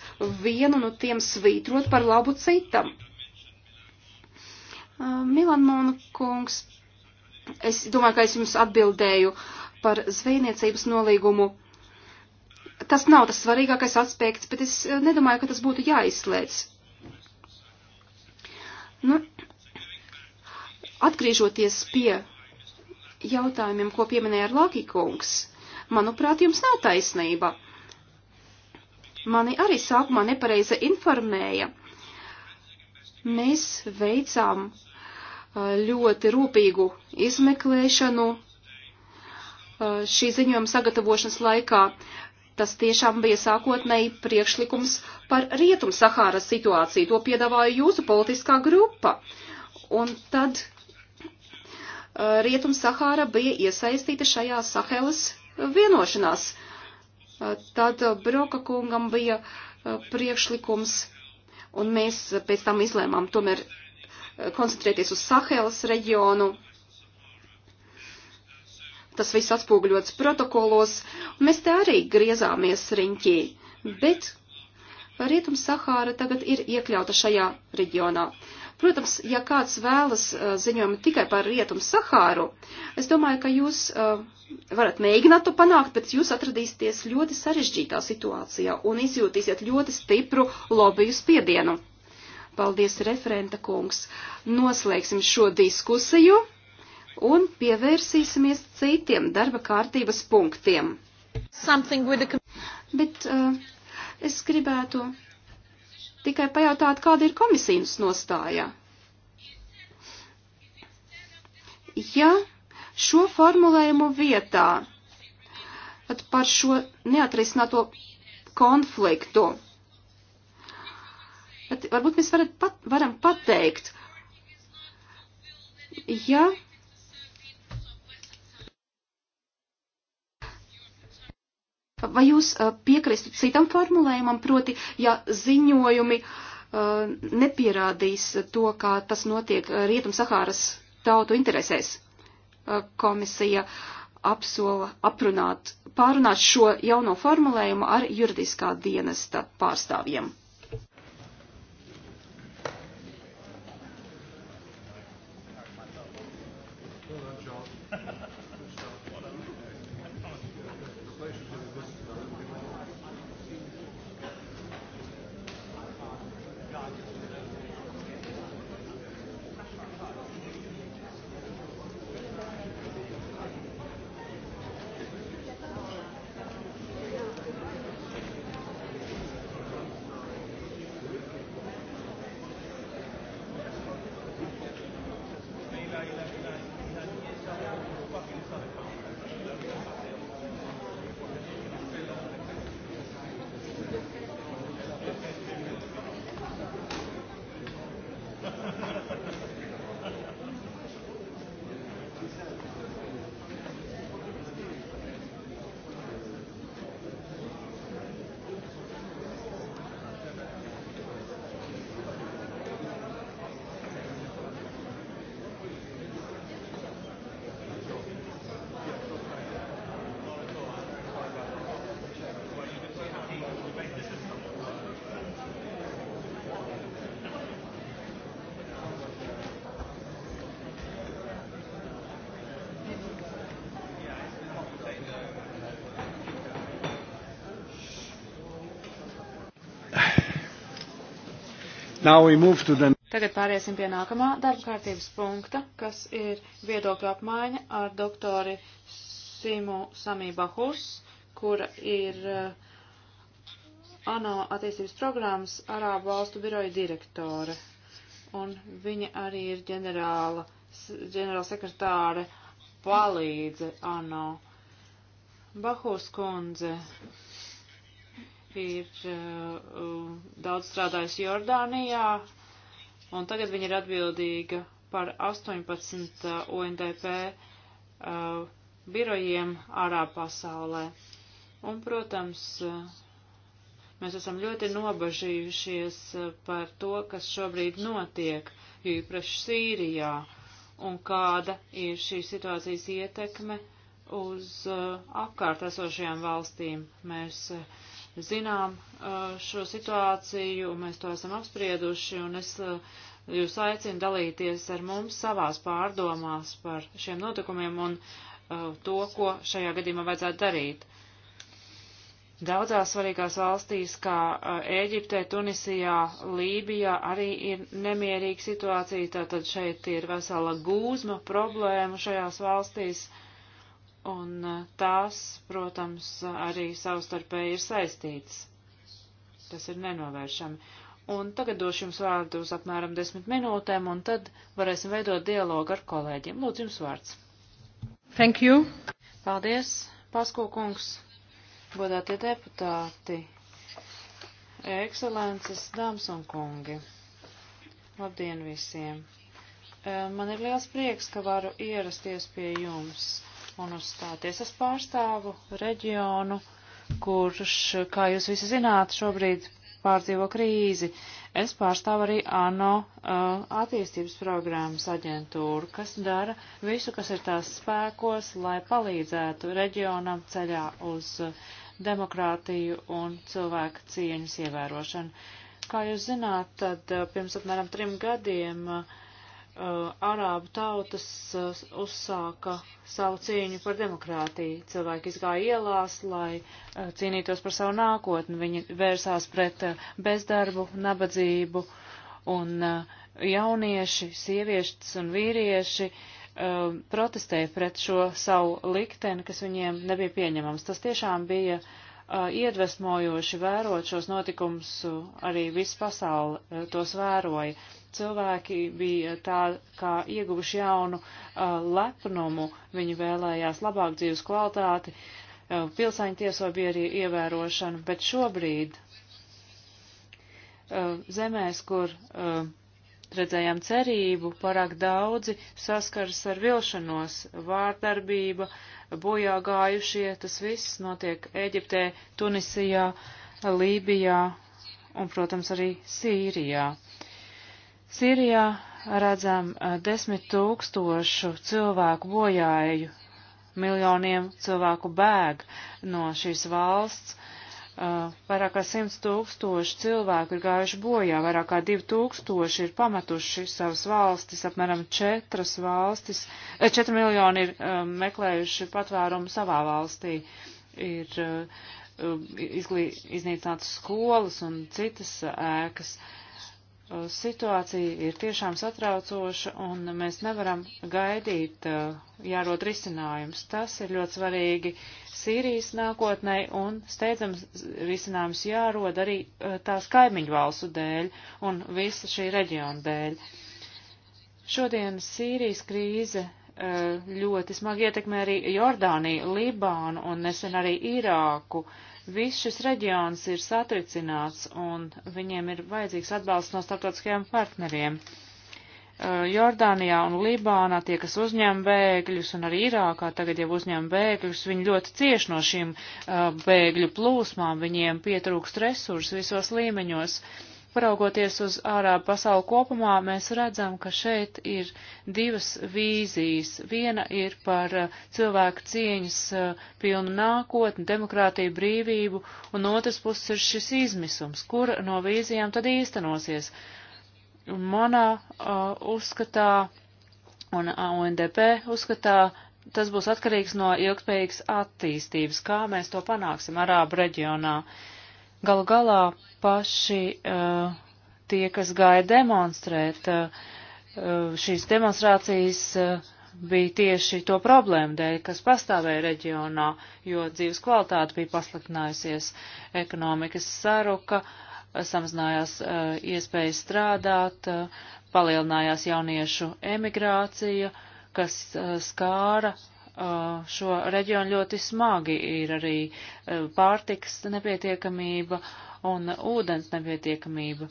vienu no tiem svītrot par labu citam. Eh, Milan Monkungs, es domāju, ka es jums atbildēju par zvejniecības nolīgumu tas nav tas svarīgākais aspekts, bet es eh, nedomāju, ka tas būtu jāizslēdz. Nu, atgriežoties pie jautājumiem, ko pieminēja Lakīkungs, manuprāt, jums nav taisnība. Mani arī sākumā nepareizi informēja. Mēs veicām eh, ļoti rūpīgu izmeklēšanu eh, šī ziņojuma sagatavošanas laikā. Tas tiešām bija sākotnēji priekšlikums par rietum Sahāras situāciju. To piedāvāja jūsu politiskā grupa. Un tad uh, rietum Sahāra bija iesaistīta šajā Sahelas vienošanās. Uh, tad uh, Broka kungam bija priekšlikums, un mēs pēc tam izlēmām tomēr koncentrēties uz Sahelas reģionu tas viss atspūgļots protokolos, un mēs te arī griezāmies riņķī, bet Rietum Sahāra tagad ir iekļauta šajā reģionā. Protams, ja kāds vēlas uh, ziņojumu tikai par Rietumu Sahāru, es domāju, ka jūs uh, varat mēģināt to panākt, bet jūs atradīsieties ļoti sarežģītā situācijā un izjūtīsiet ļoti stipru lobiju spiedienu. Paldies, referenta kungs. Noslēgsim šo diskusiju un pievērsīsimies citiem darba kārtības punktiem. The... Bet uh, es gribētu tikai pajautāt, kāda ir komisijas nostāja. Ja šo formulējumu vietā par šo neatrisināto konfliktu. Bet varbūt mēs varat pat, varam pateikt, ja Vai jūs eh, piekristu citam formulējumam, proti, ja ziņojumi eh, nepierādīs to, kā tas notiek eh, Rietum-Sahāras tautu interesēs? Komisija apsola aprunāt, pārunāt šo jauno formulējumu ar juridiskā dienesta pārstāvjiem. The... Tagad pāriesim pie nākamā darba kārtības punkta, kas ir viedokļu apmaiņa ar doktori Simu Samībahus, kura ir eh, ANO attīstības programmas Arābu valstu biroja direktore. Un viņa arī ir ģenerāla, ģenerāla sekretāre palīdze ANO. Bahus kundze, ir uh, daudz strādājusi Jordānijā, un tagad viņa ir atbildīga par 18 UNDP uh, uh, birojiem ārā pasaulē. Un, protams, uh, mēs esam ļoti nobažījušies uh, par to, kas šobrīd notiek, jo īpaši Sīrijā, un kāda ir šī situācijas ietekme uz uh, apkārt esošajām valstīm. Mēs uh, zinām uh, šo situāciju, mēs to esam apsprieduši, un es uh, jūs aicinu dalīties ar mums savās pārdomās par šiem notikumiem un uh, to, ko šajā gadījumā vajadzētu darīt. Daudzās svarīgās valstīs, kā Ēģiptē, Tunisijā, Lībijā, arī ir nemierīga situācija, tātad šeit ir vesela gūzma problēmu šajās valstīs. Uh, un eh, tās, protams, arī savstarpēji ir saistītas. Tas ir nenovēršami. Un tagad došu jums vārdu uz apmēram desmit minūtēm, un tad varēsim veidot dialogu ar kolēģiem. Lūdzu, jums vārds. Thank you. Paldies, Pasko kungs, godātie deputāti, ekscelences, dāmas un kungi. Labdien visiem! Eh, man ir liels prieks, ka varu ierasties pie jums un uzstāties. Es pārstāvu reģionu, kurš, kā jūs visi zināt, šobrīd pārdzīvo krīzi. Es pārstāvu arī ANO uh, attīstības programmas aģentūru, kas dara visu, kas ir tās spēkos, lai palīdzētu reģionam ceļā uz demokrātiju un cilvēku cieņas ievērošanu. Kā jūs zināt, tad uh, pirms apmēram trim gadiem uh, uh, arābu tautas uh, uzsāka savu cīņu par demokrātiju. Cilvēki izgāja ielās, lai uh, cīnītos par savu nākotni. Viņi vērsās pret uh, bezdarbu, nabadzību, un uh, jaunieši, sieviešas un vīrieši uh, protestēja pret šo savu likteni, kas viņiem nebija pieņemams. Tas tiešām bija uh, Uh, iedvesmojoši vērot šos notikumus, uh, arī viss pasauli uh, tos vēroja. Cilvēki bija tā kā ieguvuši jaunu lepnumu, viņi vēlējās labāk dzīves kvalitāti, pilsēņu tieso bija arī ievērošana, bet šobrīd zemēs, kur redzējām cerību, pārāk daudzi saskaras ar vilšanos, vārdarbība, bojā gājušie, tas viss notiek Ēģiptē, Tunisijā, Lībijā un, protams, arī Sīrijā. Sīrijā redzam eh, desmit tūkstošu cilvēku bojāju, miljoniem cilvēku bēg no šīs valsts, Uh, vairāk kā 100 tūkstoši cilvēku ir gājuši bojā, vairāk kā 2 tūkstoši ir pametuši savas valstis, apmēram 4 valstis, 4 eh, miljoni ir um, meklējuši patvērumu savā valstī, ir um, izglī, iznīcināts skolas un citas ēkas. Uh, Eh, situācija ir tiešām satraucoša un mēs nevaram gaidīt eh, jārod risinājums. Tas ir ļoti svarīgi Sīrijas nākotnē un steidzams risinājums jārod arī eh, tās kaimiņu valstu dēļ un visa šī reģiona dēļ. Šodien Sīrijas krīze ļoti smagi ietekmē arī Jordāniju, Libānu un nesen arī Irāku. Uh, Viss šis reģions ir satricināts un viņiem ir vajadzīgs atbalsts no starptautiskajiem partneriem. Jordānijā un Libānā tie, kas uzņem bēgļus, un arī Irākā tagad jau uzņem bēgļus, viņi ļoti cieši no šīm uh, bēgļu plūsmām, viņiem pietrūkst resursu visos līmeņos. Uh, Paraugoties uz ārābu pasauli kopumā, mēs redzam, ka šeit ir divas vīzijas. Viena ir par uh, cilvēku cieņas uh, pilnu nākotni, demokrātiju, brīvību, un otrs puses ir šis izmisums, kur no vīzijām tad īstenosies. Manā uh, uzskatā un UNDP uh, uzskatā tas būs atkarīgs no ilgspējīgas attīstības, kā mēs to panāksim Arābu reģionā. Uh, Galu galā paši uh, tie, kas gāja demonstrēt, uh, šīs demonstrācijas uh, bija tieši to problēmu dēļ, kas pastāvēja reģionā, jo dzīves kvalitāte bija pasliktinājusies, ekonomikas saruka, samazinājās uh, iespējas strādāt, uh, palielinājās jauniešu emigrācija, kas uh, skāra šo reģionu ļoti smagi. Ir arī pārtiks nepietiekamība un ūdens nepietiekamība.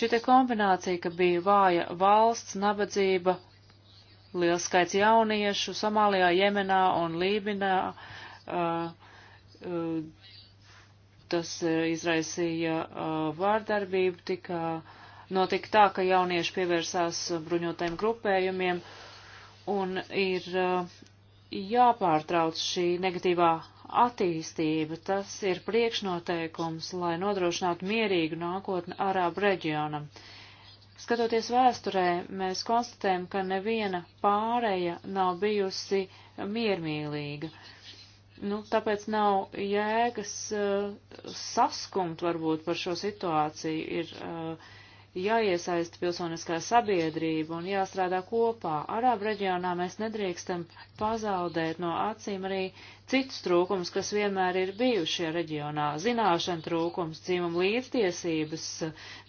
Šī kombinācija, ka bija vāja valsts, nabadzība, liels skaits jauniešu Somālijā, Jemenā un Lībinā, tas izraisīja vārdarbību, tika notika tā, ka jaunieši pievērsās bruņotajiem grupējumiem un ir jāpārtrauc šī negatīvā attīstība. Tas ir priekšnoteikums, lai nodrošinātu mierīgu nākotni Arābu reģionam. Skatoties vēsturē, mēs konstatējam, ka neviena pāreja nav bijusi miermīlīga. Nu, tāpēc nav jēgas uh, saskumt varbūt par šo situāciju. Ir uh, jāiesaista pilsoniskā sabiedrība un jāstrādā kopā. Arābu reģionā mēs nedrīkstam pazaudēt no acīm arī citus trūkumus, kas vienmēr ir bijušie reģionā - zināšana trūkums, dzīvuma līdztiesības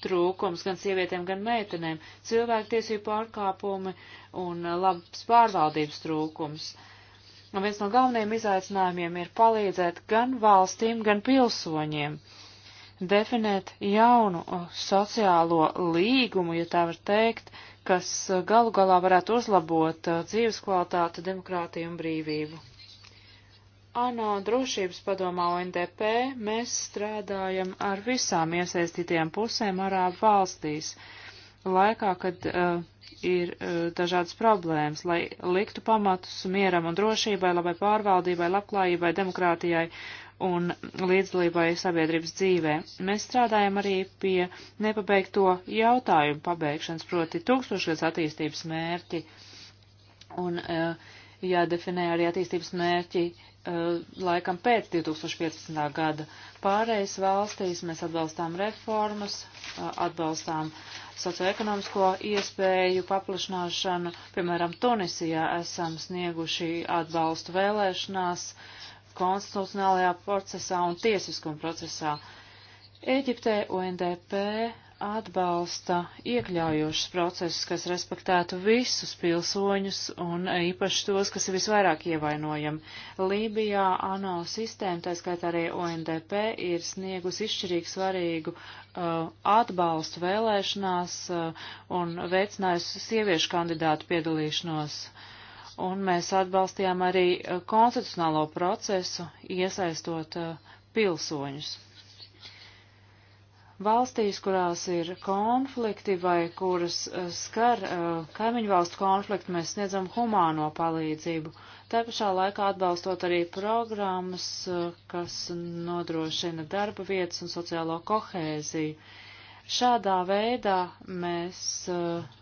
trūkums gan sievietēm, gan meitenēm, cilvēktiesību pārkāpumi un labs pārvaldības trūkums. Un viens no galvenajiem izaicinājumiem ir palīdzēt gan valstīm, gan pilsoņiem definēt jaunu uh, sociālo līgumu, ja tā var teikt, kas uh, galu galā varētu uzlabot uh, dzīves kvalitāti, demokrātiju un brīvību. ANO drošības padomā ONDP mēs strādājam ar visām iesaistītajām pusēm Arābu valstīs, laikā, kad uh, ir uh, dažādas problēmas, lai liktu pamatus mieram un drošībai, labai pārvaldībai, labklājībai, demokrātijai un līdzdalībai sabiedrības dzīvē. Mēs strādājam arī pie nepabeigto jautājumu pabeigšanas, proti tūkstošgads attīstības mērķi. Un uh, jādefinē arī attīstības mērķi eh, laikam pēc 2015. gada. Pārējais valstīs mēs atbalstām reformas, eh, atbalstām socioekonomisko iespēju paplašināšanu. Piemēram, Tunisijā esam snieguši atbalstu vēlēšanās, uh, konstitucionālajā procesā un tiesiskuma procesā. Eģiptē UNDP atbalsta iekļaujošus procesus, kas respektētu visus pilsoņus un īpaši tos, kas ir visvairāk ievainojami. Lībijā ANO sistēma, tā skaitā arī ONDP, ir sniegus izšķirīgi svarīgu uh, atbalstu vēlēšanās uh, un veicinājusi sieviešu kandidātu piedalīšanos uh, un mēs atbalstījām arī eh, konstitucionālo procesu, iesaistot eh, pilsoņus. Valstīs, kurās ir konflikti vai kuras eh, skar kaimiņu valstu konflikti, mēs sniedzam humāno palīdzību. Tā pašā laikā atbalstot arī programmas, kas nodrošina darba vietas un sociālo kohēziju. Šādā veidā mēs uh,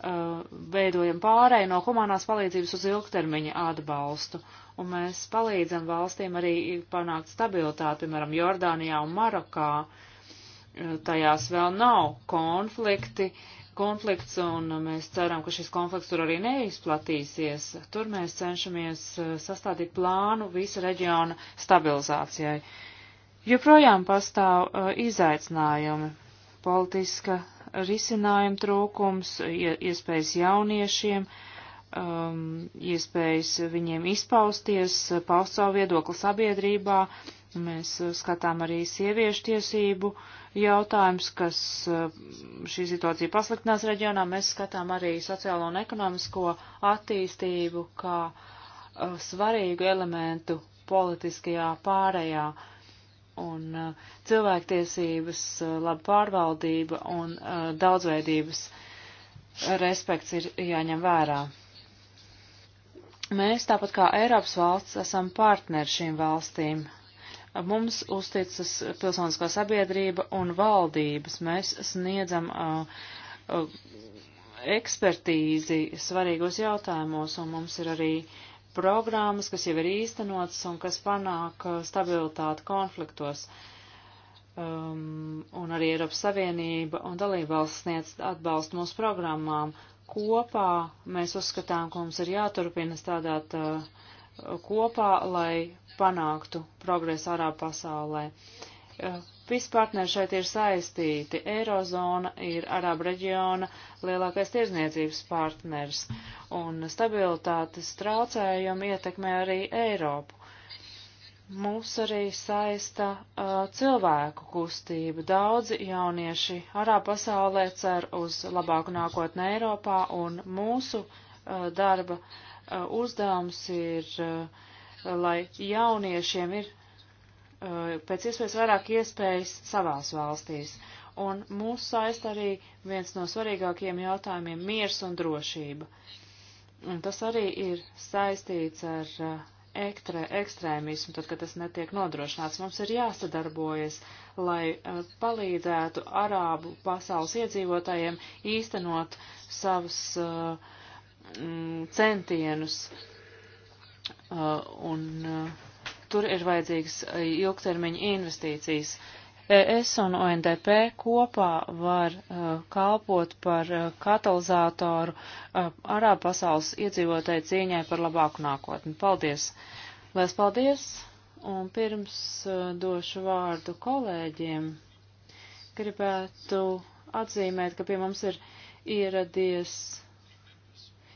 Uh, veidojam pārēju no humanās palīdzības uz ilgtermiņa atbalstu, un mēs palīdzam valstīm arī panākt stabilitāti, piemēram, Jordānijā un Marokā. Uh, tajās vēl nav konflikti, konflikts, un mēs ceram, ka šis konflikts tur arī neizplatīsies. Tur mēs cenšamies uh, sastādīt plānu visa reģiona stabilizācijai. Joprojām pastāv izaicinājumi politiska risinājumu trūkums, iespējas jauniešiem, um, iespējas viņiem izpausties, paust savu viedokli sabiedrībā. Mēs uh, skatām arī sieviešu tiesību jautājums, kas uh, šī situācija pasliktinās reģionā. Mēs skatām arī sociālo un ekonomisko attīstību kā uh, svarīgu elementu politiskajā pārējā. Uh, un uh, cilvēktiesības, uh, laba pārvaldība un uh, daudzveidības respekts ir jāņem vērā. Mēs, tāpat kā Eiropas valsts, esam partneri šīm valstīm. Mums uzticas pilsoniskā sabiedrība un valdības. Mēs sniedzam uh, uh, ekspertīzi svarīgos jautājumos, un mums ir arī uh, programmas, kas jau ir īstenotas un kas panāk uh, stabilitāti konfliktos. Um, un arī Eiropas Savienība un dalībvalsts sniedz atbalstu mūsu programmām. Kopā mēs uzskatām, ka mums ir jāturpina strādāt uh, kopā, lai panāktu progresu ārā pasaulē. Uh, Visi partneri šeit ir saistīti. Eirozona ir Arābu reģiona lielākais tirzniecības partners, un stabilitātes traucējumi ietekmē arī Eiropu. Mūs arī saista uh, cilvēku kustība. Daudzi jaunieši arā pasaulē cer uz labāku nākotni Eiropā, un mūsu uh, darba uh, uzdevums ir, uh, lai jauniešiem ir Eh, pēc iespējas vairāk iespējas savās valstīs. Un mūs saist arī viens no svarīgākajiem jautājumiem - miers un drošība. Un tas arī ir saistīts ar eh, ektre, ekstrēmismu, tad, kad tas netiek nodrošināts. Mums ir jāsadarbojas, lai eh, palīdzētu arābu pasaules iedzīvotājiem īstenot savus uh, centienus. Uh, un, uh, tur ir vajadzīgas ilgtermiņa investīcijas. ES un ONDP kopā var uh, kalpot par uh, katalizātoru uh, arā pasaules iedzīvotāju cieņai par labāku nākotni. Paldies! Lielas paldies! Un pirms došu vārdu kolēģiem, gribētu atzīmēt, ka pie mums ir ieradies,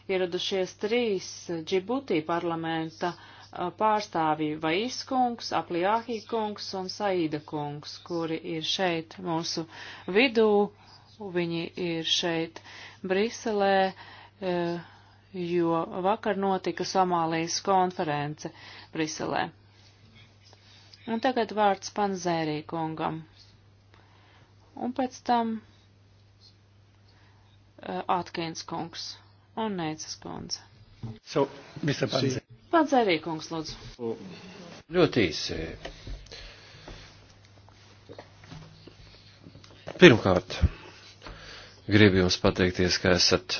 ieradušies trīs Džibutī parlamenta uh, pārstāvji Vais kungs, Apliāhī kungs un Saīda kungs, kuri ir šeit mūsu vidū. Viņi ir šeit Briselē, jo vakar notika Somālijas konference Briselē. Un tagad vārds Panzērī kungam. Un pēc tam Atkins kungs un Neicas kundze. So, Mr. Panzērī. Pats Zērīkungs, lūdzu. Ļoti īsi. Pirmkārt, gribu jums pateikties, ka esat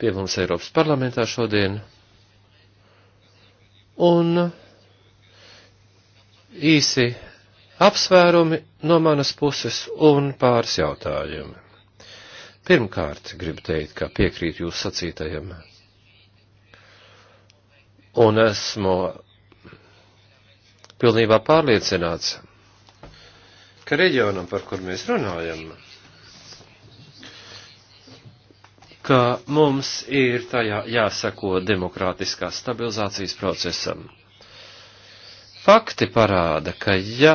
pie mums Eiropas parlamentā šodien. Un īsi apsvērumi no manas puses un pāris jautājumi. Pirmkārt, gribu teikt, ka piekrīt jūsu sacītajam Un esmu pilnībā pārliecināts, ka reģionam, par kur mēs runājam, ka mums ir tajā jāsako demokrātiskās stabilizācijas procesam. Fakti parāda, ka ja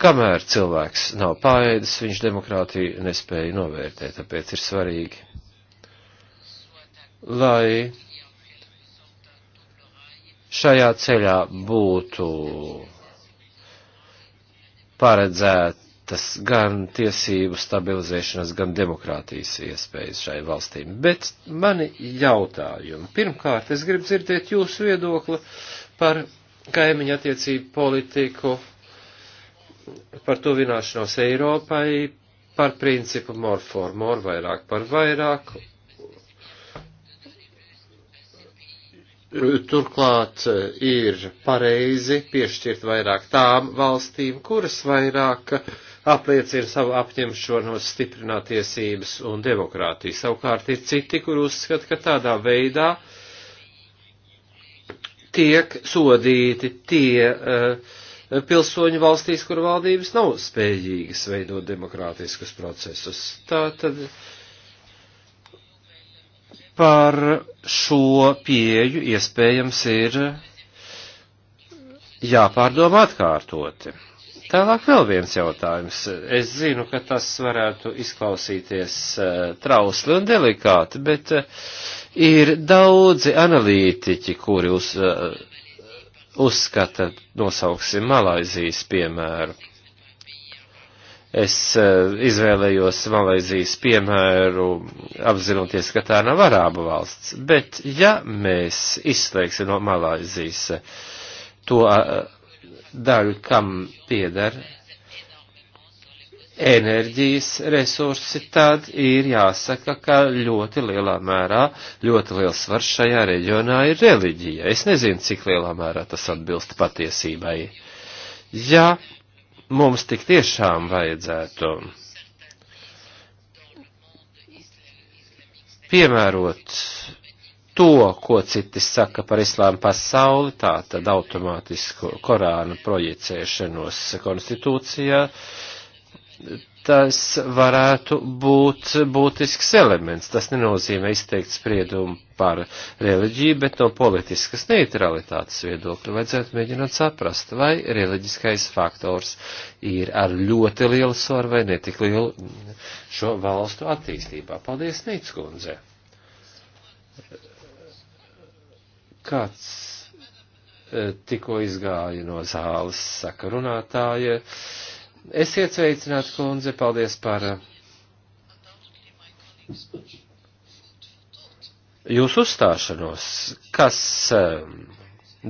kamēr cilvēks nav paēdis, viņš demokrātiju nespēja novērtēt, tāpēc ir svarīgi lai šajā ceļā būtu paredzētas gan tiesību stabilizēšanas, gan demokrātijas iespējas šai valstīm. Bet mani jautājumi. Pirmkārt, es gribu dzirdēt jūsu viedokli par kaimiņa attiecību politiku, par tuvināšanos Eiropai, par principu more for more, vairāk par vairāk Turklāt eh, ir pareizi piešķirt vairāk tām valstīm, kuras vairāk apliecina savu apņemšanos stiprināt tiesības un demokrātiju. Savukārt ir citi, kur uzskata, ka tādā veidā tiek sodīti tie uh, eh, pilsoņu valstīs, kur valdības nav spējīgas veidot demokrātiskus procesus. Tā tad. Uh, par šo pieju iespējams ir jāpārdomā atkārtoti. Tālāk vēl viens jautājums. Es zinu, ka tas varētu izklausīties eh, trausli un delikāti, bet eh, ir daudzi analītiķi, kuri uz, eh, uzskata, nosauksim, Malaizijas piemēru Es eh, izvēlējos Malaizijas piemēru, apzinoties, ka tā nav arābu valsts, bet ja mēs izslēgsim no Malaizijas eh, to eh, daļu, kam pieder enerģijas resursi, tad ir jāsaka, ka ļoti lielā mērā, ļoti liels svars šajā reģionā ir reliģija. Es nezinu, cik lielā mērā tas atbilst patiesībai. Ja mums tik tiešām vajadzētu piemērot to, ko citi saka par islāma pasauli, tā tad automātisku Korāna projicēšanos konstitūcijā, tas varētu būt būtisks elements. Tas nenozīmē izteikt spriedumu par reliģiju, bet no politiskas neutralitātes viedokļa vajadzētu mēģināt saprast, vai reliģiskais faktors ir ar ļoti lielu svaru vai netik lielu šo valstu attīstībā. Paldies, Nīts kundze. Kāds eh, tikko izgāja no zāles, saka runātāja. Uh, Esiet sveicināti, kundze, paldies par eh, jūsu uzstāšanos, kas eh,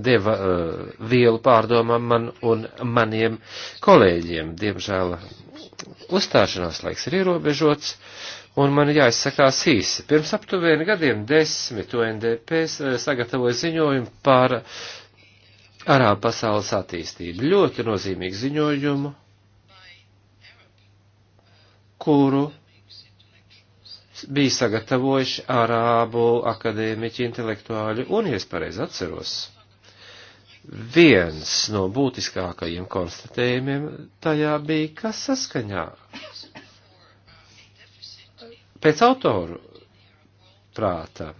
deva eh, vielu pārdomām man un maniem kolēģiem. Diemžēl uzstāšanās laiks ir ierobežots, un man jāizsakās īsi. Pirms aptuveni gadiem desmit UNDP sagatavoja ziņojumu par arābu pasaules attīstību. Ļoti nozīmīgu ziņojumu, kuru bija sagatavojuši arābu akadēmiķi, intelektuāļi, un, ja es pareizi atceros, viens no būtiskākajiem konstatējumiem tajā bija, kas saskaņā pēc autoru prāta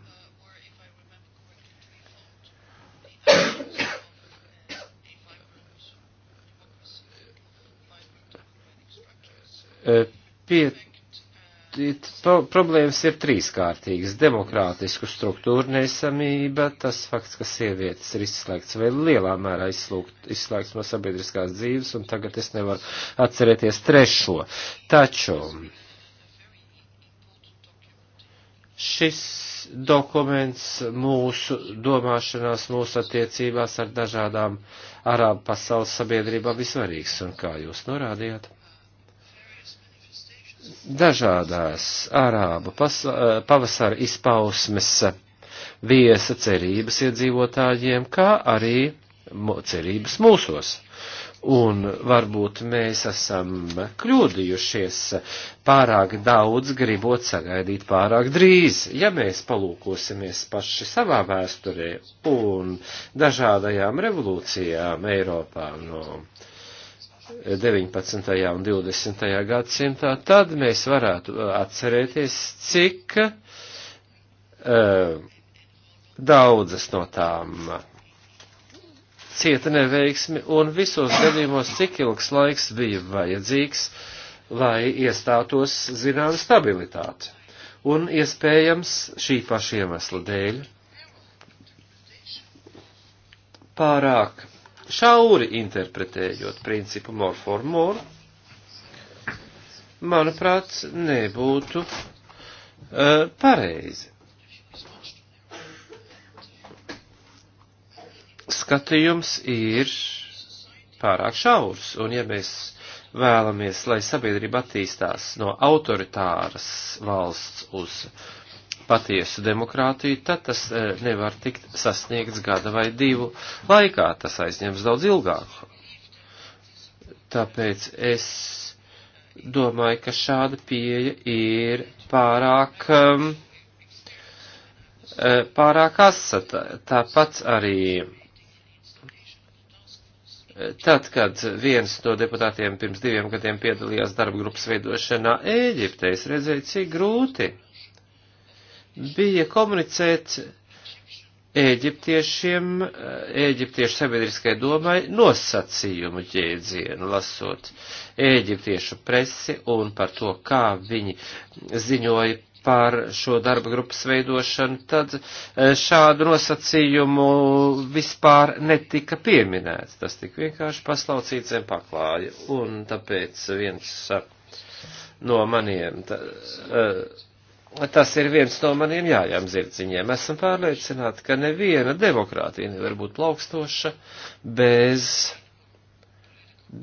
pie, pro, problēmas ir trīskārtīgas - demokrātisku struktūru nesamība, tas fakts, ka sievietes ir izslēgts vai lielā mērā izslūgt, izslēgts no sabiedriskās dzīves, un tagad es nevaru atcerēties trešo. Taču šis dokuments mūsu domāšanās, mūsu attiecībās ar dažādām arābu pasaules sabiedrībām visvarīgs, un kā jūs norādījāt? dažādās arābu eh, pavasara izpausmes viesa cerības iedzīvotājiem, kā arī cerības mūsos. Un varbūt mēs esam kļūdījušies pārāk daudz, gribot sagaidīt pārāk drīz. Ja mēs palūkosimies paši savā vēsturē un dažādajām revolūcijām Eiropā no 19. un 20. gadsimtā, tad mēs varētu uh, atcerēties, cik uh, daudzas no tām uh, cieta neveiksmi un visos gadījumos, cik ilgs laiks bija vajadzīgs, lai iestātos zinām stabilitāti. Un iespējams šī paša iemesla dēļ pārāk šauri interpretējot principu more for more, manuprāt, nebūtu uh, pareizi. Skatījums ir pārāk šaurs, un ja mēs vēlamies, lai sabiedrība attīstās no autoritāras valsts uz uh, patiesu demokrātiju, tad tas e, nevar tikt sasniegts gada vai divu laikā. Tas aizņems daudz ilgāk. Tāpēc es domāju, ka šāda pieeja ir pārāk, um, e, pārāk asa. Tāpat arī e, tad, kad viens no deputātiem pirms diviem gadiem piedalījās darba grupas veidošanā Ēģiptē, es redzēju, cik grūti bija komunicēt Ēģiptiešiem, Ēģiptiešu sabiedriskai domai nosacījumu jēdzienu, lasot Ēģiptiešu presi un par to, kā viņi ziņoja par šo darba grupas veidošanu, tad e, šādu nosacījumu vispār netika pieminēts. Tas tik vienkārši paslaucīts zem paklāja. Un tāpēc viens no maniem. Tā, uh, e, Tas ir viens no maniem jājām zirdziņiem. Esam pārliecināti, ka neviena demokrātija nevar būt plaukstoša bez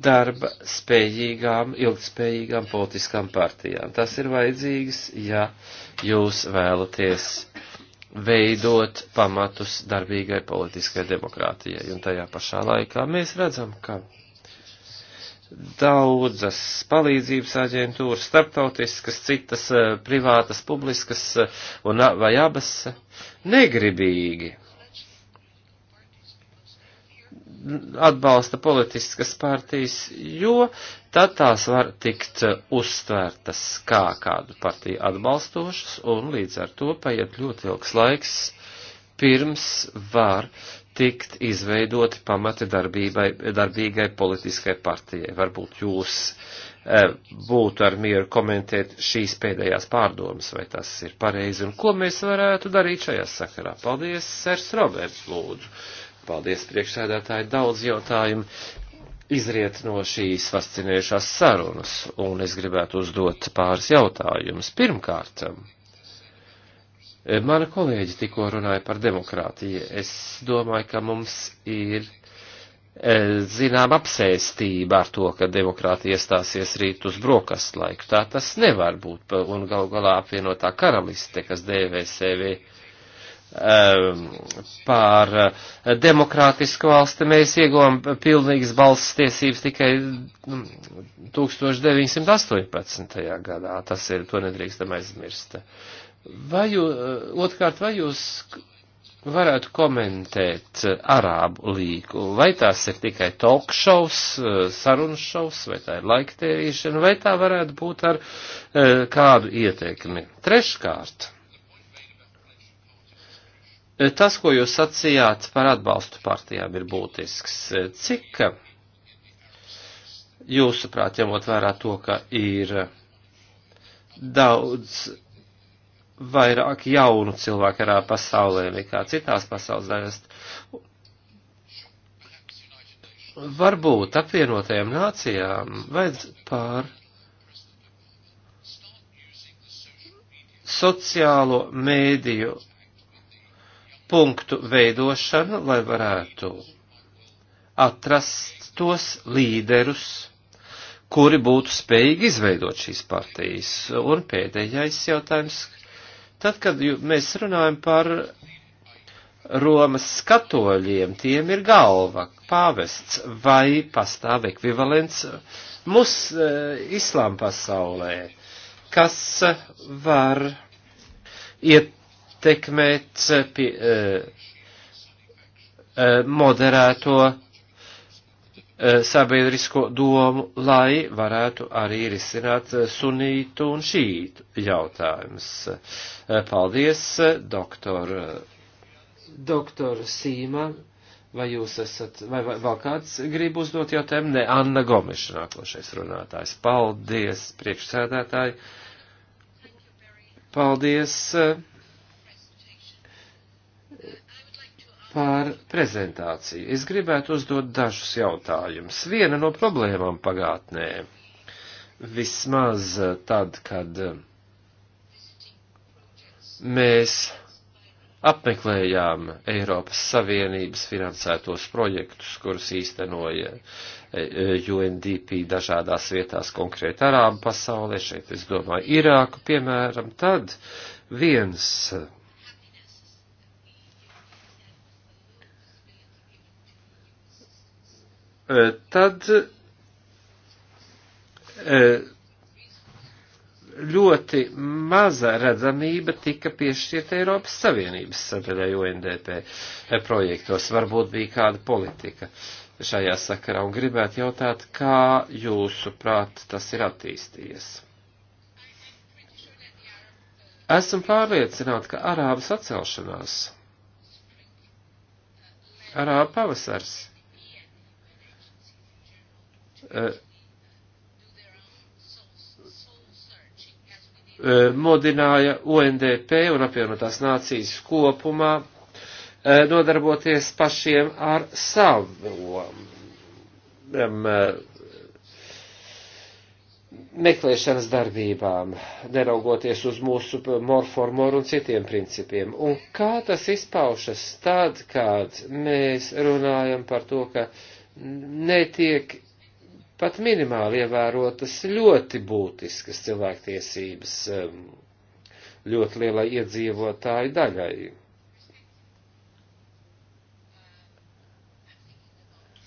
darba spējīgām, ilgspējīgām politiskām partijām. Tas ir vajadzīgs, ja jūs vēlaties veidot pamatus darbīgai politiskai demokrātijai. Un tajā pašā laikā mēs redzam, ka daudzas palīdzības aģentūras, starptautiskas, citas eh, privātas, publiskas eh, un, vai abas negribīgi atbalsta politiskas partijas, jo tad tās var tikt eh, uztvērtas kā kādu partiju atbalstošas, un līdz ar to paiet ļoti ilgs laiks, pirms var tikt izveidoti pamati darbībai, darbīgai politiskai partijai. Varbūt jūs e, būtu ar mieru komentēt šīs pēdējās pārdomas, vai tas ir pareizi un ko mēs varētu darīt šajā sakarā. Paldies, Sērs Roberts, lūdzu. Paldies, priekšsēdētāji, daudz jautājumu izriet no šīs fascinējušās sarunas, un es gribētu uzdot pāris jautājumus. Pirmkārt, Mana kolēģi tikko runāja par demokrātiju. Es domāju, ka mums ir e, zinām apsēstība ar to, ka demokrātija iestāsies rīt uz brokastu laiku. Tā tas nevar būt, un gal galā apvienotā karaliste, kas dēvē sevi um, par e, demokrātisku valsti, mēs ieguvām pilnīgas balsts tiesības tikai 1918. Nu, gadā. Tas ir, to nedrīkstam aizmirst. Vai jū, otrkārt, vai jūs varētu komentēt eh, Arābu līgu, vai tās ir tikai talkšaus, eh, sarunšaus, vai tā ir laiktērīšana, vai tā varētu būt ar eh, kādu ieteikumi. Treškārt, tas, ko jūs sacījāt par atbalstu partijām, ir būtisks. Cik jūsuprāt, ņemot vērā to, ka ir daudz vairāk jaunu cilvēku arā pasaulē nekā citās pasaules daļās. Varbūt apvienotajām nācijām vajadz pār sociālo mēdīju punktu veidošanu, lai varētu atrast tos līderus, kuri būtu spējīgi izveidot šīs partijas. Un pēdējais jautājums, Tad, kad mēs runājam par Romas katoļiem, tiem ir galva, pāvests vai pastāv ekvivalents mus e, islām pasaulē, kas var ietekmēt e, pie, e, moderēto Eh, sabiedrisko domu, lai varētu arī risināt eh, sunītu un šītu jautājumus. Eh, paldies, doktor, doktor Sīma. Vai jūs esat, vai, vai vēl kāds grib uzdot jautājumu? Nē, Anna Gomeša nākošais runātājs. Paldies, priekšsēdētāji. Paldies. Uh, par prezentāciju. Es gribētu uzdot dažus jautājumus. Viena no problēmām pagātnē, vismaz tad, kad mēs apmeklējām Eiropas Savienības finansētos projektus, kurus īstenoja e, e, UNDP dažādās vietās, konkrēti Arābu pasaulē, šeit es domāju Irāku, piemēram, tad viens E, tad e, ļoti maza redzamība tika piešķirta Eiropas Savienības sadaļai UNDP projektos. Varbūt bija kāda politika šajā sakarā un gribētu jautāt, kā jūsu prāt tas ir attīstījies. Esmu pārliecināta, ka Arābu sacelšanās, Arābu pavasars Eh, eh, modināja UNDP un apvienotās nācijas kopumā eh, nodarboties pašiem ar savu meklēšanas darbībām, neraugoties uz mūsu morformoru un citiem principiem. Un kā tas izpaušas tad, kad mēs runājam par to, ka netiek pat minimāli ievērotas ļoti būtiskas cilvēktiesības ļoti lielai iedzīvotāju daļai.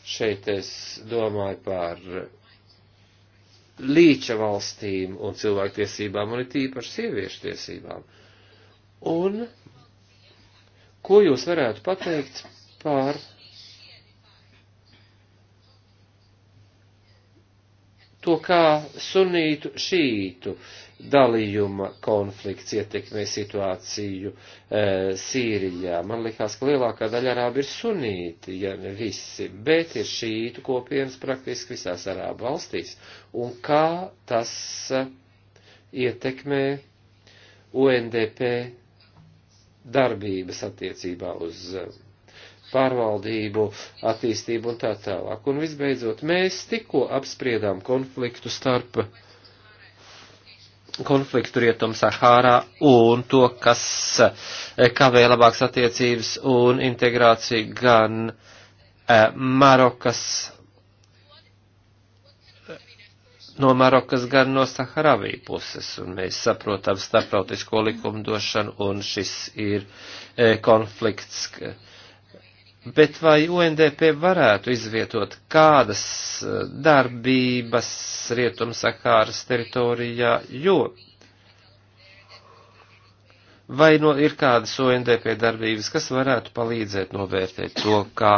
Šeit es domāju par līča valstīm un cilvēktiesībām, un it īpaši sieviešu tiesībām. Un ko jūs varētu pateikt par to kā sunītu šītu dalījuma konflikts ietekmē situāciju e, Sīrijā. Man likās, ka lielākā daļa arābi ir sunīti, ja ne visi, bet ir šītu kopienas praktiski visās arābu valstīs. Un kā tas e, ietekmē UNDP darbības attiecībā uz e, pārvaldību, attīstību un tā tālāk. Un visbeidzot, mēs tikko apspriedām konfliktu starp konfliktu rietum Sahārā un to, kas eh, kavē labāks attiecības un integrāciju gan eh, Marokas, no Marokas, gan no Saharavī puses. Un mēs saprotam starptautisko likumdošanu un šis ir eh, konflikts. Ka, Bet vai UNDP varētu izvietot kādas eh, darbības Rietumsakāras teritorijā, jo vai no, ir kādas UNDP darbības, kas varētu palīdzēt novērtēt to, kā,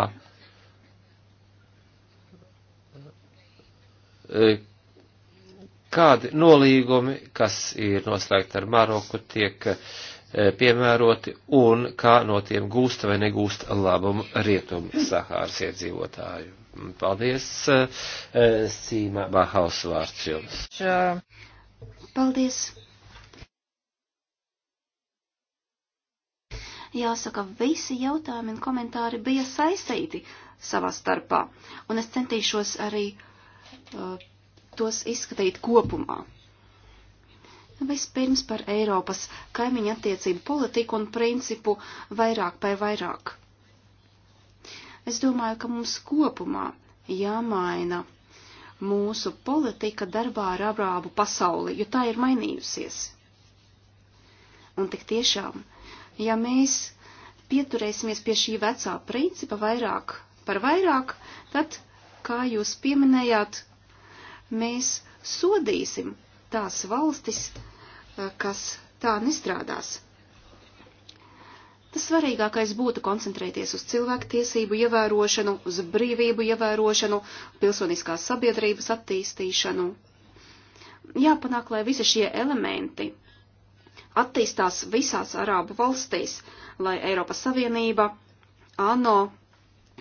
eh, kādi nolīgumi, kas ir noslēgti ar Maroku, tiek uh, E, piemēroti un kā no tiem gūst vai negūst labumu rietumu Sahāras iedzīvotāju. Paldies, e, e, Sīma Bahaus vārds jums. Paldies. Jāsaka, visi jautājumi un komentāri bija saistīti savā starpā, un es centīšos arī uh, tos izskatīt kopumā. Vispirms par Eiropas kaimiņu attiecību politiku un principu vairāk par vairāk. Es domāju, ka mums kopumā jāmaina mūsu politika darbā ar arābu pasauli, jo tā ir mainījusies. Un tik tiešām, ja mēs pieturēsimies pie šī vecā principa vairāk par vairāk, tad, kā jūs pieminējāt, mēs sodīsim tās valstis, eh, kas tā nestrādās. Tas svarīgākais būtu koncentrēties uz cilvēku tiesību ievērošanu, uz brīvību ievērošanu, pilsoniskās sabiedrības attīstīšanu. Jāpanāk, lai visi šie elementi attīstās visās Arābu valstīs, lai Eiropas Savienība, ANO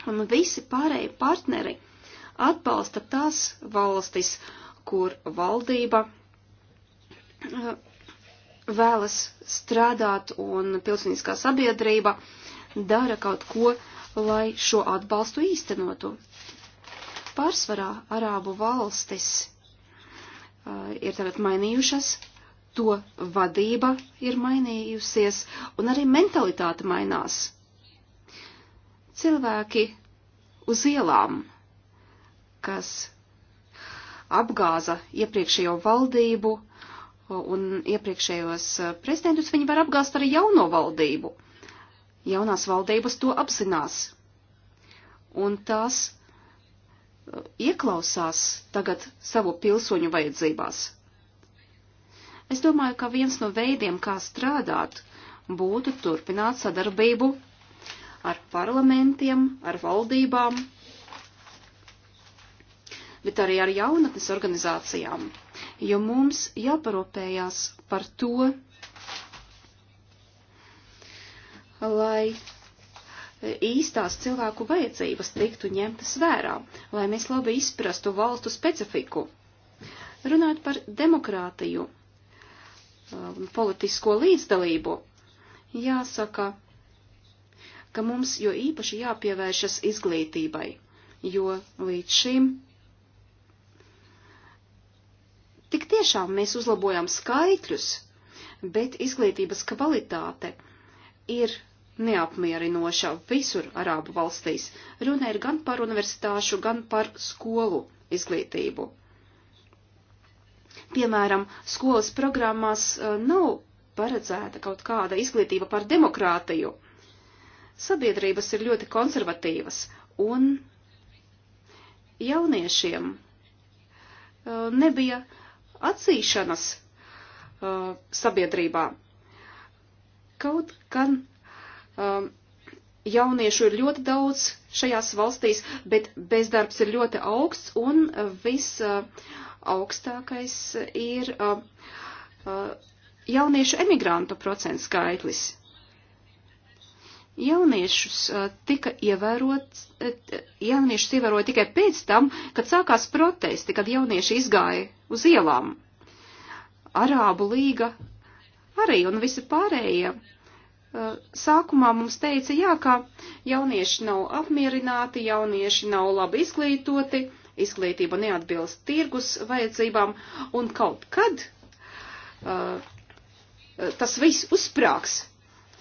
un visi pārējie partneri atbalsta tās valstis, kur valdība Uh, vēlas strādāt un pilsoniskā sabiedrība dara kaut ko, lai šo atbalstu īstenotu. Pārsvarā arābu valstis uh, ir tagad mainījušas, to vadība ir mainījusies un arī mentalitāte mainās. Cilvēki uz ielām, kas apgāza iepriekšējo valdību, un iepriekšējos eh, prezidentus, viņi var apgāst arī jauno valdību. Jaunās valdības to apzinās. Un tās eh, ieklausās tagad savu pilsoņu vajadzībās. Es domāju, ka viens no veidiem, kā strādāt, būtu turpināt sadarbību ar parlamentiem, ar valdībām, bet arī ar jaunatnes organizācijām jo mums jāparūpējās par to, lai īstās cilvēku vajadzības tiktu ņemtas vērā, lai mēs labi izprastu valstu specifiku. Runājot par demokrātiju, um, politisko līdzdalību, jāsaka, ka mums jo īpaši jāpievēršas izglītībai, jo līdz šim Tik tiešām mēs uzlabojam skaitļus, bet izglītības kvalitāte ir neapmierinoša visur Arābu valstīs. Runa ir gan par universitāšu, gan par skolu izglītību. Piemēram, skolas programmās eh, nav paredzēta kaut kāda izglītība par demokrātiju. Sabiedrības ir ļoti konservatīvas, un jauniešiem eh, nebija atzīšanas uh, sabiedrībā. Kaut gan um, jauniešu ir ļoti daudz šajās valstīs, bet bezdarbs ir ļoti augsts un viss uh, augstākais ir uh, uh, jauniešu emigrantu procentu skaitlis. Jauniešus uh, tika ievērot, uh, jauniešus ievēroja tikai pēc tam, kad sākās protesti, kad jaunieši izgāja uz ielām. Arābu līga arī un visi pārējie. Uh, sākumā mums teica, jā, ka jaunieši nav apmierināti, jaunieši nav labi izglītoti, izglītība neatbilst tirgus vajadzībām, un kaut kad uh, uh tas viss uzsprāgs.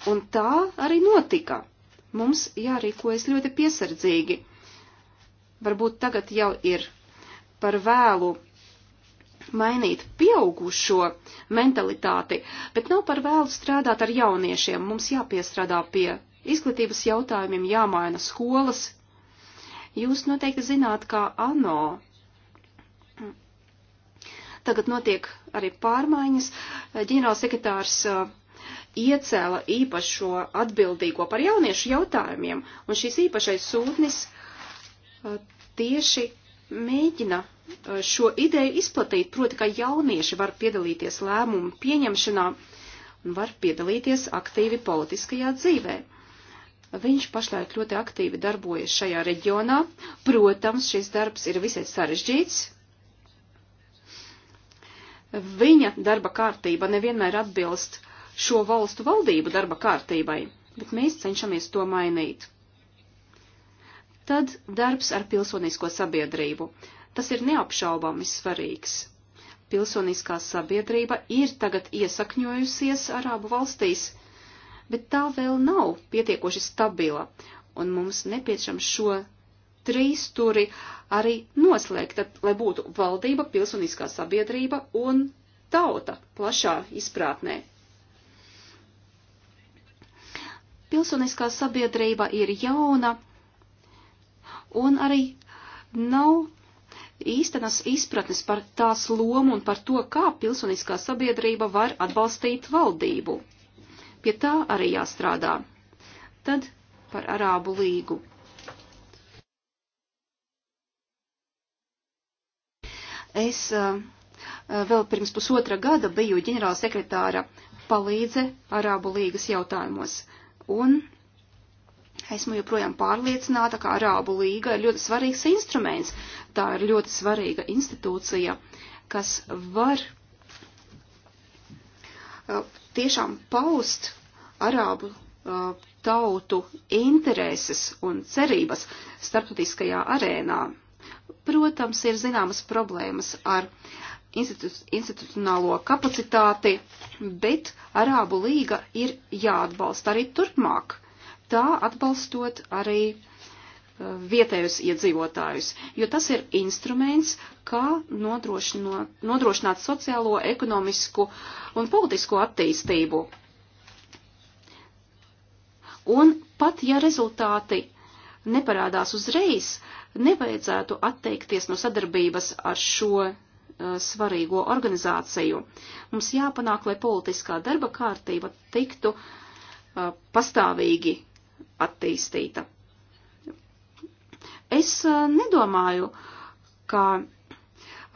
Un tā arī notika. Mums jārīkojas ļoti piesardzīgi. Varbūt tagad jau ir par vēlu mainīt pieaugušo mentalitāti, bet nav par vēlu strādāt ar jauniešiem. Mums jāpiestrādā pie izglītības jautājumiem, jāmaina skolas. Jūs noteikti zināt, kā ANO. Tagad notiek arī pārmaiņas. Ģenerālsekretārs uh, iecēla īpašo atbildīgo par jauniešu jautājumiem, un šis īpašais sūtnis uh, tieši mēģina uh, šo ideju izplatīt, proti, ka jaunieši var piedalīties lēmumu pieņemšanā un var piedalīties aktīvi politiskajā dzīvē. Viņš pašlaik ļoti aktīvi darbojas šajā reģionā. Protams, šis darbs ir visai sarežģīts. Viņa darba kārtība nevienmēr atbilst šo valstu valdību darba kārtībai, bet mēs cenšamies to mainīt. Tad darbs ar pilsonisko sabiedrību. Tas ir neapšaubami svarīgs. Pilsoniskā sabiedrība ir tagad iesakņojusies Arābu valstīs, bet tā vēl nav pietiekoši stabila, un mums nepieciešams šo trīs sturi arī noslēgt, tad, lai būtu valdība, pilsoniskā sabiedrība un tauta plašā izprātnē. Pilsoniskā sabiedrība ir jauna, un arī nav īstenas izpratnes par tās lomu un par to, kā pilsoniskā sabiedrība var atbalstīt valdību. Pie tā arī jāstrādā. Tad par Arābu līgu. Es uh, vēl pirms pusotra gada biju ģenerāla sekretāra palīdze Arābu līgas jautājumos. Un Esmu joprojām pārliecināta, ka Arābu līga ir ļoti svarīgs instruments. Tā ir ļoti svarīga institūcija, kas var uh, tiešām paust Arābu uh, tautu intereses un cerības starptautiskajā arēnā. Protams, ir zināmas problēmas ar institu institucionālo kapacitāti, bet Arābu līga ir jāatbalsta arī turpmāk tā atbalstot arī e, vietējos iedzīvotājus, jo tas ir instruments, kā nodrošināt sociālo, ekonomisku un politisko attīstību. Un pat ja rezultāti neparādās uzreiz, nevajadzētu atteikties no sadarbības ar šo uh, svarīgo organizāciju. Mums jāpanāk, lai politiskā darba kārtība tiktu uh, pastāvīgi attīstīta. Es e, nedomāju, ka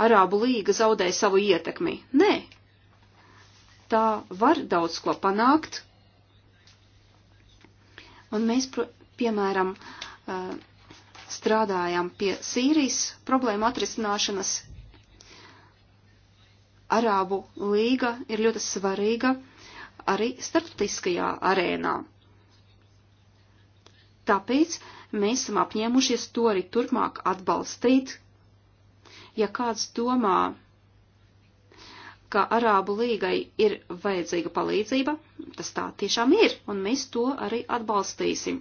Arābu līga zaudēja savu ietekmi. Nē, tā var daudz ko panākt. Un mēs, piemēram, e, strādājam pie Sīrijas problēmu atrisināšanas. Arābu līga ir ļoti svarīga arī starptautiskajā arēnā. Tāpēc mēs esam apņēmušies to arī turpmāk atbalstīt. Ja kāds domā, ka Arābu līgai ir vajadzīga palīdzība, tas tā tiešām ir, un mēs to arī atbalstīsim.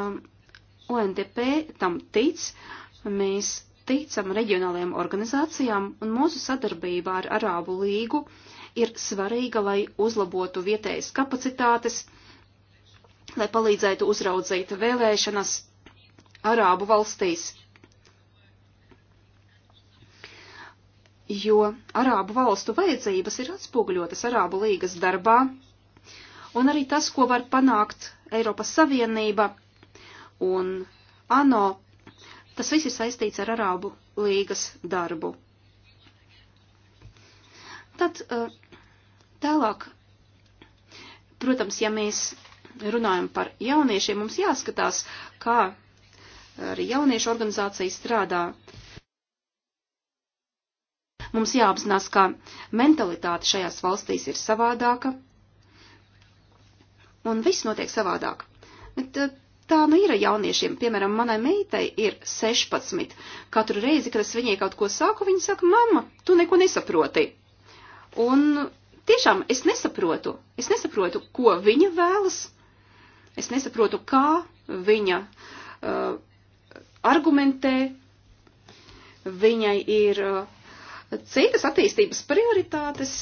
Um, ONDP tam tic, mēs ticam reģionālajām organizācijām, un mūsu sadarbībā ar Arābu līgu ir svarīga, lai uzlabotu vietējas kapacitātes, uh, lai palīdzētu uzraudzīt vēlēšanas Arābu valstīs. Jo Arābu valstu vajadzības ir atspoguļotas Arābu līgas darbā, un arī tas, ko var panākt Eiropas Savienība un ANO, tas viss ir saistīts ar Arābu līgas darbu. Tad eh, tālāk, protams, ja mēs runājam par jauniešiem, mums jāskatās, kā arī jauniešu organizācija strādā. Mums jāapzinās, ka mentalitāte šajās valstīs ir savādāka, un viss notiek savādāk. Bet eh, tā nu ir jauniešiem. Piemēram, manai meitai ir 16. Katru reizi, kad es viņai kaut ko saku, viņa saka, mama, tu neko nesaproti. Un tiešām es nesaprotu, es nesaprotu, ko viņa vēlas. Es nesaprotu, kā viņa uh, argumentē, viņai ir uh, citas attīstības prioritātes,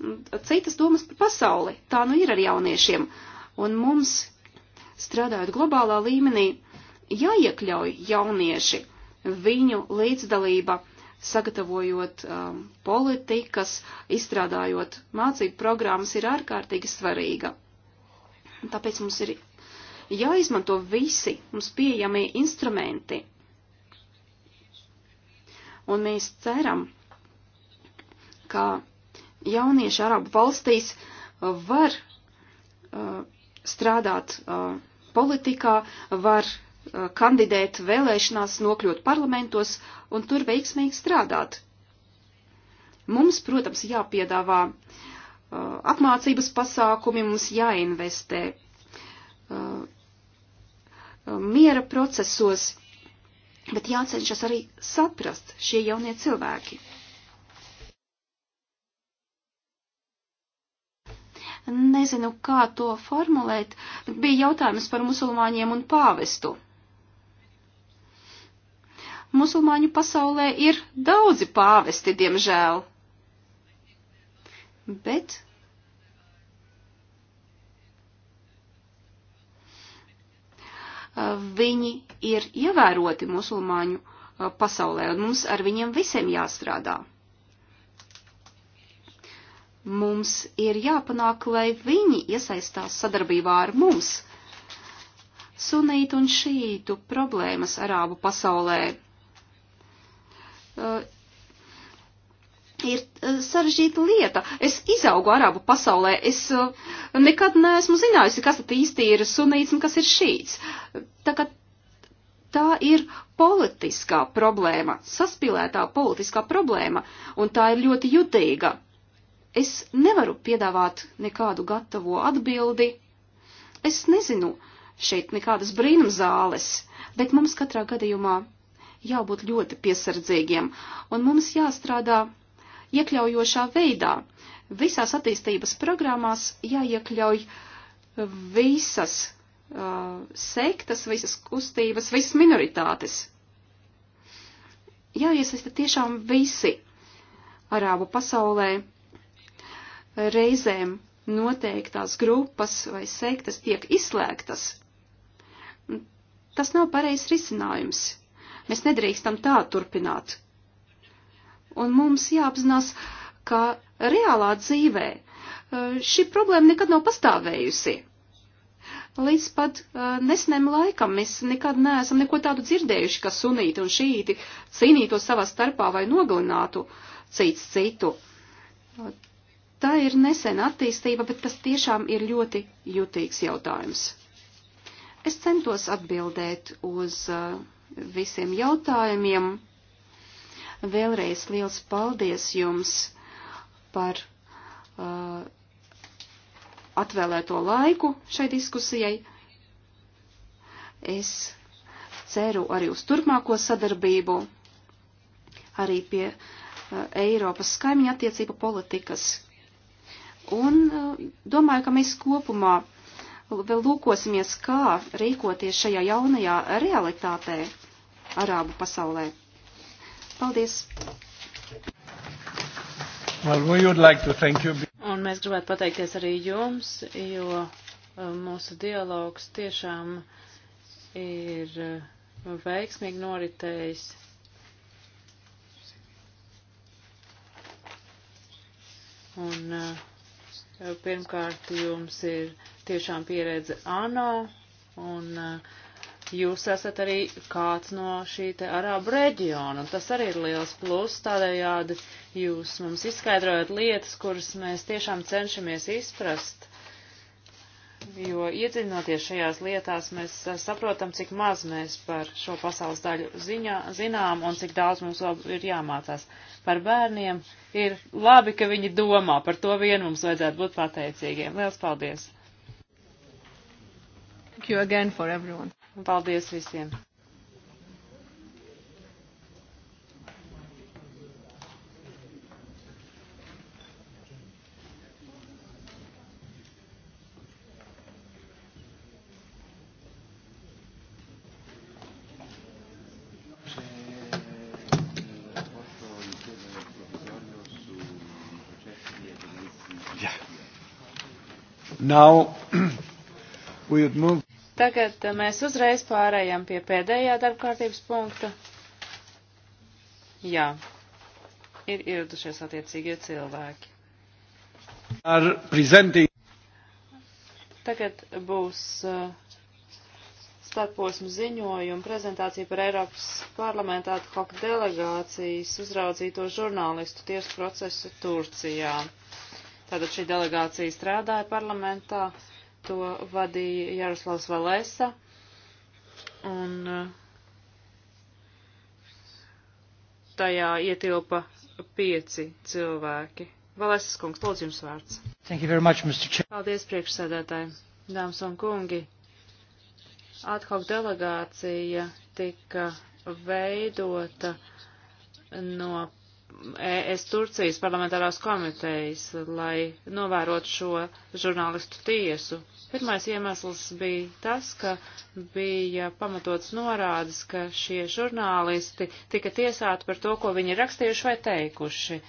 uh, citas domas par pasauli. Tā nu ir ar jauniešiem. Un mums, strādājot globālā līmenī, jāiekļauj jaunieši, viņu līdzdalība, sagatavojot um, politikas, izstrādājot mācību programmas, ir ārkārtīgi svarīga. Tāpēc mums ir jāizmanto visi mums pieejamie instrumenti. Un mēs ceram, ka jaunieši Arabu valstīs uh, var uh, strādāt uh, politikā, var uh, kandidēt vēlēšanās, nokļūt parlamentos un tur veiksmīgi strādāt. Mums, protams, jāpiedāvā uh, apmācības pasākumi, mums jāinvestē uh, Um, miera procesos, bet jācenšas arī saprast šie jaunie cilvēki. Nezinu, kā to formulēt, bet bija jautājums par musulmaņiem un pāvestu. Musulmaņu pasaulē ir daudzi pāvesti, diemžēl. Bet viņi ir ievēroti musulmaņu uh, pasaulē, un mums ar viņiem visiem jāstrādā. Mums ir jāpanāk, lai viņi iesaistās sadarbībā ar mums. Sunītu un šītu problēmas arābu pasaulē uh, ir eh, sarežģīta lieta. Es izaugu arabu pasaulē, es eh, nekad neesmu zinājusi, kas tad īsti ir sunīts un kas ir šīts. Tā kā tā ir politiskā problēma, saspilētā politiskā problēma, un tā ir ļoti jutīga. Es nevaru piedāvāt nekādu gatavo atbildi. Es nezinu, šeit nekādas brīnumzāles, bet mums katrā gadījumā jābūt ļoti piesardzīgiem, un mums jāstrādā iekļaujošā veidā. Visās attīstības programmās jāiekļauj visas uh, sektas, visas kustības, visas minoritātes. Jāiesaista tiešām visi arābu pasaulē. Reizēm noteiktās grupas vai sektas tiek izslēgtas. Tas nav pareizs risinājums. Mēs nedrīkstam tā turpināt. Un mums jāapzinās, ka reālā dzīvē eh, šī problēma nekad nav pastāvējusi. Līdz pat eh, nesenam laikam mēs nekad neesam neko tādu dzirdējuši, ka sunīti un šīti cīnītos savā starpā vai nogalinātu cits citu. Tā ir nesena attīstība, bet tas tiešām ir ļoti jutīgs jautājums. Es centos atbildēt uz eh, visiem jautājumiem Vēlreiz liels paldies jums par uh, atvēlēto laiku šai diskusijai. Es ceru arī uz turpmāko sadarbību, arī pie uh, Eiropas kaimiņa attiecība politikas. Un uh, domāju, ka mēs kopumā vēl lūkosimies, kā rīkoties šajā jaunajā realitātē arābu pasaulē. Paldies! Well, we would like to thank you. Un mēs gribētu pateikties arī jums, jo uh, mūsu dialogs tiešām ir uh, veiksmīgi noritējis. Un uh, pirmkārt jums ir tiešām pieredze ANO un uh, jūs esat arī kāds no šī te arābu reģiona, un tas arī ir liels plus, tādējādi jūs mums izskaidrojat lietas, kuras mēs tiešām cenšamies izprast, jo iedziļinoties šajās lietās, mēs eh, saprotam, cik maz mēs par šo pasaules daļu ziņā, zinām un cik daudz mums vēl ir jāmācās. Par bērniem ir labi, ka viņi domā, par to vien mums vajadzētu būt pateicīgiem. Liels paldies! Thank you again for everyone un paldies visiem! Now [clears throat] we would move Tagad eh, mēs uzreiz pārējām pie pēdējā darbkārtības punkta. Jā, ir ieradušies attiecīgie cilvēki. Ar prezentī. Tagad būs uh, starposmu ziņojumu prezentāciju par Eiropas parlamenta ad hoc delegācijas uzraudzīto žurnālistu tiesu procesu Turcijā. Tātad šī delegācija strādāja parlamentā. Uh, To vadīja Jaroslavs Valesa. Un eh, tajā ietilpa pieci cilvēki. Valēsas kungs, lūdzu jums vārds. Thank you very much, Mr. Chair. Paldies, priekšsēdētāji. Dāmas un kungi, atkal delegācija tika veidota no ES Turcijas parlamentārās komitejas, lai novērotu šo žurnālistu tiesu. Pirmais iemesls bija tas, ka bija pamatots norādes, ka šie žurnālisti tika tiesāti par to, ko viņi rakstījuši vai teikuši.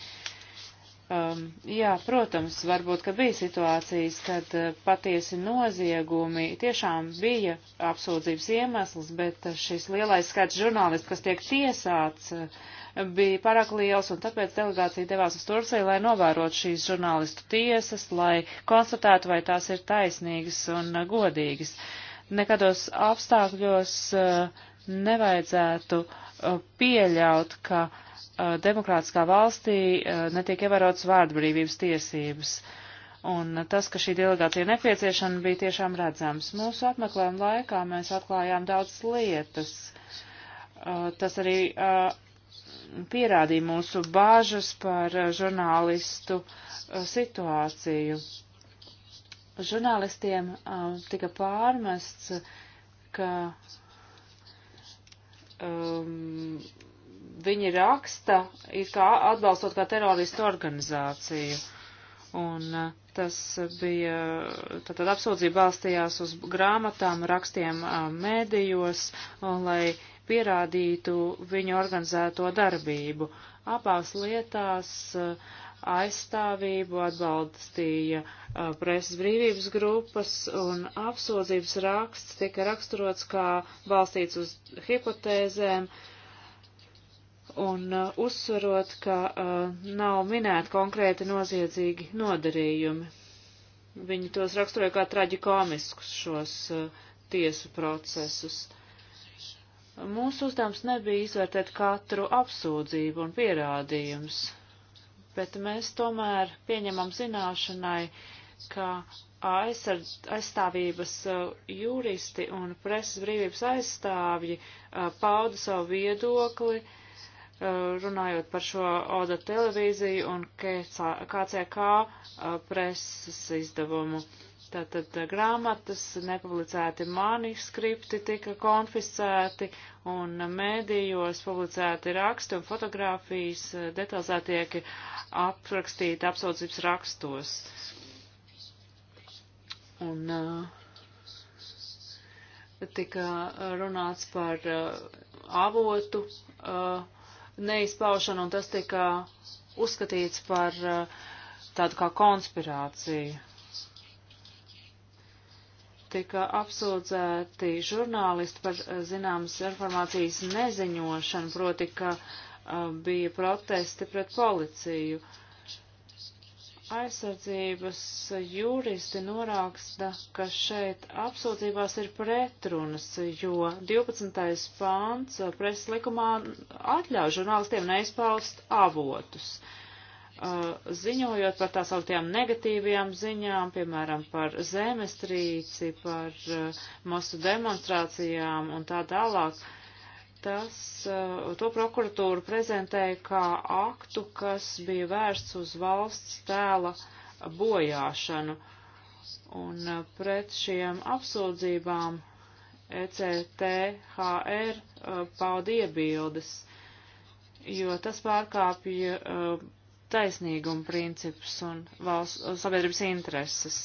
Um, jā, protams, varbūt, ka bija situācijas, kad uh, patiesi noziegumi tiešām bija apsūdzības iemesls, bet uh, šis lielais skaits žurnālisti, kas tiek tiesāts, uh, bija pārāk liels, un tāpēc delegācija devās uz Turciju, lai novērotu šīs žurnālistu tiesas, lai konstatētu, vai tās ir taisnīgas un uh, godīgas. Nekados apstākļos uh, nevajadzētu uh, pieļaut, ka demokrātiskā valstī netiek ievērotas vārdbrīvības tiesības. Un tas, ka šī delegācija nepieciešama, bija tiešām redzams. Mūsu apmeklējuma laikā mēs atklājām daudzas lietas. Tas arī pierādīja mūsu bāžas par eh, žurnālistu eh, situāciju. Žurnālistiem eh, tika pārmests, ka um, viņi raksta, it kā atbalstot kā teroristu organizāciju. Un tas bija, tātad apsūdzība balstījās uz grāmatām, rakstiem mēdījos, un lai uh, pierādītu viņu organizēto darbību. Abās lietās eh, aizstāvību atbalstīja eh, preses brīvības grupas un apsūdzības raksts tika raksturots kā balstīts uz hipotēzēm un eh, uzsverot, ka nav minēti konkrēti noziedzīgi nodarījumi. Viņi tos raksturoja kā traģikomiskus šos tiesu procesus. Uh, Mūsu uzdevums nebija izvērtēt katru apsūdzību un pierādījumus, bet mēs tomēr pieņemam zināšanai, ka aizsardz, aizstāvības uh, juristi un presas brīvības aizstāvji uh, pauda savu viedokli, uh, runājot par šo Oda televīziju un KCK presas izdevumu. Tātad eh, grāmatas, nepublicēti manuskripti tika konfiscēti un mēdījos publicēti raksti un fotografijas eh, detalizētiek aprakstīti apsūdzības rakstos. Un uh, tika runāts par uh, avotu uh, neizpaušanu un tas tika uzskatīts par tādu kā konspirāciju tika apsūdzēti žurnālisti par eh, zināmas informācijas neziņošanu, proti, ka eh, bija protesti pret policiju. Aizsardzības juristi noraksta, ka šeit apsūdzībās ir pretrunas, jo 12. pāns presas likumā atļauj žurnālistiem neizpaust avotus. Uh, Uh, ziņojot par tā sauktiem negatīvajām ziņām, piemēram, par zemestrīci, par uh, masu demonstrācijām un tā tālāk, tas, uh, to prokuratūra prezentēja kā aktu, kas bija vērsts uz valsts tēla bojāšanu. Un pret šiem apsūdzībām ECTHR paudi iebildes, jo tas pārkāpja uh, taisnīguma princips un valsts, sabiedrības intereses.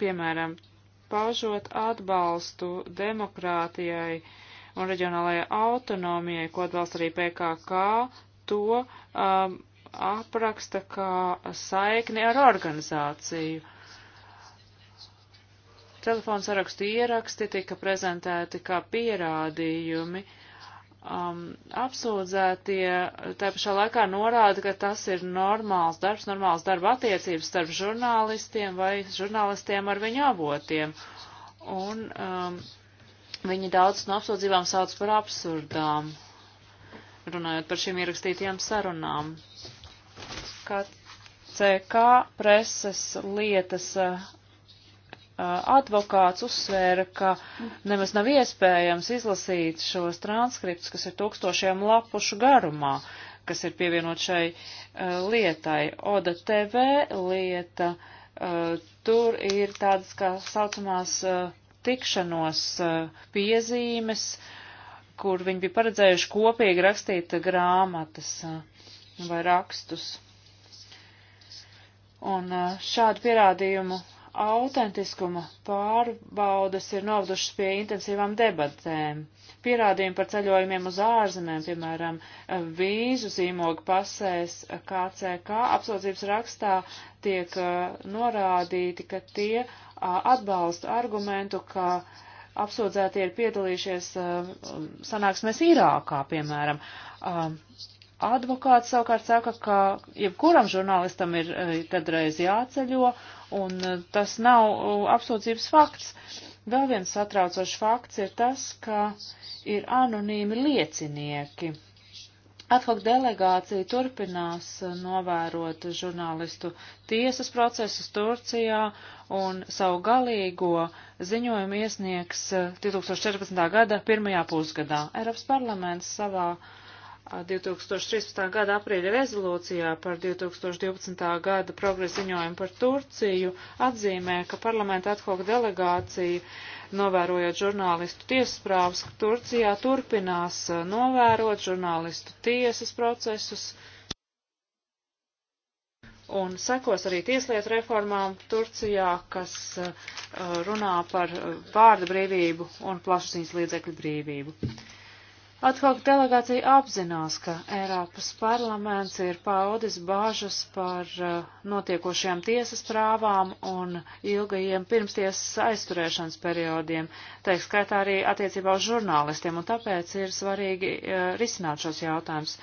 Piemēram, paužot atbalstu demokrātijai un reģionālajai autonomijai, ko atbalsta arī PKK, to um, apraksta kā saikni ar organizāciju. Telefonsārakstu ieraksti tika prezentēti kā pierādījumi uh, um, apsūdzētie tā pašā laikā norāda, ka tas ir normāls darbs, normāls darba attiecības starp žurnālistiem vai žurnālistiem ar viņu avotiem. Un um, viņi daudz no apsūdzībām sauc par absurdām, runājot par šīm ierakstītajām sarunām. Kā CK preses lietas uh, advokāts uzsvēra, ka nemaz nav iespējams izlasīt šos transkriptus, kas ir tūkstošiem lapušu garumā, kas ir pievienot šai uh, lietai. Oda TV lieta, uh, tur ir tādas kā saucamās uh, tikšanos piezīmes, kur viņi bija paredzējuši kopīgi rakstīt grāmatas vai rakstus. Un šādu pierādījumu autentiskuma pārbaudas ir novadušas pie intensīvām debatēm. Pierādījumi par ceļojumiem uz ārzemēm, piemēram, vīzu zīmogu pasēs KCK apsūdzības rakstā tiek uh, norādīti, ka tie uh, atbalsta argumentu, ka apsūdzētie ir piedalījušies uh, sanāksmēs Irākā, piemēram. Advokāts savukārt saka, ka jebkuram žurnālistam ir kadreiz jāceļo, un eh, tas nav uh, apsūdzības fakts. Vēl viens satraucošs fakts ir tas, ka ir anonīmi liecinieki. Atkal delegācija turpinās eh, novērot žurnālistu tiesas procesus Turcijā un savu galīgo ziņojumu iesniegs eh, 2014. gada pirmajā pusgadā. Eiropas parlaments savā uh, 2013. gada aprīļa rezolūcijā par 2012. gada progresa ziņojumu par Turciju atzīmē, ka parlamenta atkoka delegācija, novērojot žurnālistu tiesasprāvas, ka Turcijā turpinās novērot žurnālistu tiesas procesus un sekos arī tieslietu reformām Turcijā, kas runā par vārda brīvību un plašsaziņas līdzekļu brīvību. Atkal delegācija apzinās, ka Eiropas parlaments ir paudis bāžas par uh, notiekošajām tiesas prāvām un ilgajiem pirmstiesas aizturēšanas periodiem, teiks skaitā arī attiecībā uz žurnālistiem, un tāpēc ir svarīgi uh, risināt šos jautājumus.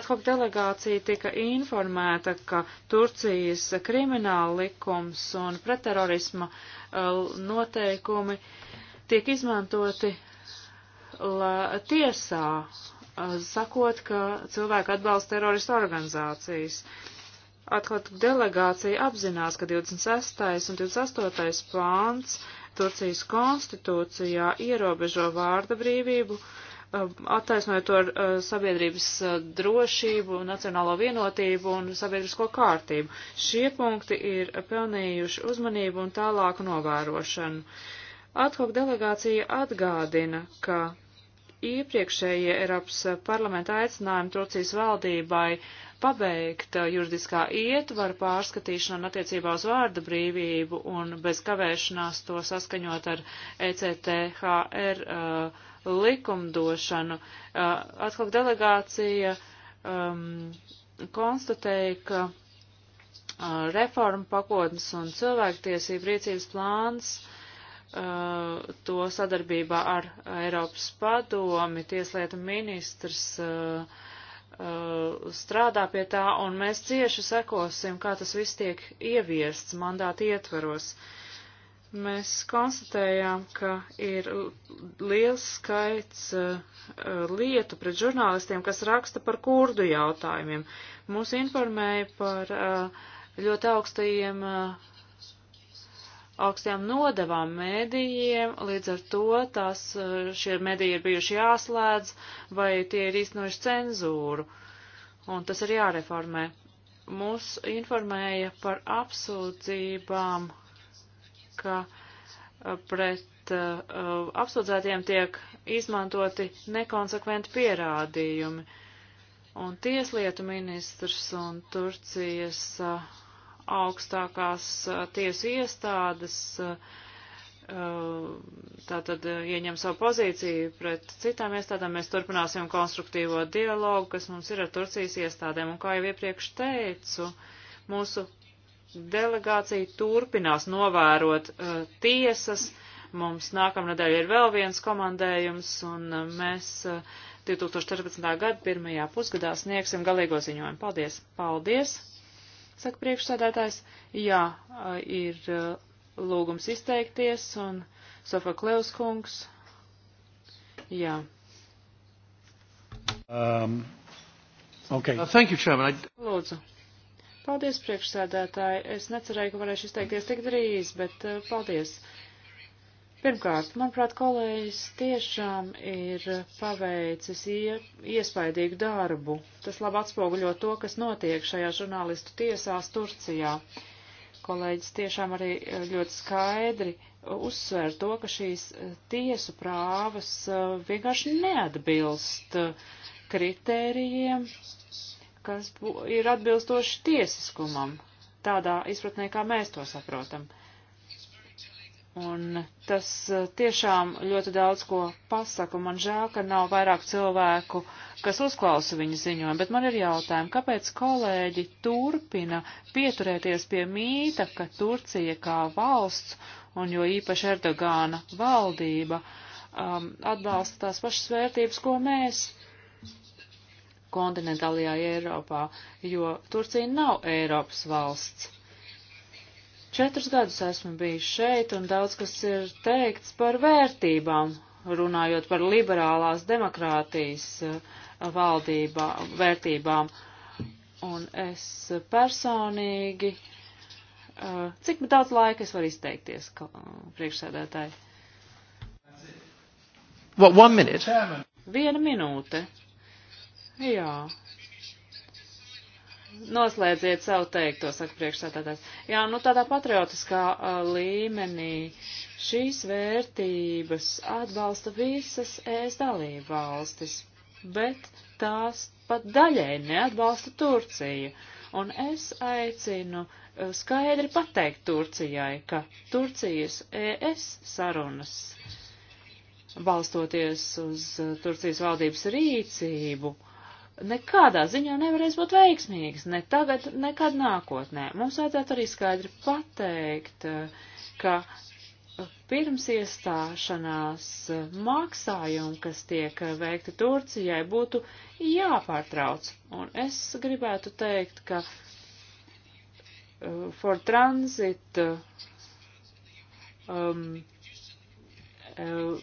Atkal delegācija tika informēta, ka Turcijas krimināla likums un pretterorisma uh, noteikumi tiek izmantoti la, tiesā, uh, sakot, ka cilvēki atbalsta teroristu organizācijas. Atklāt delegācija apzinās, ka 26. un 28. pāns Turcijas konstitūcijā ierobežo vārda brīvību, um, attaisnojot to ar uh, sabiedrības uh, drošību, nacionālo vienotību un sabiedrisko kārtību. Šie punkti ir pelnījuši uzmanību un tālāku novērošanu. Atkok delegācija atgādina, ka iepriekšējie Eiropas parlamenta aicinājumi Turcijas valdībai pabeigt uh, juridiskā ietvaru pārskatīšanu attiecībā uz vārda brīvību un bez kavēšanās to saskaņot ar ECTHR uh, likumdošanu. Uh, atkal delegācija um, konstatēja, ka uh, reforma pakotnes un cilvēktiesību rīcības plāns uh, Uh, to sadarbībā ar Eiropas padomi, tieslietu ministrs uh, uh, strādā pie tā, un mēs cieši sekosim, kā tas viss tiek ieviests mandāti ietveros. Mēs konstatējām, ka ir liels skaits uh, lietu pret žurnālistiem, kas raksta par kurdu jautājumiem. Mūs informēja par uh, ļoti augstajiem uh, augstajām nodevām medijiem, līdz ar to tās, eh, šie mediji ir bijuši jāslēdz vai tie ir īstenojuši cenzūru, un tas ir jāreformē. Mūs informēja par apsūdzībām, ka eh, pret uh, apsūdzētiem tiek izmantoti nekonsekventi pierādījumi. Un tieslietu ministrs un Turcijas uh, augstākās uh, tiesu iestādes uh, tātad uh, ieņem savu pozīciju pret citām iestādēm. Mēs turpināsim konstruktīvo dialogu, kas mums ir ar Turcijas iestādēm. Un kā jau iepriekš teicu, mūsu delegācija turpinās novērot uh, tiesas. Mums nākamnedēļ ir vēl viens komandējums, un uh, mēs uh, 2014. gada pirmajā pusgadā sniegsim galīgo ziņojumu. Paldies! Paldies! saka priekšsēdētājs. Jā, ir eh, lūgums izteikties un Sofokleus kungs. Jā. Um, okay. uh, thank you, Chairman. I... Lūdzu. Paldies, priekšsēdētāji. Es necerēju, ka varēšu izteikties tik drīz, bet uh, paldies. Uh, Pirmkārt, manuprāt, kolēģis tiešām ir paveicis ie, iespaidīgu darbu. Tas labi atspoguļo to, kas notiek šajā žurnālistu tiesās Turcijā. Kolēģis tiešām arī eh, ļoti skaidri uzsver to, ka šīs eh, tiesu prāvas eh, vienkārši neatbilst kritērijiem, kas ir atbilstoši tiesiskumam, tādā izpratnē, kā mēs to saprotam. Uh, Un tas eh, tiešām ļoti daudz ko pasaka. Man žēl, ka nav vairāk cilvēku, kas uzklausa viņa ziņojumu, bet man ir jautājumi, kāpēc kolēģi turpina pieturēties pie mīta, ka Turcija kā valsts, un jo īpaši Erdogāna valdība, um, atbalsta tās pašas vērtības, ko mēs kontinentālajā Eiropā, jo Turcija nav Eiropas valsts Četrus gadus esmu bijis šeit, un daudz kas ir teikts par vērtībām, runājot par liberālās demokrātijas eh, valdībā, vērtībām. Un es personīgi, eh, cik daudz laika es varu izteikties, eh, priekšsēdētāji? What, one minute? Viena minūte. Jā, noslēdziet savu teikto, saka priekšsēdētājs. Jā, nu tādā patriotiskā uh, līmenī šīs vērtības atbalsta visas ES dalību valstis, bet tās pat daļai neatbalsta Turcija. Un es aicinu uh, skaidri pateikt Turcijai, ka Turcijas ES sarunas balstoties uz uh, Turcijas valdības rīcību, uh, nekādā ziņā nevarēs būt veiksmīgs, ne tagad, nekad nākotnē. Mums vajadzētu arī skaidri pateikt, ka pirms iestāšanās maksājumi, kas tiek veikti Turcijai, būtu jāpārtrauc. Un es gribētu teikt, ka uh, for transit uh, um, uh,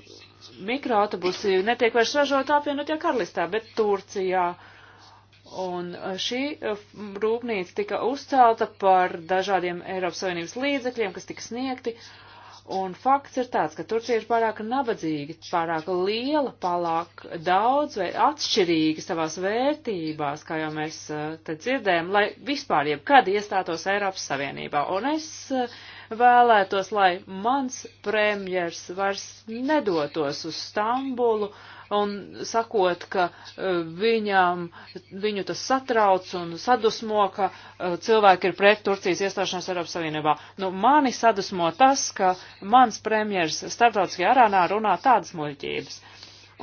mikroautobusi netiek vairs ražot apvienotajā karalistā, bet Turcijā. Un uh, šī uh, rūpnīca tika uzcelta par dažādiem Eiropas Savienības līdzekļiem, kas tika sniegti. Un fakts ir tāds, ka Turcija ir pārāk nabadzīga, pārāk liela, pārāk daudz vai atšķirīga savās vērtībās, kā jau mēs uh, te dzirdējam, lai vispār jebkad iestātos Eiropas Savienībā. Un es uh, vēlētos, lai mans premjers vairs nedotos uz Stambulu un sakot, ka e, viņam, viņu tas satrauc un sadusmo, ka e, cilvēki ir pret Turcijas iestāšanos Eiropas Savienībā. Nu, mani sadusmo tas, ka mans premjers starptautiskajā arānā runā tādas muļķības.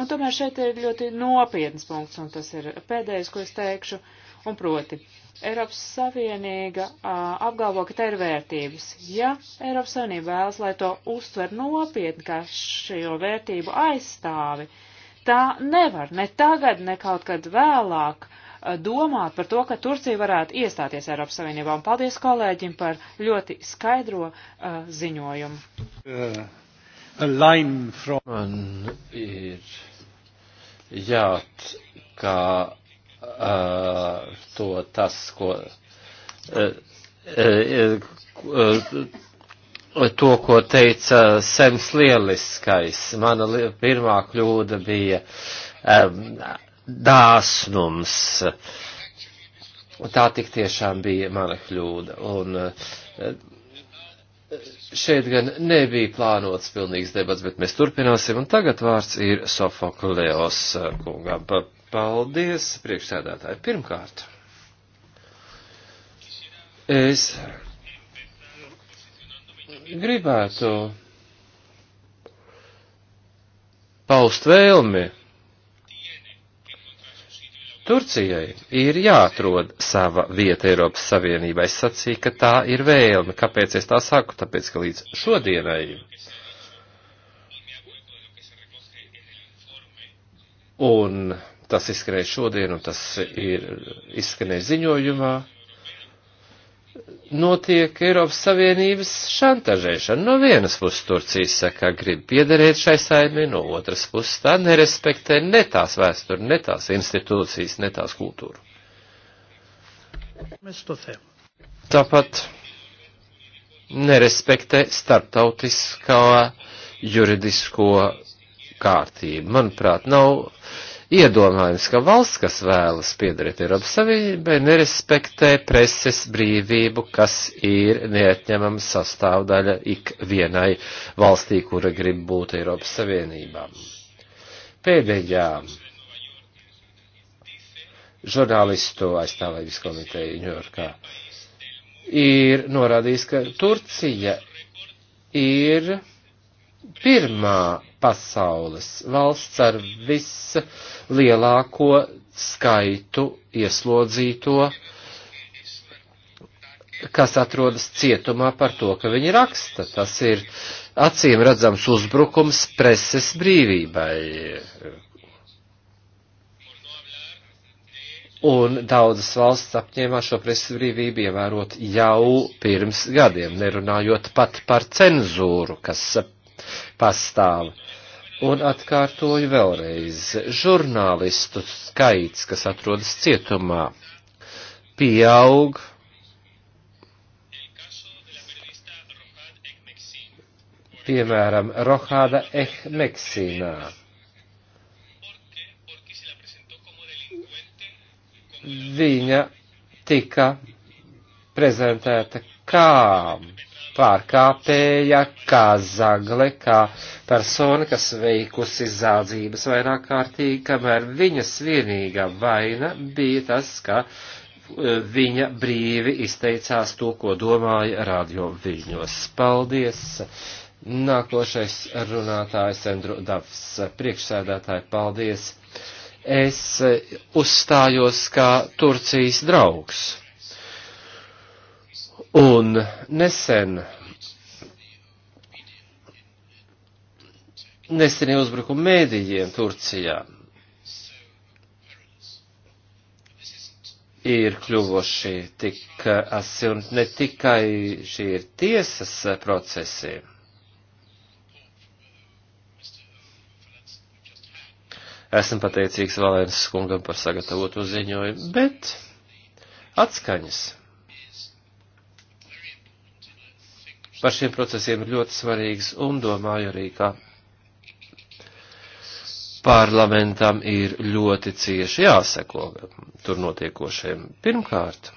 Un tomēr šeit ir ļoti nopietns punkts, un tas ir pēdējais, ko es teikšu, un proti Eiropas Savienīga a, apgalvo, ka te ir vērtības. Ja Eiropas Savienība vēlas, lai to uztver nopietni kā šo vērtību aizstāvi, tā nevar ne tagad, ne kaut kad vēlāk a, domāt par to, ka Turcija varētu iestāties Eiropas Savienībā. Un paldies kolēģim par ļoti skaidro a, ziņojumu. Uh, from... Man ir jāt, kā uh, to tas, ko. Uh, uh, uh To, ko teica Sems Lieliskais, mana li pirmā kļūda bija um, dāsnums. Tā tik tiešām bija mana kļūda. Un, uh, Šeit gan nebija plānots pilnīgs debats, bet mēs turpināsim, un tagad vārds ir Sofokleos uh, kungam. Paldies, priekšsēdētāji. Pirmkārt, es gribētu paust vēlmi. Turcijai ir jāatrod sava vieta Eiropas Savienībā. Es sacīju, ka tā ir vēlme. Kāpēc es tā saku? Tāpēc, ka līdz šodienai. Un Tas izskanēja šodien un tas ir izskanēja ziņojumā. Notiek Eiropas Savienības šantažēšana. No vienas puses Turcija saka, grib piederēt šai saimē, no otras puses tā nerespektē ne tās vēsturi, ne tās institūcijas, ne tās kultūru. Tāpat nerespektē starptautiskā juridisko kārtību. Manuprāt, nav iedomājams, ka valsts, kas vēlas piedarīt Eiropas Savienībai, nerespektē preses brīvību, kas ir neatņemama sastāvdaļa ik vienai valstī, kura grib būt Eiropas Savienībā. Pēdējā žurnālistu aizstāvības komiteja Ņujorkā ir norādījis, ka Turcija ir pirmā pasaules valsts ar vislielāko skaitu ieslodzīto, kas atrodas cietumā par to, ka viņi raksta. Tas ir acīm redzams uzbrukums preses brīvībai. Un daudzas valsts apņēmās šo preses brīvību ievērot jau pirms gadiem, nerunājot pat par cenzūru, kas pastāv Un atkārtoju vēlreiz, žurnālistu skaits, kas atrodas cietumā, pieaug. Piemēram, Rohāda Ehmeksīnā. Viņa tika prezentēta kā pārkāpēja, kā zagle, kā persona, kas veikusi zādzības vairāk kārtīgi, kamēr viņas vienīgā vaina bija tas, ka e, viņa brīvi izteicās to, ko domāja radio viņos. Paldies! Nākošais runātājs Endru Davs, priekšsēdētāji, paldies! Es uzstājos kā Turcijas draugs Un nesen nesenie uzbrukumi mēdījiem Turcijā ir kļuvuši tik asi un ne tikai šī ir tiesas procesi. Esmu pateicīgs Valēnas kungam par sagatavotu ziņojumu, bet atskaņas. par šiem procesiem ir ļoti svarīgs un domāju arī, ka parlamentam ir ļoti cieši jāseko tur notiekošiem. Pirmkārt,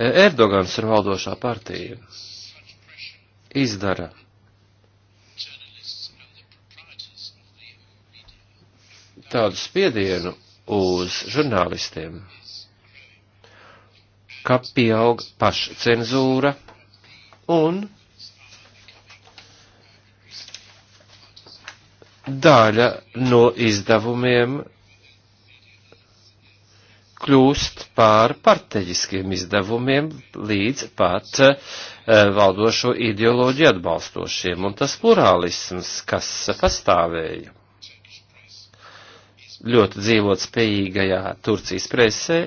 Erdogans un valdošā partija izdara tādu spiedienu uz žurnālistiem ka pieaug pašcenzūra un daļa no izdevumiem kļūst pār parteģiskiem izdevumiem līdz pat e, valdošo ideoloģiju atbalstošiem, un tas plurālisms, kas pastāvēja ļoti dzīvot spējīgajā Turcijas presē,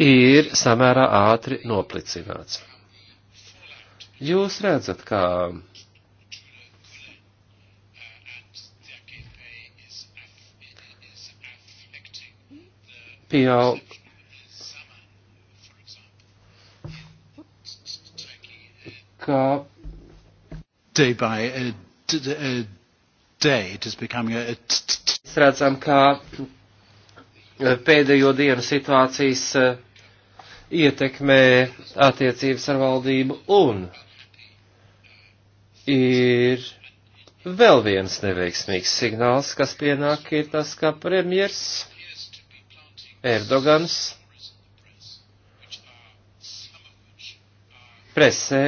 ir samērā ātri noplicināts. Jūs redzat, kā pieaug kā day by uh, uh day it is becoming a redzam, kā pēdējo dienu situācijas eh, ietekmē attiecības ar valdību un ir vēl viens neveiksmīgs signāls, kas pienāk, ir tas, ka premjers Erdogans presē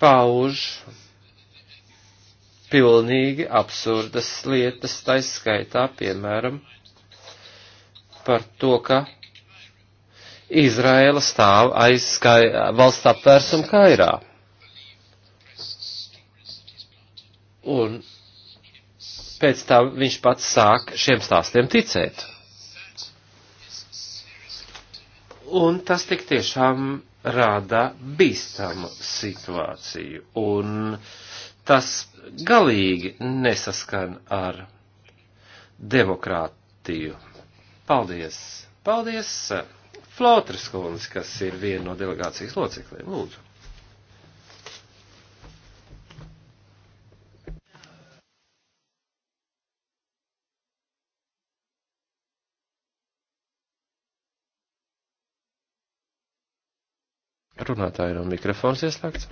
pauž pilnīgi absurdas lietas, taiskaitā, piemēram, par to, ka Izraela stāv aiz skai, valsts apvērsuma kairā. Un pēc tam viņš pats sāk šiem stāstiem ticēt. Un tas tik tiešām rāda bīstamu situāciju. Un uh, tas galīgi nesaskan ar demokrātiju. Paldies! Paldies! Flotras kundze, kas ir viena no delegācijas locekļiem, lūdzu. Runātāji no mikrofons ieslēgts.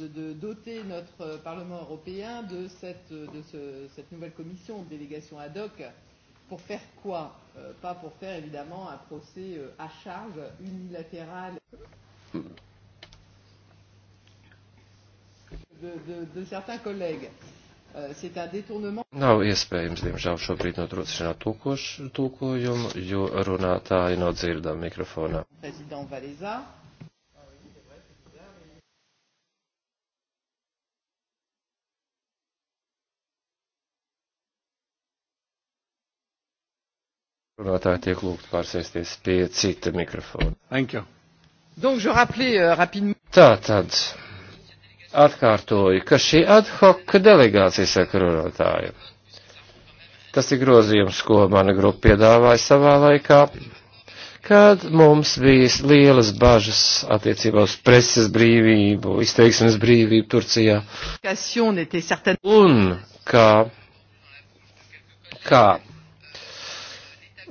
de, de doter notre euh, Parlement européen de cette, euh, de ce, cette nouvelle commission de délégation ad hoc pour faire quoi euh, Pas pour faire évidemment un procès euh, à charge unilatéral de, de, de certains collègues. Euh, C'est un détournement. Nav iespējams, diemžēl, šobrīd nodrošināt tulkojumu, jo runātāji nav dzirdami mikrofonā. Prezidents Valēzā. Runātāji tiek lūgt pārsēsties pie cita mikrofona. Donc, je rappelais, uh, rapidement... Tā tad atkārtoju, ka šī ad hoc delegācija saka runātāja. Tas ir grozījums, ko mana grupa piedāvāja savā laikā, kad mums bija lielas bažas attiecībā uz preses brīvību, izteiksmes brīvību Turcijā. Un kā, kā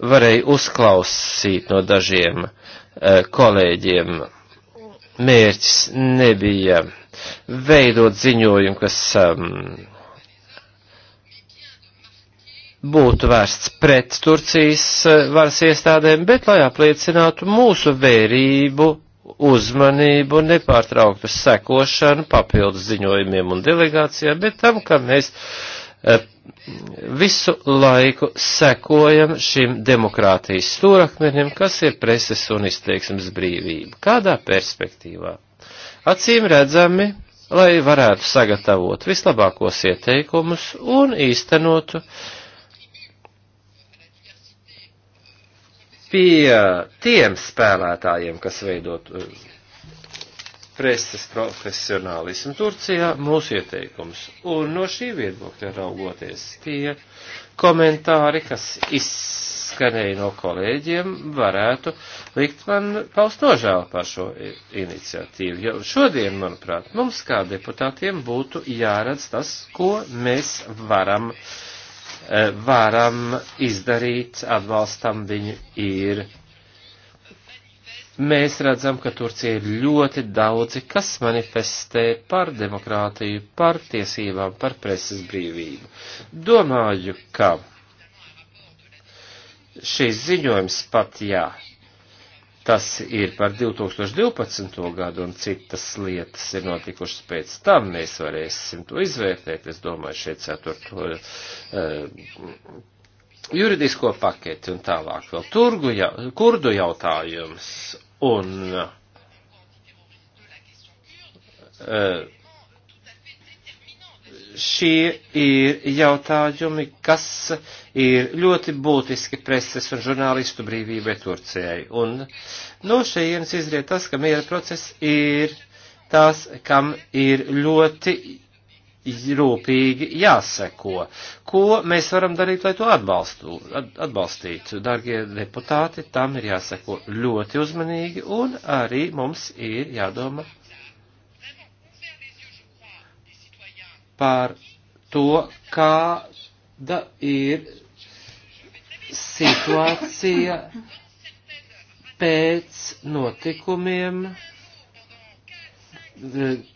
varēju uzklausīt no dažiem eh, kolēģiem. Mērķis nebija veidot ziņojumu, kas um, būtu vērsts pret Turcijas eh, varas iestādēm, bet lai apliecinātu mūsu vērību, uzmanību, nepārtrauktu sekošanu papildus ziņojumiem un delegācijām, bet tam, ka mēs uh, Eh, visu laiku sekojam šim demokrātijas stūrakmenim, kas ir preses un izteiksmes brīvība. Kādā perspektīvā? Acīm redzami, lai varētu sagatavot vislabākos ieteikumus un īstenotu pie tiem spēlētājiem, kas veidot eh, preses profesionālismu Turcijā mūsu ieteikums. Un no šī viedokļa raugoties tie komentāri, kas izskanēja no kolēģiem, varētu likt man paust nožēlu par šo iniciatīvu. Jo šodien, manuprāt, mums kā deputātiem būtu jāredz tas, ko mēs varam, eh, varam izdarīt, atbalstam viņu ir mēs redzam, ka Turcija ir ļoti daudzi, kas manifestē par demokrātiju, par tiesībām, par preses brīvību. Domāju, ka šīs ziņojums pat jā, tas ir par 2012. gadu un citas lietas ir notikušas pēc tam, mēs varēsim to izvērtēt, es domāju, šeit ceturto. Uh, juridisko paketi un tālāk vēl turgu, ja, kurdu jautājums Un e, šie ir jautājumi, kas ir ļoti būtiski preses un žurnālistu brīvībai Turcijai. Un no šejienes izriet tas, ka miera process ir tās, kam ir ļoti rūpīgi jāseko. Ko mēs varam darīt, lai to atbalstu, atbalstītu? Dargie deputāti, tam ir jāseko ļoti uzmanīgi un arī mums ir jādoma par to, kāda ir situācija pēc notikumiem eh,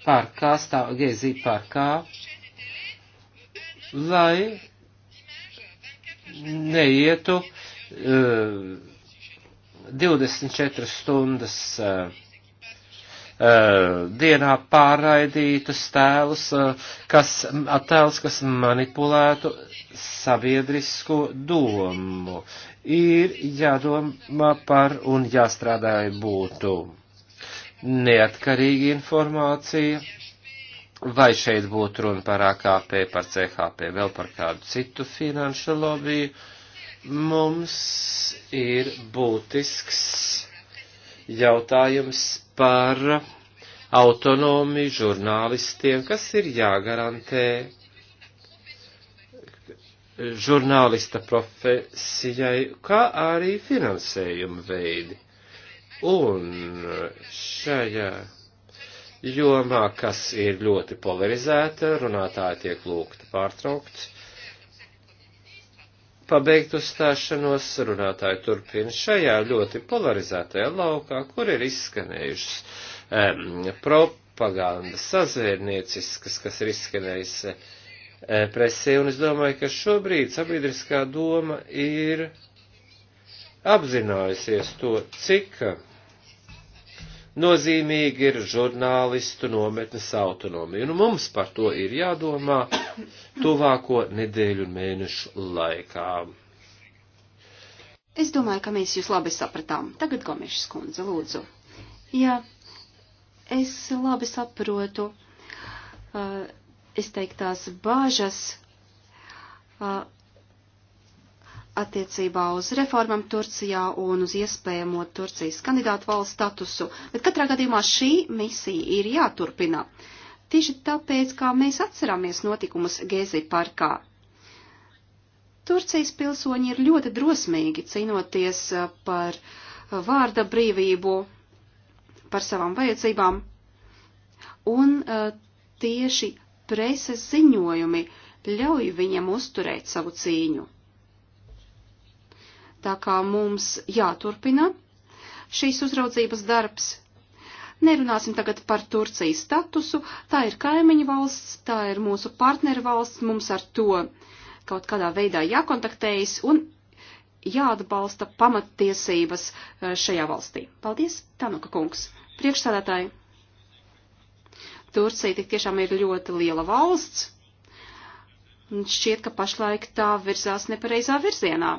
parkā, stāv Gezi parkā, lai neietu uh, eh, 24 stundas uh, uh, dienā pārraidītus tēlus, kas, attēls, kas manipulētu sabiedrisko domu. Ir jādomā par un jāstrādāja būtu neatkarīga informācija vai šeit būtu runa par AKP, par CHP, vēl par kādu citu finanšu lobiju, mums ir būtisks jautājums par autonomiju žurnālistiem, kas ir jāgarantē žurnālista profesijai, kā arī finansējuma veidi. Un šajā jomā, kas ir ļoti polarizēta, runātāji tiek lūgti pārtraukt. Pabeigt uzstāšanos runātāji turpina šajā ļoti polarizētajā laukā, kur ir izskanējušas um, propagandas sazvērnieciskas, kas ir izskanējis um, e, presē, un es domāju, ka šobrīd sabiedriskā doma ir apzinājusies to, cik nozīmīgi ir žurnālistu nometnes autonomija, un nu, mums par to ir jādomā tuvāko nedēļu un mēnešu laikā. Es domāju, ka mēs jūs labi sapratām. Tagad Gomešs kundze, lūdzu. Jā, es labi saprotu, uh, es teiktās bāžas, uh, attiecībā uz reformam Turcijā un uz iespējamo Turcijas kandidātu valsts statusu, bet katrā gadījumā šī misija ir jāturpina. Tieši tāpēc, kā mēs atceramies notikumus Gezi parkā. Turcijas pilsoņi ir ļoti drosmīgi cīnoties uh, par uh, vārda brīvību, par savām vajadzībām, un uh, tieši preses ziņojumi ļauj viņam uzturēt savu cīņu. Tā kā mums jāturpina šīs uzraudzības darbs. Nerunāsim tagad par Turcijas statusu. Tā ir kaimiņu valsts, tā ir mūsu partneru valsts, mums ar to kaut kādā veidā jākontaktējas un jāatbalsta pamattiesības e, šajā valstī. Paldies, Tanuka kungs. Priekšsādātāji, Turcija tik tiešām ir ļoti liela valsts. Un šķiet, ka pašlaik tā virzās nepareizā virzienā.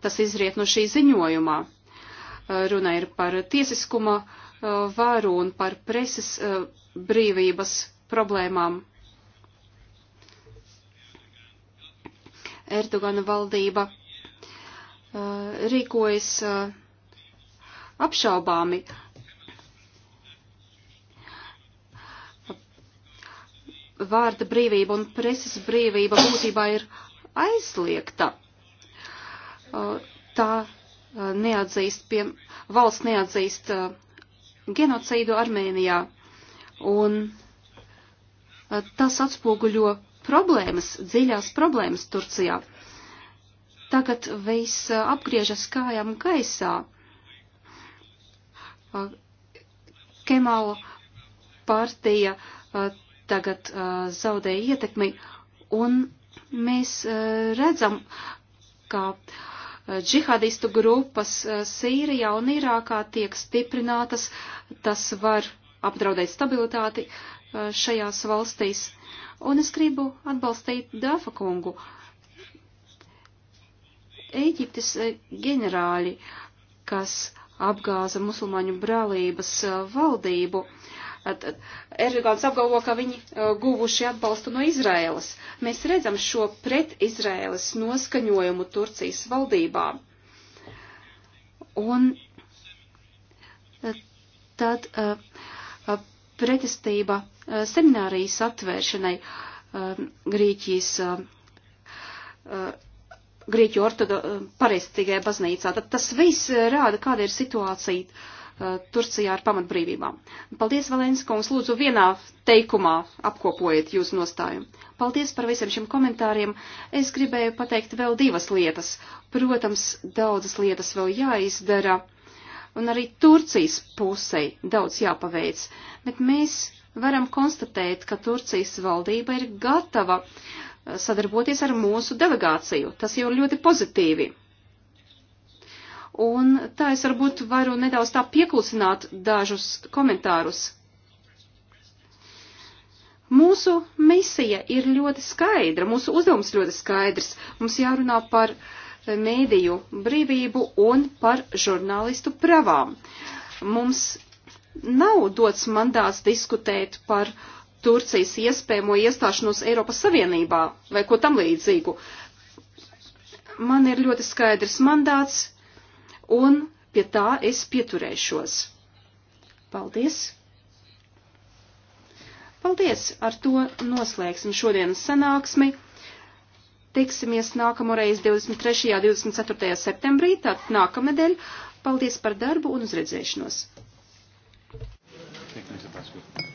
Tas izriet no šī ziņojumā. Uh, runa ir par tiesiskuma uh, varu un par preses uh, brīvības problēmām. Erdogana valdība rīkojas apšaubāmi. Vārda brīvība un preses brīvība būtībā ir aizliegta tā e, neatzīst, pie, valsts neatzīst e, genocīdu Armēnijā, un e, tas atspoguļo problēmas, dziļās problēmas Turcijā. Tagad viss apgriežas kājām gaisā. Kemala partija tagad zaudēja ietekmi, un mēs redzam, ka uh, Eh, džihadistu grupas eh, Sīrijā un Irākā tiek stiprinātas, tas var apdraudēt stabilitāti eh, šajās valstīs. Un es gribu atbalstīt Dāfa kungu. Eģiptes ģenerāļi, kas apgāza musulmaņu brālības valdību, Erdogans apgalvo, ka viņi uh, guvuši atbalstu no Izraēlas. Mēs redzam šo pret Izraēlas noskaņojumu Turcijas valdībā. Un uh, tad uh, pretestība seminārijas atvēršanai um, Grieķijas um, Grieķu ortodo, pareizticīgajā baznīcā. Tad tas viss rāda, kāda ir situācija Uh, Turcijā ar pamatbrīvībām. Paldies, Valenskungs, lūdzu vienā teikumā apkopojiet jūsu nostājumu. Paldies par visiem šiem komentāriem. Es gribēju pateikt vēl divas lietas. Protams, daudzas lietas vēl jāizdara, un arī Turcijas pusei daudz jāpaveic, bet mēs varam konstatēt, ka Turcijas valdība ir gatava uh, sadarboties ar mūsu delegāciju. Tas jau ļoti pozitīvi. Un tā es varbūt varu nedaudz tā pieklusināt dažus komentārus. Mūsu misija ir ļoti skaidra, mūsu uzdevums ļoti skaidrs. Mums jārunā par eh, mēdīju brīvību un par žurnālistu pravām. Mums nav dots mandāts diskutēt par Turcijas iespējamo iestāšanos Eiropas Savienībā vai ko tam līdzīgu. Man ir ļoti skaidrs mandāts un pie tā es pieturēšos. Paldies! Paldies! Ar to noslēgsim šodienas sanāksmi. Tiksimies nākamoreiz 23. un 24. septembrī, tātad nākamnedēļ. Paldies par darbu un uzredzēšanos! Thank you, Mr. Pascu.